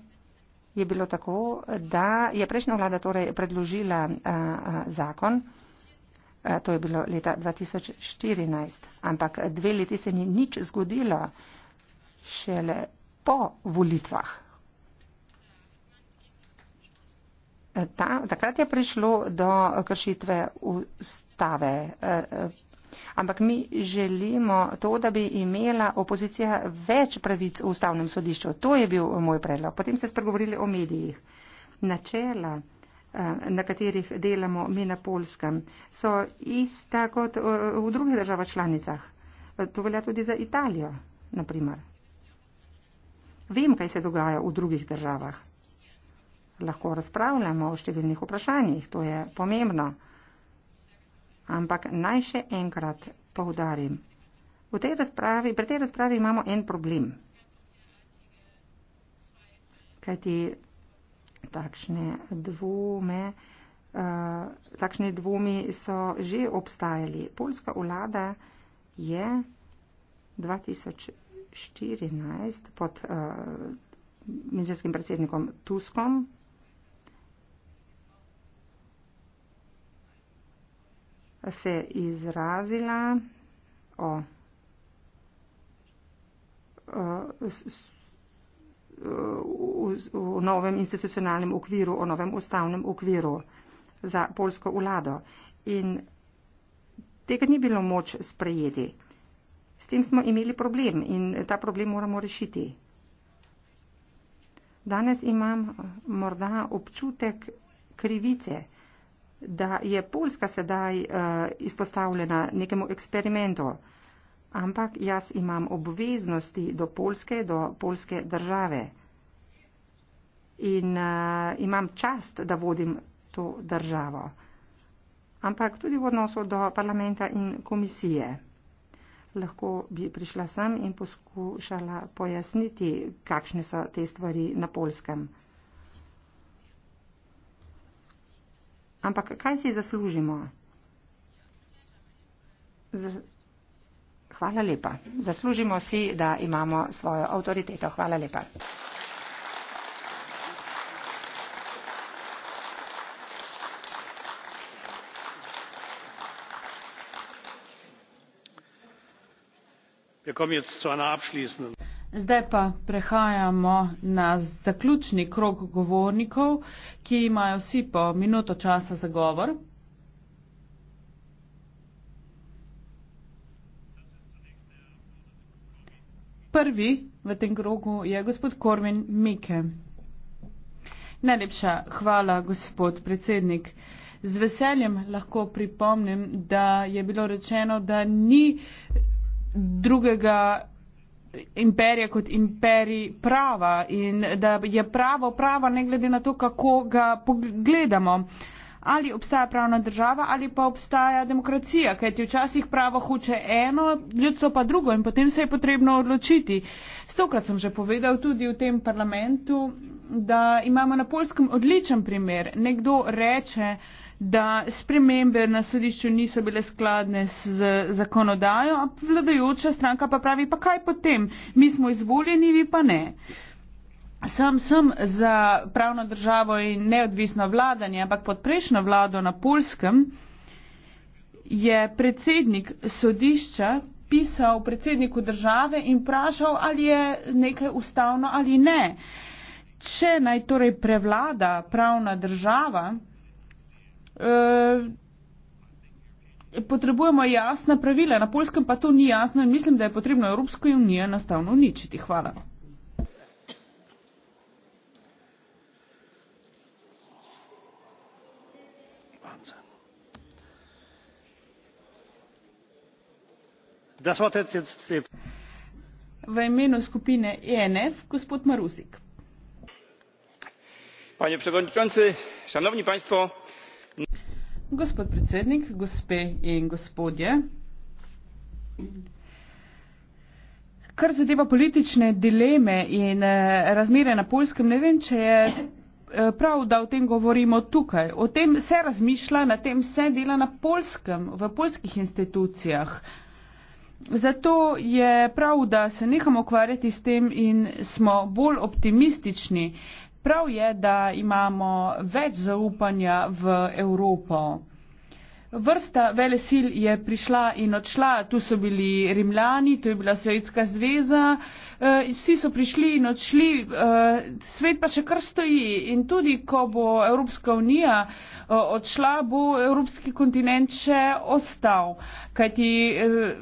[SPEAKER 7] je bilo tako, da je prejšnja vlada torej predložila eh, eh, zakon, eh, to je bilo leta 2014, ampak dve leti se ni nič zgodilo šele po volitvah. Ta, takrat je prišlo do kršitve ustave. Ampak mi želimo to, da bi imela opozicija več pravic v ustavnem sodišču. To je bil moj predlog. Potem ste spregovorili o medijih. Načela, eh, na katerih delamo mi na Polskem, so ista kot eh, v drugih državah članicah. Eh, to velja tudi za Italijo, naprimer. Vem, kaj se dogaja v drugih državah. Lahko razpravljamo o številnih vprašanjih, to je pomembno. Ampak naj še enkrat povdarim. Pri tej razpravi imamo en problem. Kajti takšne dvome, uh, eh, takšne dvomi so že obstajali. Polska vlada je 2014 pod uh, eh, medijskim predsednikom Tuskom se izrazila o, o s, v novem institucionalnem okviru, o novem ustavnem okviru za polsko vlado. In tega ni bilo moč sprejeti. S tem smo imeli problem in ta problem moramo rešiti. Danes imam morda občutek krivice, da je Poljska sedaj uh, izpostavljena nekemu eksperimentu. Ampak jaz imam obveznosti do Poljske, do Poljske države. In uh, imam čast, da vodim to državo. Ampak tudi v odnosu do parlamenta in komisije. Lahko bi prišla sem in poskušala pojasniti, kakšne so te stvari na Poljskem. Ampak kaj si zaslužimo? Z... Hvala lepa. Zaslužimo si, da imamo svojo avtoriteto. Hvala lepa.
[SPEAKER 6] Wir kommen jetzt zu einer
[SPEAKER 8] abschließenden. Zdaj pa prehajamo na zaključni krok govornikov, ki imajo vsi po minuto časa za govor. Prvi v tem krogu je gospod Korvin Mike. Najlepša hvala, gospod predsednik. Z veseljem lahko pripomnim, da je bilo rečeno, da ni drugega imperije kot imperij prava in da je pravo pravo, ne glede na to, kako ga pogledamo. Ali obstaja pravna država ali pa obstaja demokracija, kajti včasih pravo hoče eno, ljudstvo pa drugo in potem se je potrebno odločiti. Stokrat sem že povedal tudi v tem parlamentu, da imamo na polskem odličen primer. Nekdo reče, da spremembe na sodišču niso bile skladne z zakonodajo, a vladajoča stranka pa pravi, pa kaj potem, mi smo izvoljeni, vi pa ne. Sam sem za pravno državo in neodvisno vladanje, ampak pod prejšnjo vlado na Polskem je predsednik sodišča pisal predsedniku države in vprašal, ali je nekaj ustavno ali ne. Če naj torej prevlada pravna država, Eh, potrebujemo jasna pravila, na polskem pa to ni jasno in mislim, da je potrebno Evropsko unijo enostavno uničiti. Hvala. V imenu skupine ENF, gospod Marusik.
[SPEAKER 3] Panie przewodniczący, szanowni państwo,
[SPEAKER 8] Gospod predsednik, gospe in gospodje. Kar zadeva politične dileme in eh, razmere na polskem, ne vem, če je eh, prav, da o tem govorimo tukaj. O tem se razmišlja, na tem se dela na polskem, v polskih institucijah. Zato je prav, da se neham ukvarjati s tem in smo bolj optimistični, Prav je, da imamo več zaupanja v Evropo vrsta vele sil je prišla in odšla. Tu so bili Rimljani, tu je bila Sovjetska zveza, e, vsi so prišli in odšli, e, svet pa še kar stoji. In tudi, ko bo Evropska unija e, odšla, bo evropski kontinent še ostal. Kajti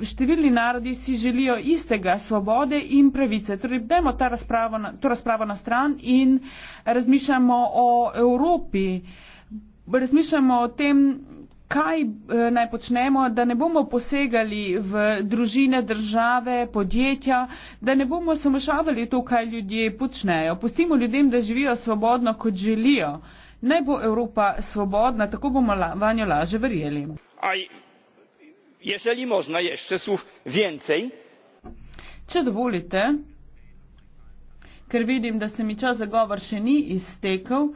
[SPEAKER 8] številni narodi si želijo istega, svobode in pravice. Torej, dajmo ta razpravo, to razpravo na stran in razmišljamo o Evropi. Razmišljamo o tem, kaj eh, naj počnemo, da ne bomo posegali v družine, države, podjetja, da ne bomo samošavali to, kaj ljudje počnejo. Pustimo ljudem, da živijo svobodno, kot želijo. Naj bo Evropa svobodna, tako bomo vanjo laže verjeli.
[SPEAKER 3] Aj, ježeli možno, ješče so vjencej.
[SPEAKER 8] Če dovolite, ker vidim, da se mi čas za govor še ni iztekel,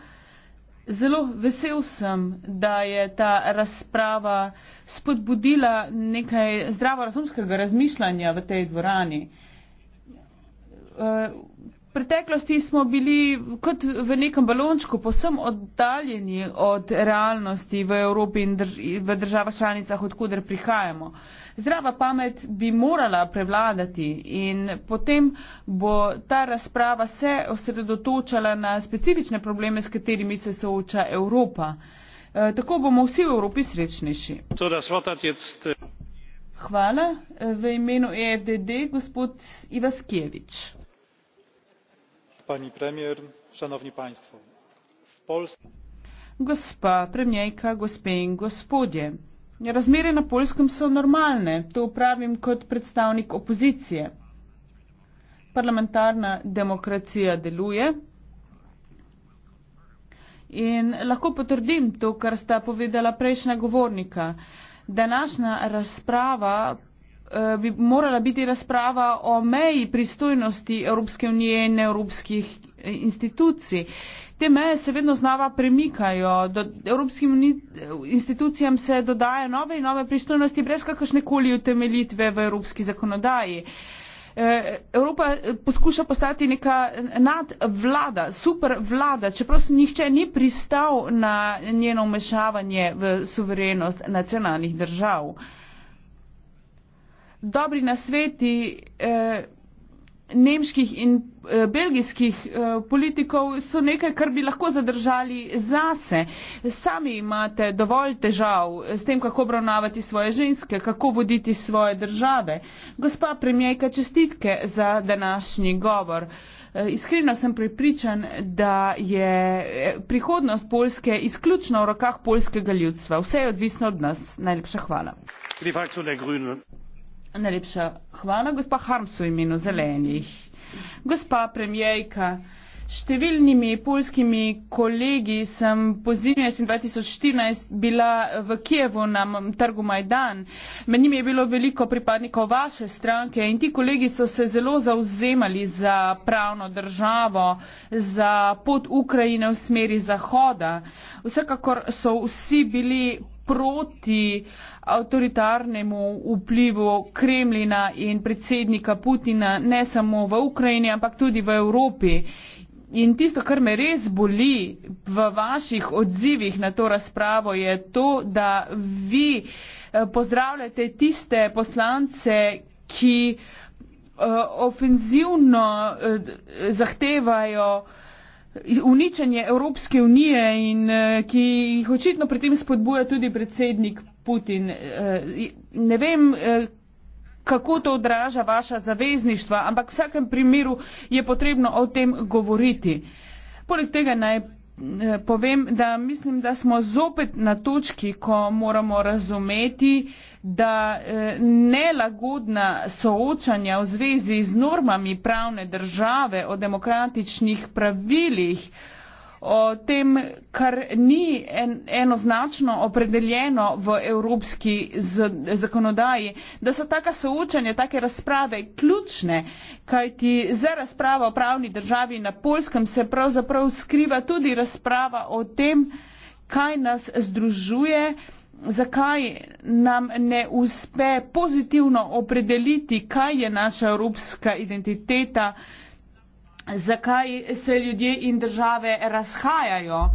[SPEAKER 8] Zelo vesel sem, da je ta razprava spodbudila nekaj zdravorazumskega razmišljanja v tej dvorani. Eh, preteklosti smo bili kot v nekem balončku, posem oddaljeni od realnosti v Evropi in drž v državah članicah, odkuder prihajamo. Zdrava pamet bi morala prevladati in potem bo ta razprava se osredotočala na specifične probleme, s katerimi se sooča Evropa. E, tako bomo vsi v Evropi srečnejši. Hvala. E, v imenu EFDD gospod Ivaskevič
[SPEAKER 6] pani premier, szanowni państwo.
[SPEAKER 8] W Polsce... Gospa premierka, gospe in gospodje. Razmere na Polskem so normalne, to upravim kot predstavnik opozicije. Parlamentarna demokracija deluje in lahko potrdim to, kar sta povedala prejšnja govornika. Današnja razprava Eh, bi morala biti razprava o meji pristojnosti Evropske unije in evropskih eh, institucij. Te meje se vedno znova premikajo, Do, evropskim institucijam se dodaje nove in nove pristojnosti brez kakršne koli utemeljitve v evropski zakonodaji. Eh, Evropa poskuša postati neka nadvlada, super vlada, čeprav nihče ni pristal na njeno umešavanje v suverenost nacionalnih držav. Uh, dobri nasveti eh, nemških in eh, belgijskih eh, politikov so nekaj, kar bi lahko zadržali zase. Sami imate dovolj težav s tem, kako obravnavati svoje ženske, kako voditi svoje države. Gospa premijajka, čestitke za današnji govor. Eh, iskreno sem pripričan, da je eh, prihodnost Poljske izključno v rokah polskega ljudstva. Vse je odvisno od nas. Najlepša hvala. Najlepša hvala, gospa Harms v imenu zelenih. Gospa premijejka, številnimi polskimi kolegi sem pozivna jesen 2014 bila v Kijevu na trgu Majdan. Med njimi je bilo veliko pripadnikov vaše stranke in ti kolegi so se zelo zauzemali za pravno državo, za pot Ukrajine v smeri Zahoda. Vsekakor so vsi bili proti avtoritarnemu vplivu Kremlina in predsednika Putina, ne samo v Ukrajini, ampak tudi v Evropi. In tisto, kar me res boli v vaših odzivih na to razpravo, je to, da vi eh, pozdravljate tiste poslance, ki uh, ofenzivno uh, zahtevajo uh, uničenje Evropske unije in eh, ki jih očitno pri tem spodbuja tudi predsednik Putin. Eh, ne vem, eh, kako to odraža vaša zavezništva, ampak v vsakem primeru je potrebno o tem govoriti. Poleg tega naj povem, da mislim, da smo zopet na točki, ko moramo razumeti, da eh, nelagodna soočanja v zvezi z normami pravne države, o demokratičnih pravilih, o tem, kar ni en, enoznačno opredeljeno v evropski z, zakonodaji, da so taka soočanja, take razprave ključne, kajti za razpravo o pravni državi na polskem se pravzaprav skriva tudi razprava o tem, kaj nas združuje, zakaj nam ne uspe pozitivno opredeliti, kaj je naša evropska identiteta, zakaj se ljudje in države razhajajo.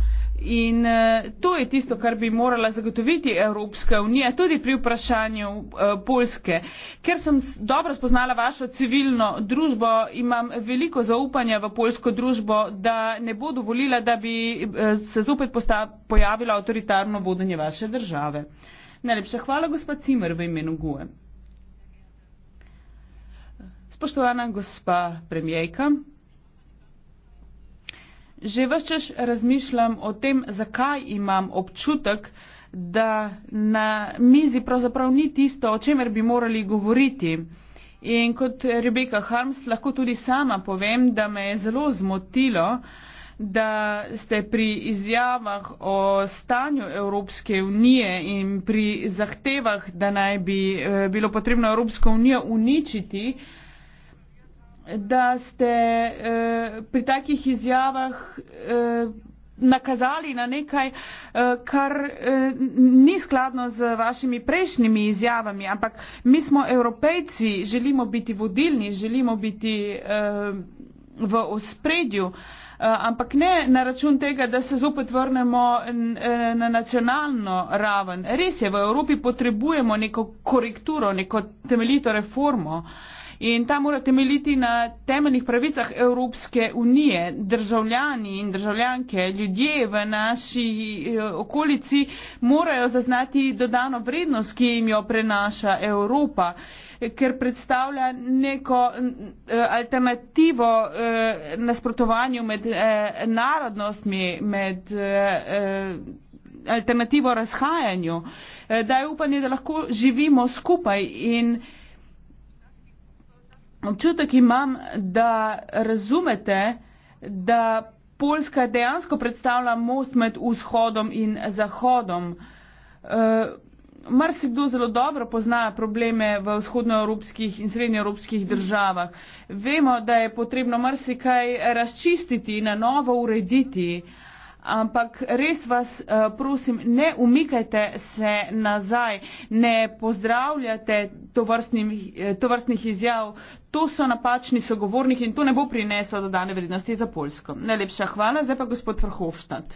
[SPEAKER 8] In eh, to je tisto, kar bi morala zagotoviti Evropska unija, tudi pri vprašanju eh, Polske. Ker sem dobro spoznala vašo civilno družbo, imam veliko zaupanja v polsko družbo, da ne bo dovolila, da bi eh, se zopet pojavilo avtoritarno vodenje vaše države. Najlepša hvala, gospod Cimer, v imenu GUE. Spoštovana gospa premijejka že vse čas razmišljam o tem, zakaj imam občutek, da na mizi pravzaprav ni tisto, o čemer bi morali govoriti. In kot Rebeka Harms lahko tudi sama povem, da me je zelo zmotilo, da ste pri izjavah o stanju Evropske unije in pri zahtevah, da naj bi eh, bilo potrebno Evropsko unijo uničiti, uh, da ste eh, pri takih izjavah eh, nakazali na nekaj, eh, kar ni skladno z vašimi prejšnjimi izjavami, ampak mi smo evropejci, želimo biti vodilni, želimo biti v ospredju, ampak ne na račun tega, da se zopet vrnemo na nacionalno raven. Res je, v Evropi potrebujemo neko korekturo, neko temeljito reformo in ta mora temeljiti na temeljnih pravicah Evropske unije. Državljani in državljanke, ljudje v naši eh, okolici morajo zaznati dodano vrednost, ki jim jo prenaša Evropa ker predstavlja neko eh, alternativo eh, nasprotovanju med eh, narodnostmi, med eh, eh, alternativo razhajanju, eh, da je upanje, da lahko živimo skupaj in eh, občutek imam, da razumete, da Poljska dejansko predstavlja most med vzhodom in zahodom. Uh, eh, mar si kdo zelo dobro pozna probleme v vzhodnoevropskih in srednjeevropskih državah. Vemo, da je potrebno mar si kaj razčistiti, na novo urediti, uh, ampak res vas eh, prosim, ne umikajte se nazaj, ne pozdravljate eh, tovrstnih to izjav. To so napačni sogovorniki in to ne bo prineslo dodane vrednosti za Polsko. Najlepša hvala, zdaj pa gospod Vrhovštad.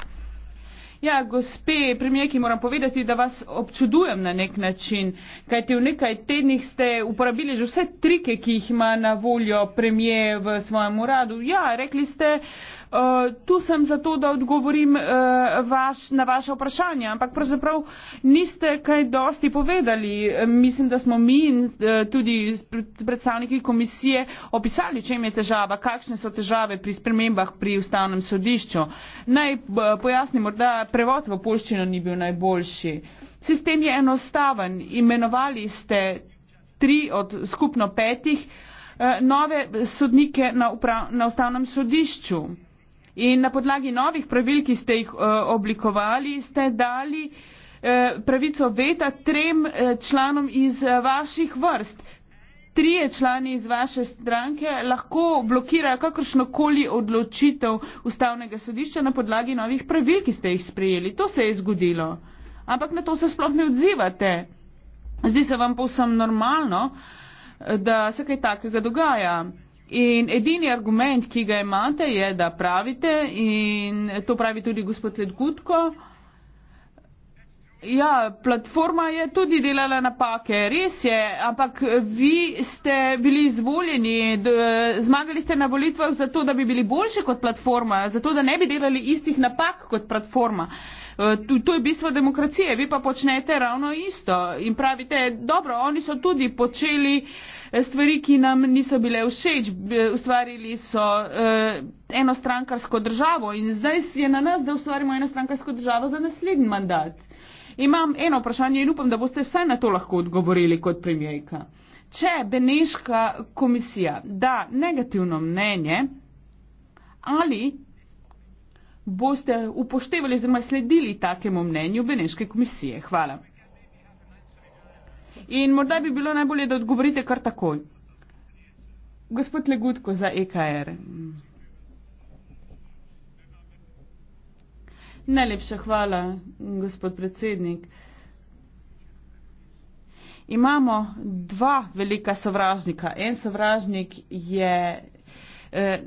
[SPEAKER 8] Ja, gospe premijeki, moram povedati, da vas občudujem na nek način, kajti v nekaj tednih ste uporabili že vse trike, ki jih ima na voljo premije v svojem uradu. Ja, rekli ste, uh, Eh, tu sem zato, da odgovorim eh, vaš, na vaše vprašanje, ampak pravzaprav niste kaj dosti povedali. Eh, mislim, da smo mi in tudi predstavniki komisije opisali, čem je težava, kakšne so težave pri spremembah pri ustavnem sodišču. Naj pojasnim, morda prevod v poščino ni bil najboljši. Sistem je enostaven, imenovali ste tri od skupno petih nove sodnike na, upra, na ustavnem sodišču in na podlagi novih pravil, ki ste jih eh, oblikovali, ste dali eh, pravico veta trem eh, članom iz vaših vrst. Trije člani iz vaše stranke lahko blokirajo kakršnokoli odločitev ustavnega sodišča na podlagi novih pravil, ki ste jih sprejeli. To se je zgodilo. Ampak na to se sploh ne odzivate. Zdi se vam povsem normalno, da se kaj takega dogaja. In edini argument, ki ga imate, je, da pravite, in to pravi tudi gospod Ledgutko, ja, platforma je tudi delala napake, res je, ampak vi ste bili izvoljeni, zmagali ste na volitvah zato, da bi bili boljši kot platforma, zato, da ne bi delali istih napak kot platforma. E, to je bistvo demokracije, vi pa počnete ravno isto in pravite, dobro, oni so tudi počeli uh, stvari, ki nam niso bile všeč, ustvarili so eh, enostrankarsko državo in zdaj je na nas, da ustvarimo enostrankarsko državo za naslednji mandat. Imam eno vprašanje in upam, da boste vsaj na to lahko odgovorili kot premijejka. Če Beneška komisija da negativno mnenje, ali boste upoštevali oziroma sledili takemu mnenju Beneške komisije? Hvala. In morda bi bilo najbolje, da odgovorite kar takoj. Gospod Legutko za EKR. Najlepša hvala, gospod predsednik. Imamo dva velika sovražnika. En sovražnik je eh,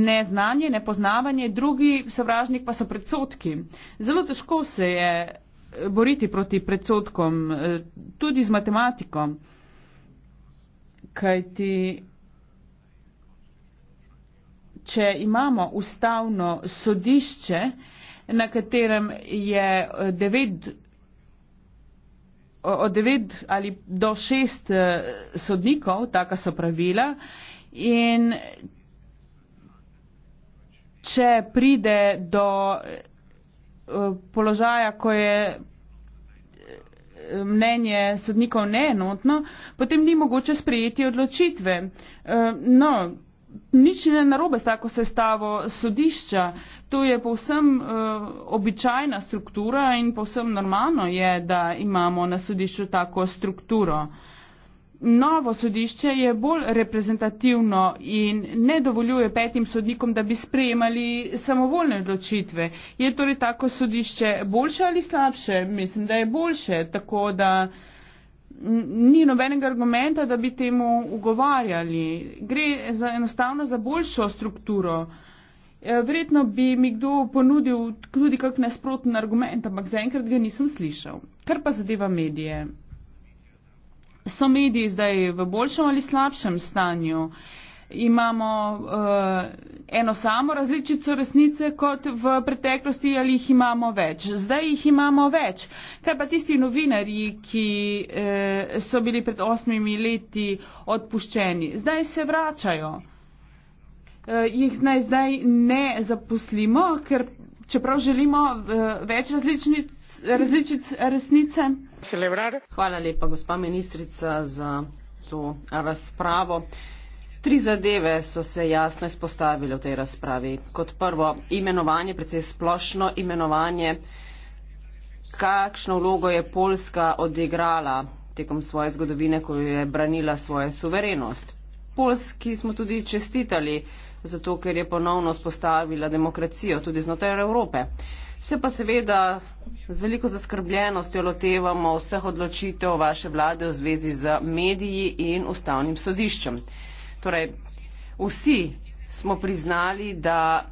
[SPEAKER 8] neznanje, nepoznavanje, drugi sovražnik pa so predsotki. Zelo težko se je boriti proti predsotkom, eh, tudi z matematiko, kajti če imamo ustavno sodišče, na katerem je eh, devet, od devet ali do šest eh, sodnikov, taka so pravila, in če pride do Eh, položaja, ko je eh, mnenje sodnikov neenotno, potem ni mogoče sprejeti odločitve. Eh, no, nič ne narobe s tako sestavo sodišča. To je povsem običajna struktura in povsem normalno je, da imamo na sodišču tako strukturo novo sodišče je bolj reprezentativno in ne dovoljuje petim sodnikom, da bi sprejemali samovoljne odločitve. Je torej tako sodišče boljše ali slabše? Mislim, da je boljše, tako da ni nobenega argumenta, da bi temu ugovarjali. Gre za enostavno za boljšo strukturo. E, verjetno bi mi kdo ponudil tudi kak nasproten argument, ampak zaenkrat ga nisem slišal. Kar pa zadeva medije so mediji zdaj v boljšem ali slabšem stanju? Imamo uh, eno samo različico resnice kot v preteklosti ali jih imamo več? Zdaj jih imamo več. Kaj pa tisti novinarji, ki uh, so bili pred osmimi leti odpuščeni? Zdaj se vračajo. Uh, jih naj zdaj ne zaposlimo, ker čeprav želimo uh, več različnic, različic resnice.
[SPEAKER 9] Hvala lepa, gospa ministrica, za to razpravo. Tri zadeve so se jasno izpostavile v tej razpravi. Kot prvo, imenovanje, predvsej splošno imenovanje, kakšno vlogo je Poljska odigrala tekom svoje zgodovine, ko je branila svojo suverenost. Polski smo tudi čestitali, zato ker je ponovno vzpostavila demokracijo tudi znotraj Evrope. Se pa seveda z veliko zaskrbljenostjo lotevamo vseh odločitev vaše vlade v zvezi z mediji in ustavnim sodiščem. Torej, vsi smo priznali, da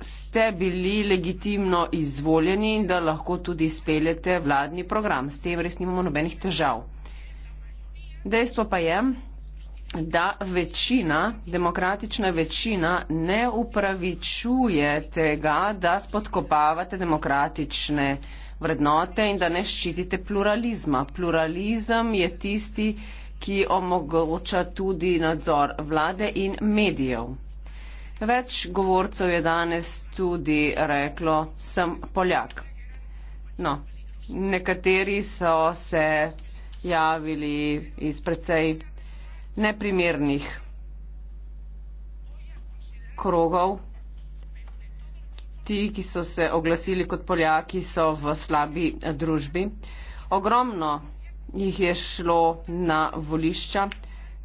[SPEAKER 9] ste bili legitimno izvoljeni in da lahko tudi speljete vladni program. S tem res nimamo nobenih težav. Dejstvo pa je, da večina, demokratična večina ne upravičuje tega, da spodkopavate demokratične vrednote in da ne ščitite pluralizma. Pluralizem je tisti, ki omogoča tudi nadzor vlade in medijev. Več govorcev je danes tudi reklo, sem Poljak. No, nekateri so se javili iz precej neprimernih krogov. Ti, ki so se oglasili kot Poljaki, so v slabi eh, družbi. Ogromno jih je šlo na volišča.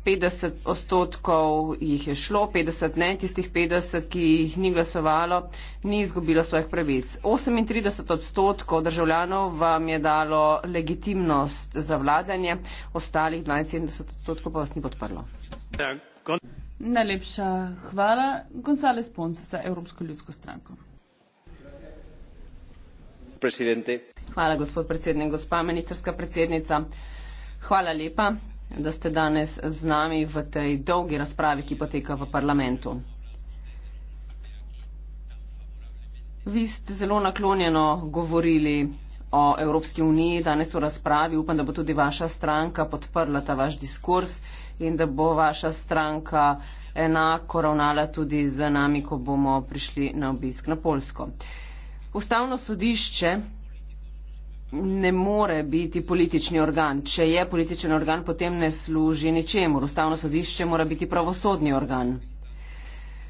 [SPEAKER 9] 50 odstotkov jih je šlo, 50 ne, tistih 50, ki jih ni glasovalo, ni izgubilo svojih pravic. 38 odstotkov državljanov vam je dalo legitimnost za vladanje,
[SPEAKER 8] ostalih 72 odstotkov pa vas ni podprlo. Najlepša hvala, Gonzales Ponce za Evropsko ljudsko stranko.
[SPEAKER 1] Presidente.
[SPEAKER 9] Hvala, gospod predsednik, gospa ministerska predsednica. Hvala lepa da ste danes z nami v tej dolgi razpravi, ki poteka v parlamentu. Vi ste zelo naklonjeno govorili o Evropski uniji danes v razpravi. Upam, da bo tudi vaša stranka podprla ta vaš diskurs in da bo vaša stranka enako ravnala tudi z nami, ko bomo prišli na obisk na Polsko. Ustavno sodišče ne more biti politični organ. Če je politični organ, potem ne služi ničemur. Ustavno sodišče mora biti pravosodni organ.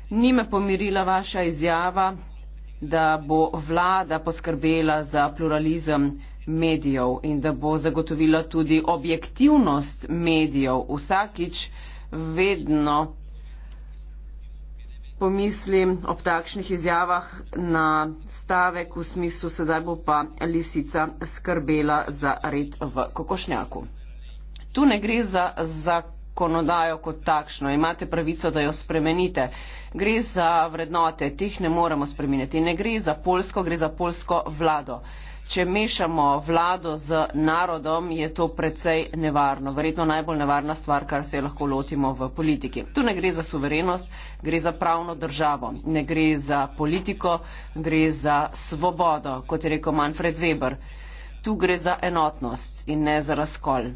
[SPEAKER 9] Ni me pomirila vaša izjava, da bo vlada poskrbela za pluralizem medijev in da bo zagotovila tudi objektivnost medijev vsakič, vedno pomislim ob takšnih izjavah na stavek v smislu, sedaj bo pa lisica skrbela za red v kokošnjaku. Tu ne gre za zakonodajo kot takšno, imate pravico, da jo spremenite. Gre za vrednote, teh ne moremo spremeniti. Ne gre za Polsko, gre za Polsko vlado če mešamo vlado z narodom je to precej nevarno verjetno najbolj nevarna stvar kar se lahko lotimo v politiki tu ne gre za suverenost gre za pravno državo ne gre za politiko gre za svobodo kot je rekel Manfred Weber tu gre za enotnost in ne za razkol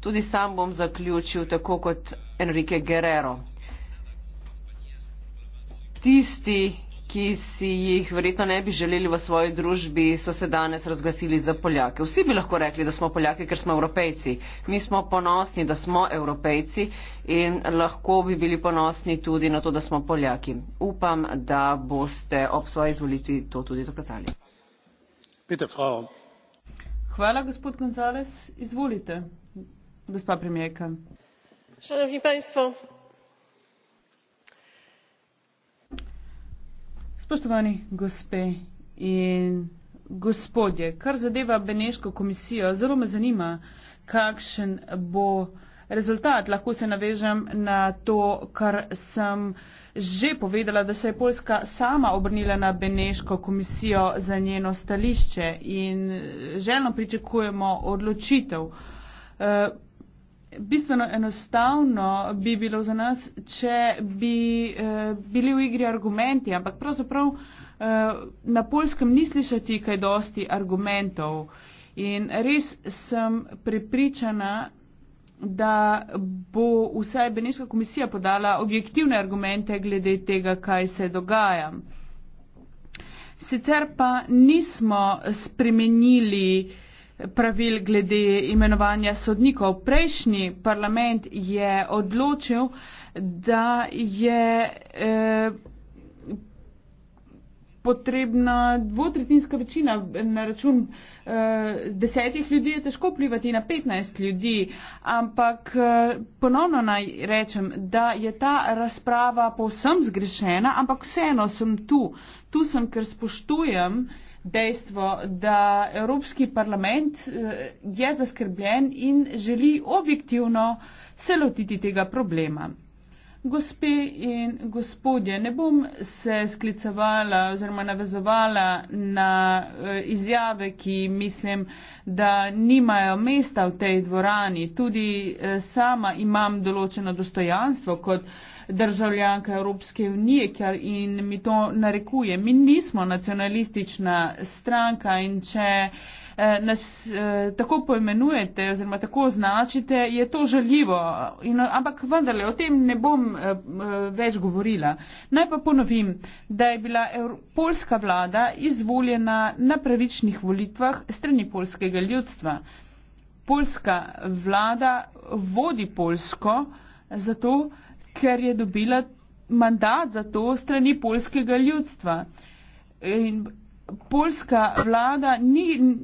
[SPEAKER 9] tudi sam bom zaključil tako kot Enrique Guerrero tisti ki si jih verjetno ne bi želeli v svoji družbi, so se danes razglasili za Poljake. Vsi bi lahko rekli, da smo Poljaki, ker smo Evropejci. Mi smo ponosni, da smo Evropejci in lahko bi bili ponosni tudi na to, da smo Poljaki. Upam, da boste ob svoji izvolitvi to tudi dokazali.
[SPEAKER 8] Peter, Hvala, gospod Gonzales. Izvolite, gospa premijerka. Szanowni Państwo, Spoštovani gospe in gospodje, kar zadeva Beneško komisijo, zelo me zanima, kakšen bo rezultat. Lahko se navežem na to, kar sem že povedala, da se je Poljska sama obrnila na Beneško komisijo za njeno stališče in želno pričakujemo odločitev. Eh, Bistveno enostavno bi bilo za nas, če bi eh, bili v igri argumenti, ampak pravzaprav eh, na polskem ni slišati kaj dosti argumentov. In res sem prepričana, da bo vsaj Beneška komisija podala objektivne argumente glede tega, kaj se dogaja. Sicer pa nismo spremenili eh, pravil glede imenovanja sodnikov. Prejšnji parlament je odločil, da je eh, potrebna dvotretinska večina na račun eh, desetih ljudi, je težko plivati na petnajst ljudi, ampak eh, ponovno naj rečem, da je ta razprava povsem zgrešena, ampak vseeno sem tu. Tu sem, ker spoštujem eh, dejstvo, da Evropski parlament eh, je zaskrbljen in želi objektivno se lotiti tega problema. Gospe in gospodje, ne bom se sklicovala oziroma navezovala na eh, izjave, ki mislim, da nimajo mesta v tej dvorani. Tudi eh, sama imam določeno dostojanstvo kot državljanka Evropske unije, ker in mi to narekuje. Mi nismo nacionalistična stranka in če eh, nas eh, tako poimenujete oziroma tako označite, je to žaljivo. In, ampak vendarle, o tem ne bom eh, eh več govorila. Naj pa ponovim, da je bila polska vlada izvoljena na pravičnih volitvah strani polskega ljudstva. Polska vlada vodi Polsko, zato ker je dobila mandat za to strani polskega ljudstva. In polska vlada ni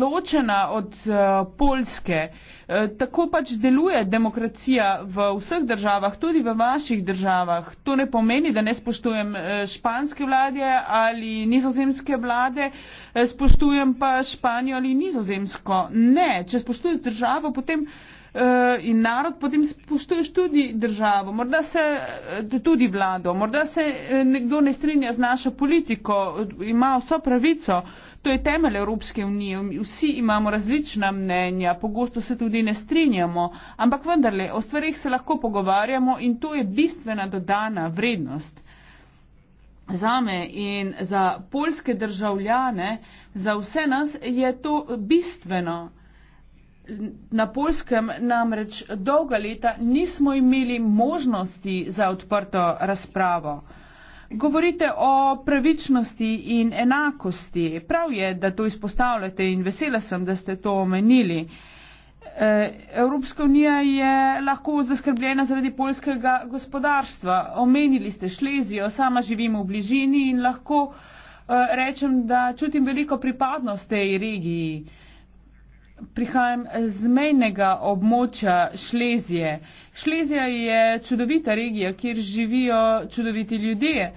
[SPEAKER 8] ločena od uh, eh, Polske. E, eh, tako pač deluje demokracija v vseh državah, tudi v vaših državah. To ne pomeni, da ne spoštujem e, španske vlade ali nizozemske vlade, e, spoštujem pa Španijo ali nizozemsko. Ne, če spoštujem državo, potem uh, Eh, in narod, potem spoštuješ tudi državo, morda se eh, tudi vlado, morda se eh, nekdo ne strinja z našo politiko, ima vso pravico. To je temelj Evropske unije. Vsi imamo različna mnenja, pogosto se tudi ne strinjamo, ampak vendarle o stvarih se lahko pogovarjamo in to je bistvena dodana vrednost. Za me in za polske državljane, za vse nas je to bistveno. Na polskem namreč dolga leta nismo imeli možnosti za odprto razpravo. Govorite o pravičnosti in enakosti. Prav je, da to izpostavljate in vesela sem, da ste to omenili. E, Evropska unija je lahko zaskrbljena zaradi polskega gospodarstva. Omenili ste Šlezijo, sama živim v bližini in lahko e, rečem, da čutim veliko pripadnost tej regiji. Prihajam z mejnega območja Šlezije. Šlezija je čudovita regija, kjer živijo čudoviti ljudje,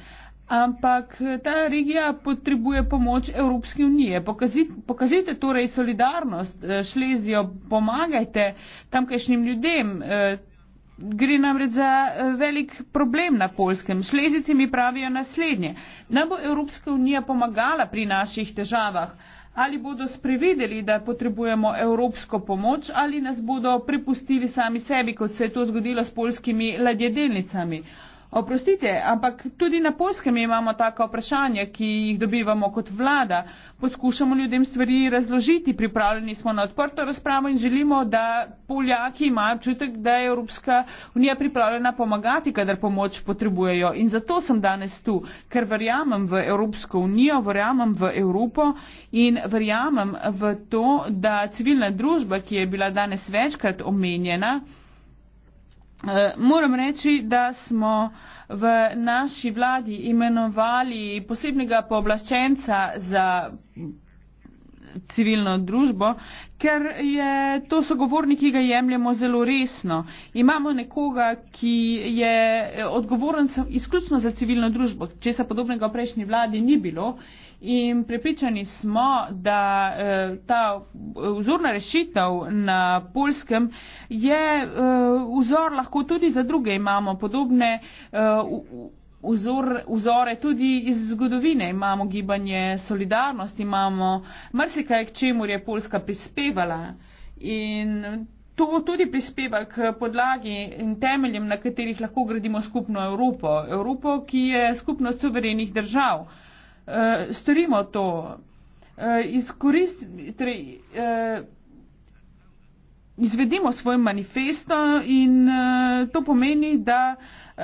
[SPEAKER 8] ampak ta regija potrebuje pomoč Evropske unije. Pokazite, pokazite torej solidarnost eh, Šlezijo, pomagajte tamkajšnjim ljudem. Eh, gre namreč za eh, velik problem na polskem. Šlezici mi pravijo naslednje. Naj bo Evropska unija pomagala pri naših težavah. Ali bodo sprevedeli, da potrebujemo evropsko pomoč, ali nas bodo prepustili sami sebi, kot se je to zgodilo s polskimi ladjedelnicami? Oprostite, ampak tudi na polskem imamo taka vprašanja, ki jih dobivamo kot vlada. Poskušamo ljudem stvari razložiti, pripravljeni smo na odprto razpravo in želimo, da Poljaki imajo občutek, da je Evropska unija pripravljena pomagati, kadar pomoč potrebujejo. In zato sem danes tu, ker verjamem v Evropsko unijo, verjamem v Evropo in verjamem v to, da civilna družba, ki je bila danes večkrat omenjena, Eh, moram reči, da smo v naši vladi imenovali posebnega pooblaščenca za civilno družbo, ker je to sogovornik, ki ga jemljemo zelo resno. Imamo nekoga, ki je odgovoren isključno za civilno družbo, česa podobnega v prejšnji vladi ni bilo. Uh, In prepričani smo, da eh, ta eh, vzorna rešitev na polskem je eh, vzor lahko tudi za druge. Imamo podobne vzore tudi iz zgodovine. Imamo gibanje solidarnost, imamo marsikaj, k čemu je Polska prispevala. In To tudi prispeva k podlagi in temeljem, na katerih lahko gradimo skupno Evropo, Evropo, ki je skupnost suverenih držav uh, storimo to. Uh, izkorist, tre, uh, eh, izvedimo svoj manifesto in uh, to pomeni, da uh,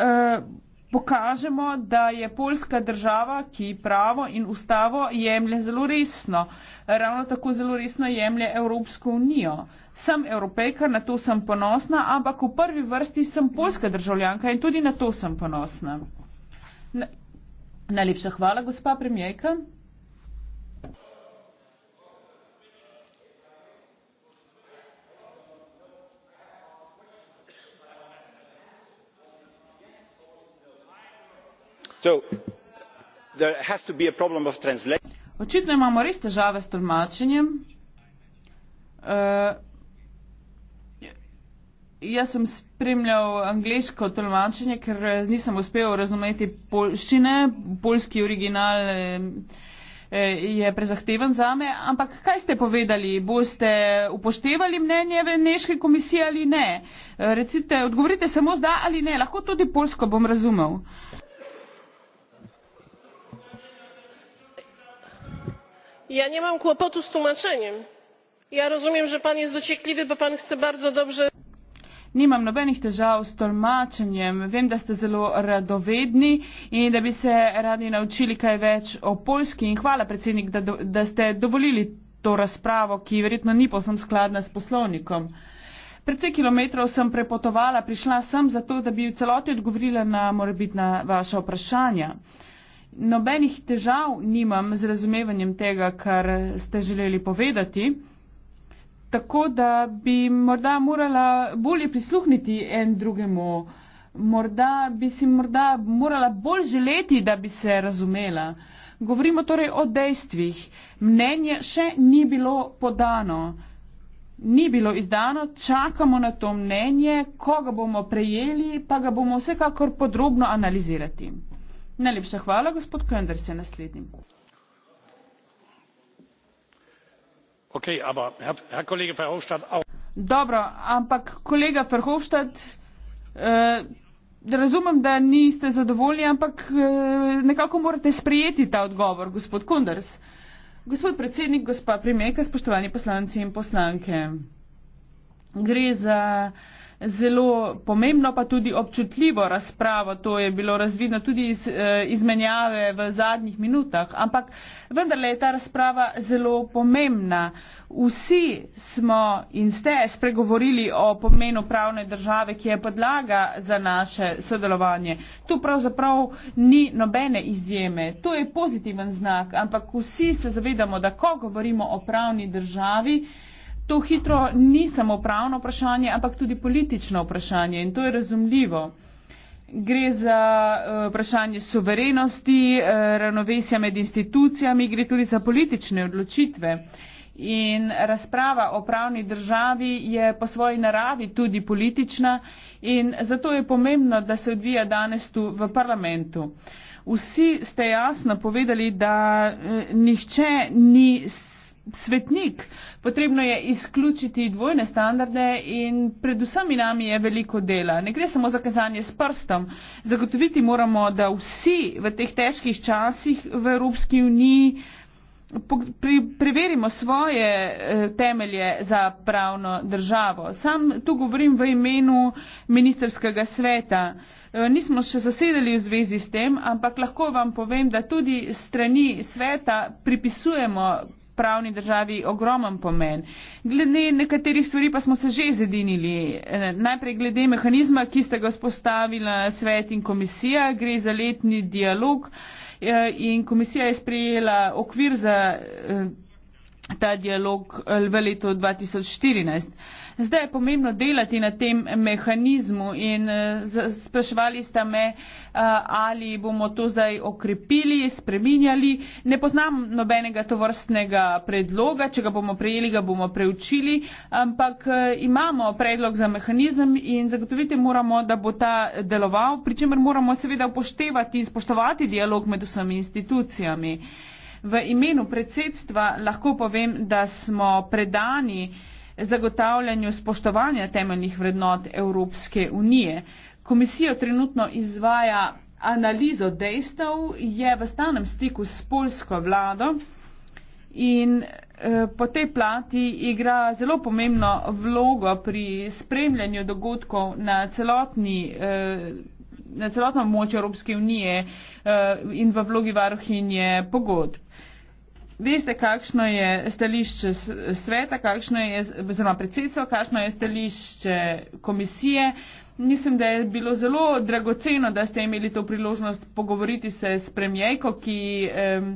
[SPEAKER 8] pokažemo, da je polska država, ki pravo in ustavo jemlje zelo resno. Ravno tako zelo resno jemlje Evropsko unijo. Sem evropejka, na to sem ponosna, ampak v prvi vrsti sem polska državljanka in tudi na to sem ponosna. Na, Najlepša hvala, gospa premijejka. Očitno imamo res težave s tolmačenjem. Uh, Jaz sem spremljal angliško tolmačenje, ker nisem uspel razumeti polščine. Polski original eh, eh, je prezahteven za me. Ampak kaj ste povedali? Boste upoštevali mnenje Veneške komisije ali ne? Eh, recite, odgovorite samo zda ali ne. Lahko tudi polsko bom razumel.
[SPEAKER 9] Ja nie mam kłopotu z tłumaczeniem. Ja rozumiem, że pan jest dociekliwy, bo pan chce bardzo
[SPEAKER 8] dobrze Nimam nobenih težav s tolmačenjem. Vem, da ste zelo radovedni in da bi se radi naučili kaj več o Poljski. In hvala, predsednik, da, do, da ste dovolili to razpravo, ki verjetno ni posem skladna s poslovnikom. Predvsej kilometrov sem prepotovala, prišla sem zato, da bi v celoti odgovorila na morebitna vaša vprašanja. Nobenih težav nimam z razumevanjem tega, kar ste želeli povedati. Tako da bi morda morala bolje prisluhniti en drugemu, morda bi si morda morala bolj želeti, da bi se razumela. Govorimo torej o dejstvih. Mnenje še ni bilo podano, ni bilo izdano, čakamo na to mnenje, ko ga bomo prejeli, pa ga bomo vsekakor podrobno analizirati. Najlepša hvala, gospod Kendr, se naslednjim. dobro ampak kolega verhofstadt eh, razumem da niste zadovoljni ampak eh, nekako morate sprejeti ta odgovor gospod kunders gospod predsednik gospa premierka spoštovani poslanci in poslanke gre za zelo pomembno pa tudi občutljivo razpravo. To je bilo razvidno tudi iz eh, izmenjave v zadnjih minutah. Ampak vendarle je ta razprava zelo pomembna. Vsi smo in ste spregovorili o pomenu pravne države, ki je podlaga za naše sodelovanje. Tu pravzaprav ni nobene izjeme. To je pozitiven znak, ampak vsi se zavedamo, da ko govorimo o pravni državi, To hitro ni samo pravno vprašanje, ampak tudi politično vprašanje in to je razumljivo. Gre za uh, vprašanje suverenosti, uh, ravnovesja med institucijami, gre tudi za politične odločitve. In razprava o pravni državi je po svoji naravi tudi politična in zato je pomembno, da se odvija danes tu v parlamentu. Vsi ste jasno povedali, da uh, nihče ni svetnik. Potrebno je izključiti dvojne standarde in predvsem in nami je veliko dela. Ne gre samo za kazanje s prstom. Zagotoviti moramo, da vsi v teh težkih časih v Evropski uniji pri, preverimo svoje eh, temelje za pravno državo. Sam tu govorim v imenu ministerskega sveta. Eh, nismo še zasedali v zvezi s tem, ampak lahko vam povem, da tudi strani sveta pripisujemo pravni državi ogromen pomen. Glede nekaterih stvari pa smo se že zedinili. Eh, najprej glede mehanizma, ki ste ga spostavila svet in komisija, gre za letni dialog eh, in komisija je sprejela okvir za eh, ta dialog v letu 2014. Zdaj je pomembno delati na tem mehanizmu in eh, spraševali ste me, eh, ali bomo to zdaj okrepili, spreminjali. Ne poznam nobenega tovrstnega predloga, če ga bomo prejeli, ga bomo preučili, ampak eh, imamo predlog za mehanizem in zagotoviti moramo, da bo ta deloval, pri čemer moramo seveda upoštevati in spoštovati dialog med vsemi institucijami. V imenu predsedstva lahko povem, da smo predani zagotavljanju spoštovanja temeljnih vrednot Evropske unije. Komisijo trenutno izvaja analizo dejstev, je v stanem stiku s polsko vlado in eh, po tej plati igra zelo pomembno vlogo pri spremljanju dogodkov na celotni eh, na celotnem območju Evropske unije eh, in v vlogi varuhinje pogodb. Veste, kakšno je stališče sveta, kakšno je, oziroma predsedstvo, kakšno je stališče komisije. Mislim, da je bilo zelo dragoceno, da ste imeli to priložnost pogovoriti se s premijejko, ki um,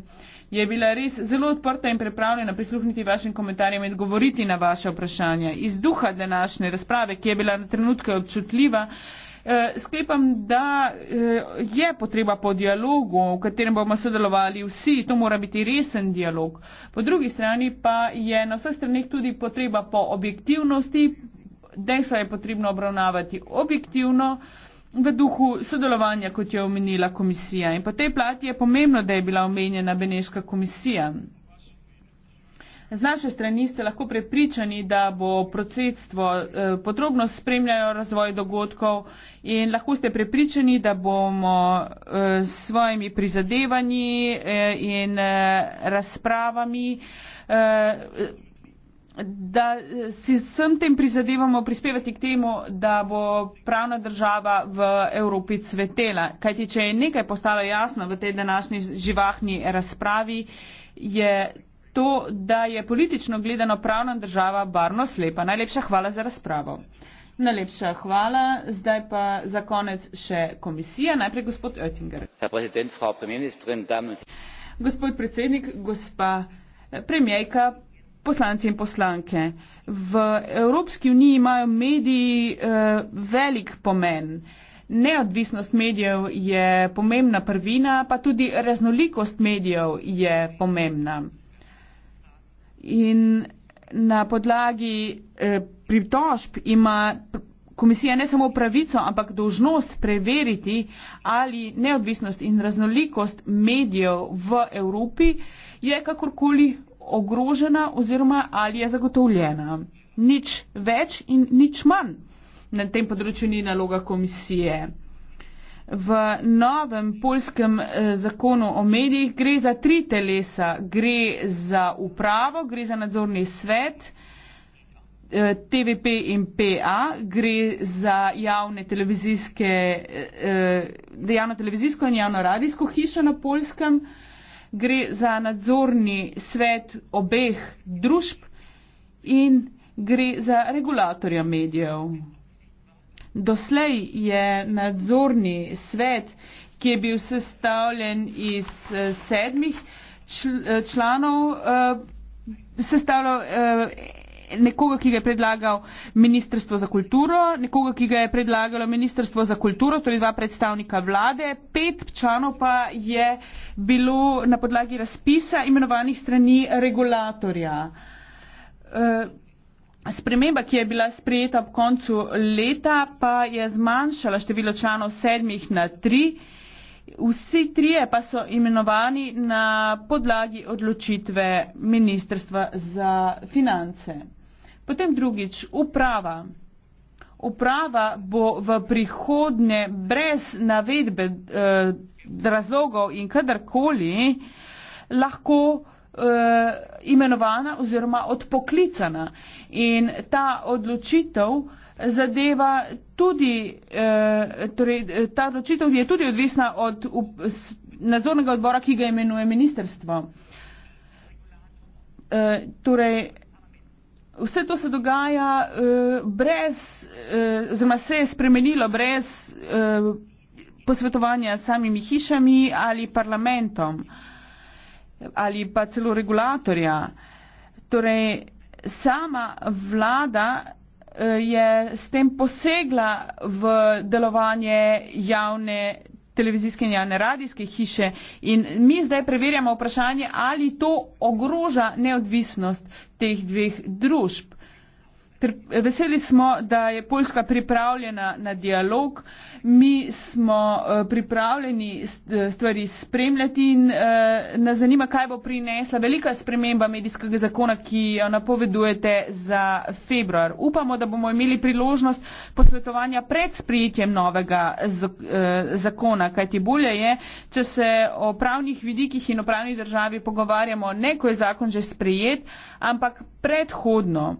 [SPEAKER 8] je bila res zelo odprta in pripravljena prisluhniti vašim komentarjem in govoriti na vaše vprašanja. Iz duha današnje razprave, ki je bila na trenutke občutljiva, uh, Eh, sklepam, da eh, je potreba po dialogu, v katerem bomo sodelovali vsi, to mora biti resen dialog. Po drugi strani pa je na vseh stranih tudi potreba po objektivnosti, dejstva je potrebno obravnavati objektivno v duhu sodelovanja, kot je omenila komisija. In po tej plati je pomembno, da je bila omenjena Beneška komisija. Z naše strani ste lahko prepričani, da bo processtvo eh, podrobno spremljalo razvoj dogodkov in lahko ste prepričani, da bomo eh, s eh, svojimi prizadevanji eh, in eh, razpravami, eh, da si vsem tem prizadevamo prispevati k temu, da bo pravna država v Evropi cvetela. Kajti, če je nekaj postalo jasno v tej današnji živahni razpravi, je to, da je politično gledano pravna država barno slepa. Najlepša hvala za razpravo. Najlepša hvala. Zdaj pa za konec še komisija. Najprej gospod Oettinger. Gospod predsednik, gospa eh, premijajka, poslanci in poslanke. V Evropski uniji imajo mediji eh, velik pomen. Neodvisnost medijev je pomembna prvina, pa tudi raznolikost medijev je pomembna. In na podlagi eh, pritožb ima komisija ne samo pravico, ampak dožnost preveriti, ali neodvisnost in raznolikost medijev v Evropi je kakorkoli ogrožena oziroma ali je zagotovljena. Nič več in nič manj na tem področju ni naloga komisije v novem polskem eh, zakonu o medijih gre za tri telesa. Gre za upravo, gre za nadzorni svet, eh, TVP in PA, gre za javne televizijske, eh, javno televizijsko in javno radijsko hišo na polskem, gre za nadzorni svet obeh družb in gre za regulatorja medijev. Doslej je nadzorni svet, ki je bil sestavljen iz eh, sedmih čl eh, članov, eh, sestavljal nekoga, ki ga je predlagal Ministrstvo za kulturo, nekoga, ki ga je predlagalo Ministrstvo za kulturo, torej dva predstavnika vlade, pet članov pa je bilo na podlagi razpisa imenovanih strani regulatorja. Uh, Sprememba, ki je bila sprejeta ob koncu leta, pa je zmanjšala število članov sedmih na tri. Vsi trije pa so imenovani na podlagi odločitve Ministrstva za finance. Potem drugič, uprava. Uprava bo v prihodnje brez navedbe eh, razlogov in kadarkoli lahko Eh, imenovana oziroma odpoklicana. In ta odločitev zadeva tudi, eh, torej eh, ta odločitev je tudi odvisna od nadzornega odbora, ki ga imenuje ministerstvo. Torej, Vse to se dogaja uh, brez, uh, oziroma se je spremenilo brez uh, posvetovanja samimi hišami ali parlamentom. Uh, ali pa celo regulatorja. Torej, sama vlada eh, je s tem posegla v delovanje javne televizijske in javne radijske hiše in mi zdaj preverjamo vprašanje, ali to ogroža neodvisnost teh dveh družb. Eh, veseli smo, da je Poljska pripravljena na dialog. Mi smo eh, pripravljeni eh, stvari spremljati in nas zanima, kaj bo prinesla velika sprememba medijskega zakona, ki jo napovedujete za februar. Upamo, da bomo imeli priložnost posvetovanja pred sprejetjem novega zakona, kajti bolje je, če se o pravnih vidikih in o pravni državi pogovarjamo ne, ko je zakon že sprejet, ampak predhodno.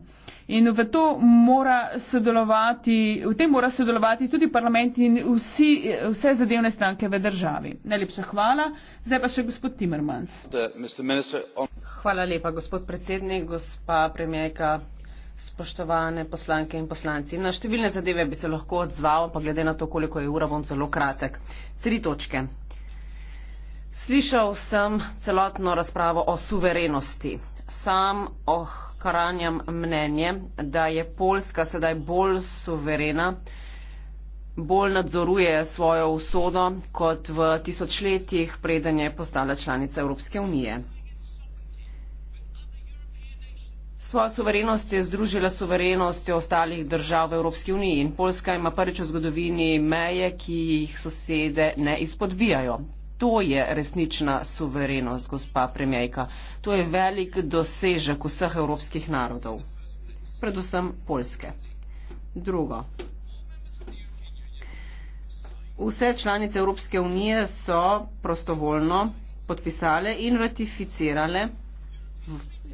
[SPEAKER 8] In v, mora v tem mora sodelovati tudi parlament in vsi, vse zadevne stranke v državi. Najlepša hvala. Zdaj pa še gospod Timmermans. Hvala lepa,
[SPEAKER 9] gospod predsednik, gospa premijerka, spoštovane poslanke in poslanci. Na številne zadeve bi se lahko odzval, pa glede na to, koliko je ura, bom zelo kratek. Tri točke. Slišal sem celotno razpravo o suverenosti. Sam oh, ohranjam mnenje, da je Poljska sedaj bolj suverena, bolj nadzoruje svojo usodo kot v tisočletjih preden je postala članica Evropske unije. Svojo suverenost je združila suverenost ostalih držav v Evropski uniji in Poljska ima prvič v zgodovini meje, ki jih sosede ne izpodbijajo. To je resnična suverenost, gospa premijajka. To je velik dosežek vseh evropskih narodov, predvsem Poljske. Drugo. Vse članice Evropske unije so prostovoljno podpisale in ratificirale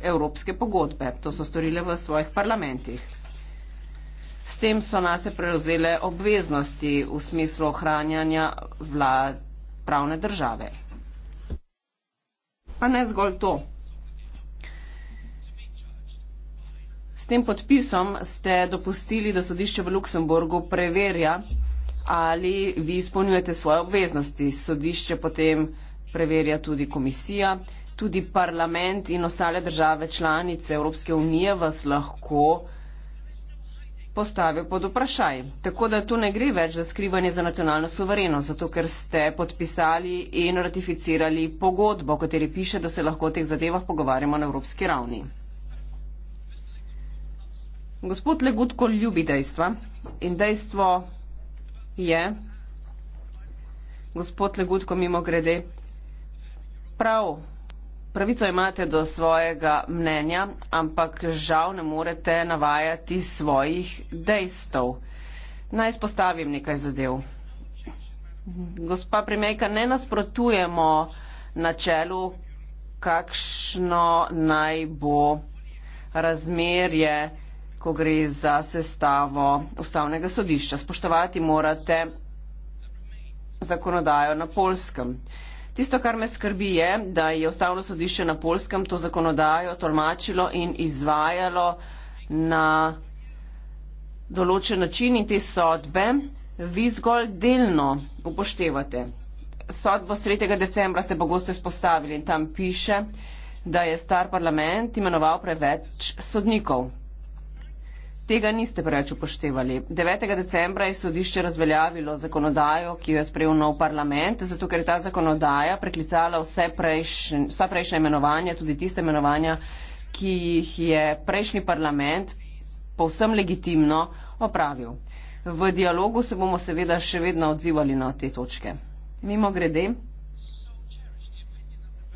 [SPEAKER 9] evropske pogodbe. To so storile v svojih parlamentih. S tem so nas prevzele obveznosti v smislu ohranjanja vlad pravne države. Pa ne zgolj to. S tem podpisom ste dopustili, da sodišče v Luksemburgu preverja, ali vi izpolnjujete svoje obveznosti. Sodišče potem preverja tudi komisija, tudi parlament in ostale države članice Evropske unije vas lahko postavil pod vprašaj. Tako da tu ne gre več za skrivanje za nacionalno suvereno, zato ker ste podpisali in ratificirali pogodbo, v kateri piše, da se lahko o teh zadevah pogovarjamo na evropski ravni. Gospod Legutko ljubi dejstva in dejstvo je, gospod Legutko mimo grede, prav pravico imate do svojega mnenja, ampak žal ne morete navajati svojih dejstev. Naj spostavim nekaj zadev. Gospa premijerka, ne nasprotujemo načelu, kakšno naj bo razmerje, ko gre za sestavo ustavnega sodišča. Spoštovati morate zakonodajo na polskem. Tisto, kar me skrbi, je, da je ustavno sodišče na polskem to zakonodajo tolmačilo in izvajalo na določen način in te sodbe vi zgolj delno upoštevate. Sodbo z 3. decembra ste pogosto izpostavili in tam piše, da je star parlament imenoval preveč sodnikov. Tega niste preveč upoštevali. 9. decembra je sodišče razveljavilo zakonodajo, ki jo je sprejel nov parlament, zato ker je ta zakonodaja preklicala vse prejšnje, vsa prejšnja imenovanja, tudi tiste imenovanja, ki jih je prejšnji parlament povsem legitimno opravil. V dialogu se bomo seveda še vedno odzivali na te točke. Mimo grede.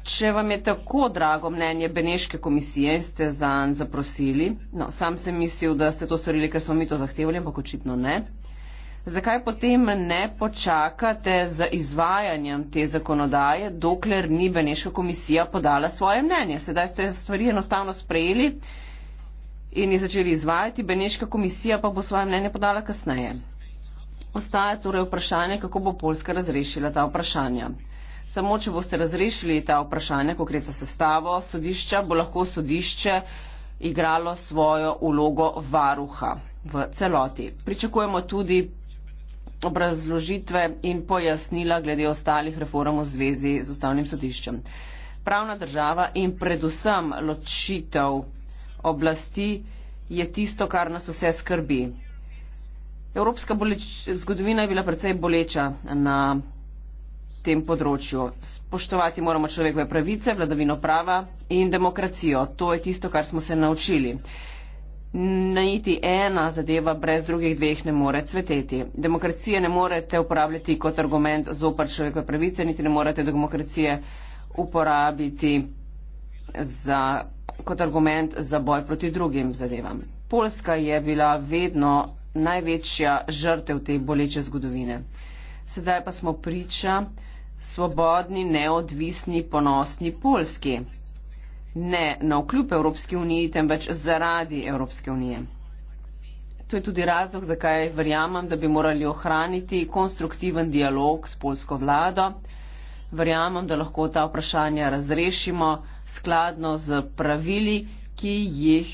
[SPEAKER 9] Če vam je tako drago mnenje Beneške komisije in ste za njen zaprosili, no, sam sem mislil, da ste to storili, ker smo mi to zahtevali, ampak očitno ne. Zakaj potem ne počakate z izvajanjem te zakonodaje, dokler ni Beneška komisija podala svoje mnenje? Sedaj ste stvari enostavno sprejeli in jih začeli izvajati, Beneška komisija pa bo svoje mnenje podala kasneje. Ostaje torej vprašanje, kako bo Poljska razrešila ta vprašanja. Samo, če boste razrešili ta vprašanja, ko gre za sestavo sodišča, bo lahko sodišče igralo svojo ulogo varuha v celoti. Pričakujemo tudi obrazložitve in pojasnila glede ostalih reform v zvezi z ustavnim sodiščem. Pravna država in predvsem ločitev oblasti je tisto, kar nas vse skrbi. Evropska boleč, zgodovina je bila precej boleča na tem področju. Spoštovati moramo človekove pravice, vladavino prava in demokracijo. To je tisto, kar smo se naučili. Najti ena zadeva brez drugih dveh ne more cveteti. Demokracije ne morete uporabljati kot argument zopr človekove pravice, niti ne morete demokracije uporabiti za, kot argument za boj proti drugim zadevam. Polska je bila vedno največja žrtev te boleče zgodovine. Sedaj pa smo priča svobodni, neodvisni, ponosni Polski. Ne na vkljub Evropske unije, temveč zaradi Evropske unije. To je tudi razlog, zakaj verjamem, da bi morali ohraniti konstruktiven dialog s polsko vlado. Verjamem, da lahko ta vprašanja razrešimo skladno z pravili, ki jih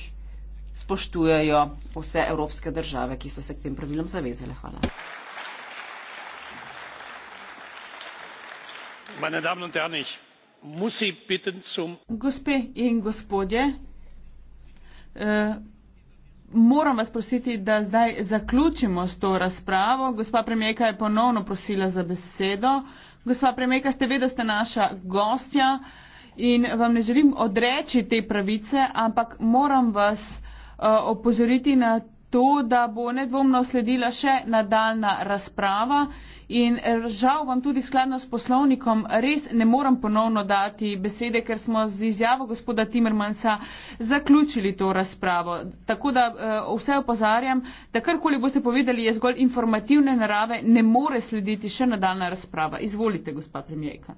[SPEAKER 9] spoštujejo vse evropske države, ki so se k tem pravilom zavezale. Hvala.
[SPEAKER 6] meine damen und herren ich muss sie bitten zum
[SPEAKER 8] gospe in gospodje eh, moram vas prositi da zdaj zaključimo s to razpravo gospa premijerka je ponovno prosila za besedo gospa premijerka ste ve da ste naša gostja in vam ne želim odreči te pravice ampak moram vas eh, opozoriti na to da bo nedvomno sledila še nadaljnja razprava In eh, žal vam tudi skladno s poslovnikom res ne moram ponovno dati besede, ker smo z izjavo gospoda Timmermansa zaključili to razpravo. Tako da eh, vse opozarjam, da karkoli boste povedali je zgolj informativne narave, ne more slediti še nadaljna razprava. Izvolite, gospa premijejka.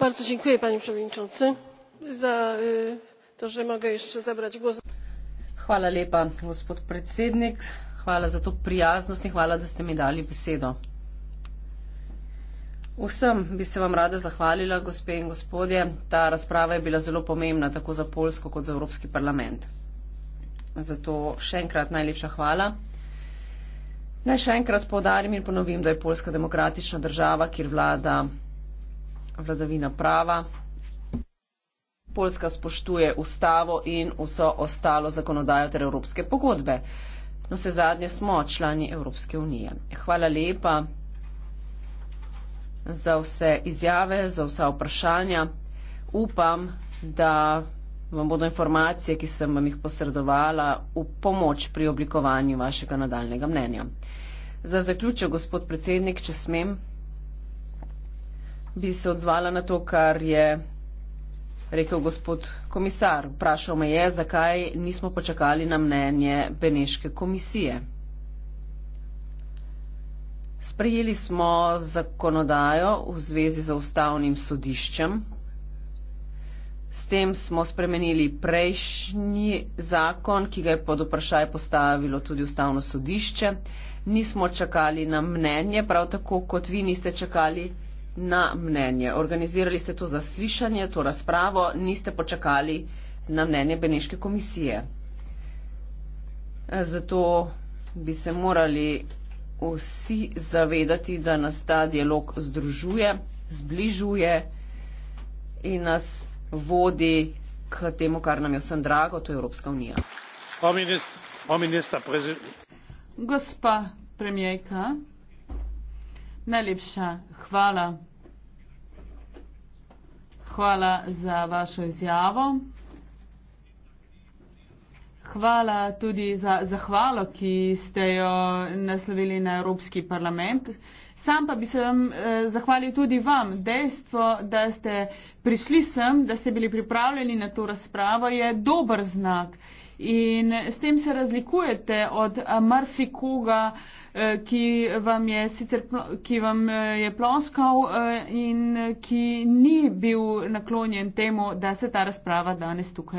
[SPEAKER 3] Bardzo dziękuję panie przewodniczący za
[SPEAKER 9] to, że mogę jeszcze zabrać głos. Hvala lepa, gospod predsednik. Hvala za to prijaznost in hvala, da ste mi dali besedo. Vsem bi se vam rada zahvalila, gospe in gospodje. Ta razprava je bila zelo pomembna tako za Polsko kot za Evropski parlament. Zato še enkrat najlepša hvala. Naj še enkrat povdarim in ponovim, da je Polska demokratična država, kjer vlada vladavina prava. Polska spoštuje ustavo in vso ostalo zakonodajo ter evropske pogodbe. No, vse zadnje smo člani Evropske unije. Hvala lepa za vse izjave, za vsa vprašanja. Upam, da vam bodo informacije, ki sem vam jih posredovala, v pomoč pri oblikovanju vašega nadaljnega mnenja. Za zaključek, gospod predsednik, če smem, bi se odzvala na to, kar je rekel gospod komisar. Vprašal me je, zakaj nismo počakali na mnenje Beneške komisije. Sprejeli smo zakonodajo v zvezi z ustavnim sodiščem. S tem smo spremenili prejšnji zakon, ki ga je pod vprašaj postavilo tudi ustavno sodišče. Nismo čakali na mnenje, prav tako kot vi niste čakali na mnenje. Organizirali ste to zaslišanje, to razpravo, niste počakali na mnenje Beneške komisije. Zato bi se morali vsi zavedati, da nas ta dialog združuje, zbližuje in nas vodi k temu, kar nam je vsem drago, to je Evropska unija. O
[SPEAKER 6] minister, o minister,
[SPEAKER 8] Gospa premijejka, Najlepša hvala. Hvala za vašo izjavo. Hvala tudi za zahvalo, ki ste jo naslovili na Evropski parlament. Sam pa bi se vam eh, zahvalil tudi vam. Dejstvo, da ste prišli sem, da ste bili pripravljeni na to razpravo, je dober znak. Eh, In s tem se razlikujete od eh, marsikoga, eh, ki vam je sicer ki vam eh, je ploskal in ki ni bil naklonjen temu, da se ta razprava danes tukaj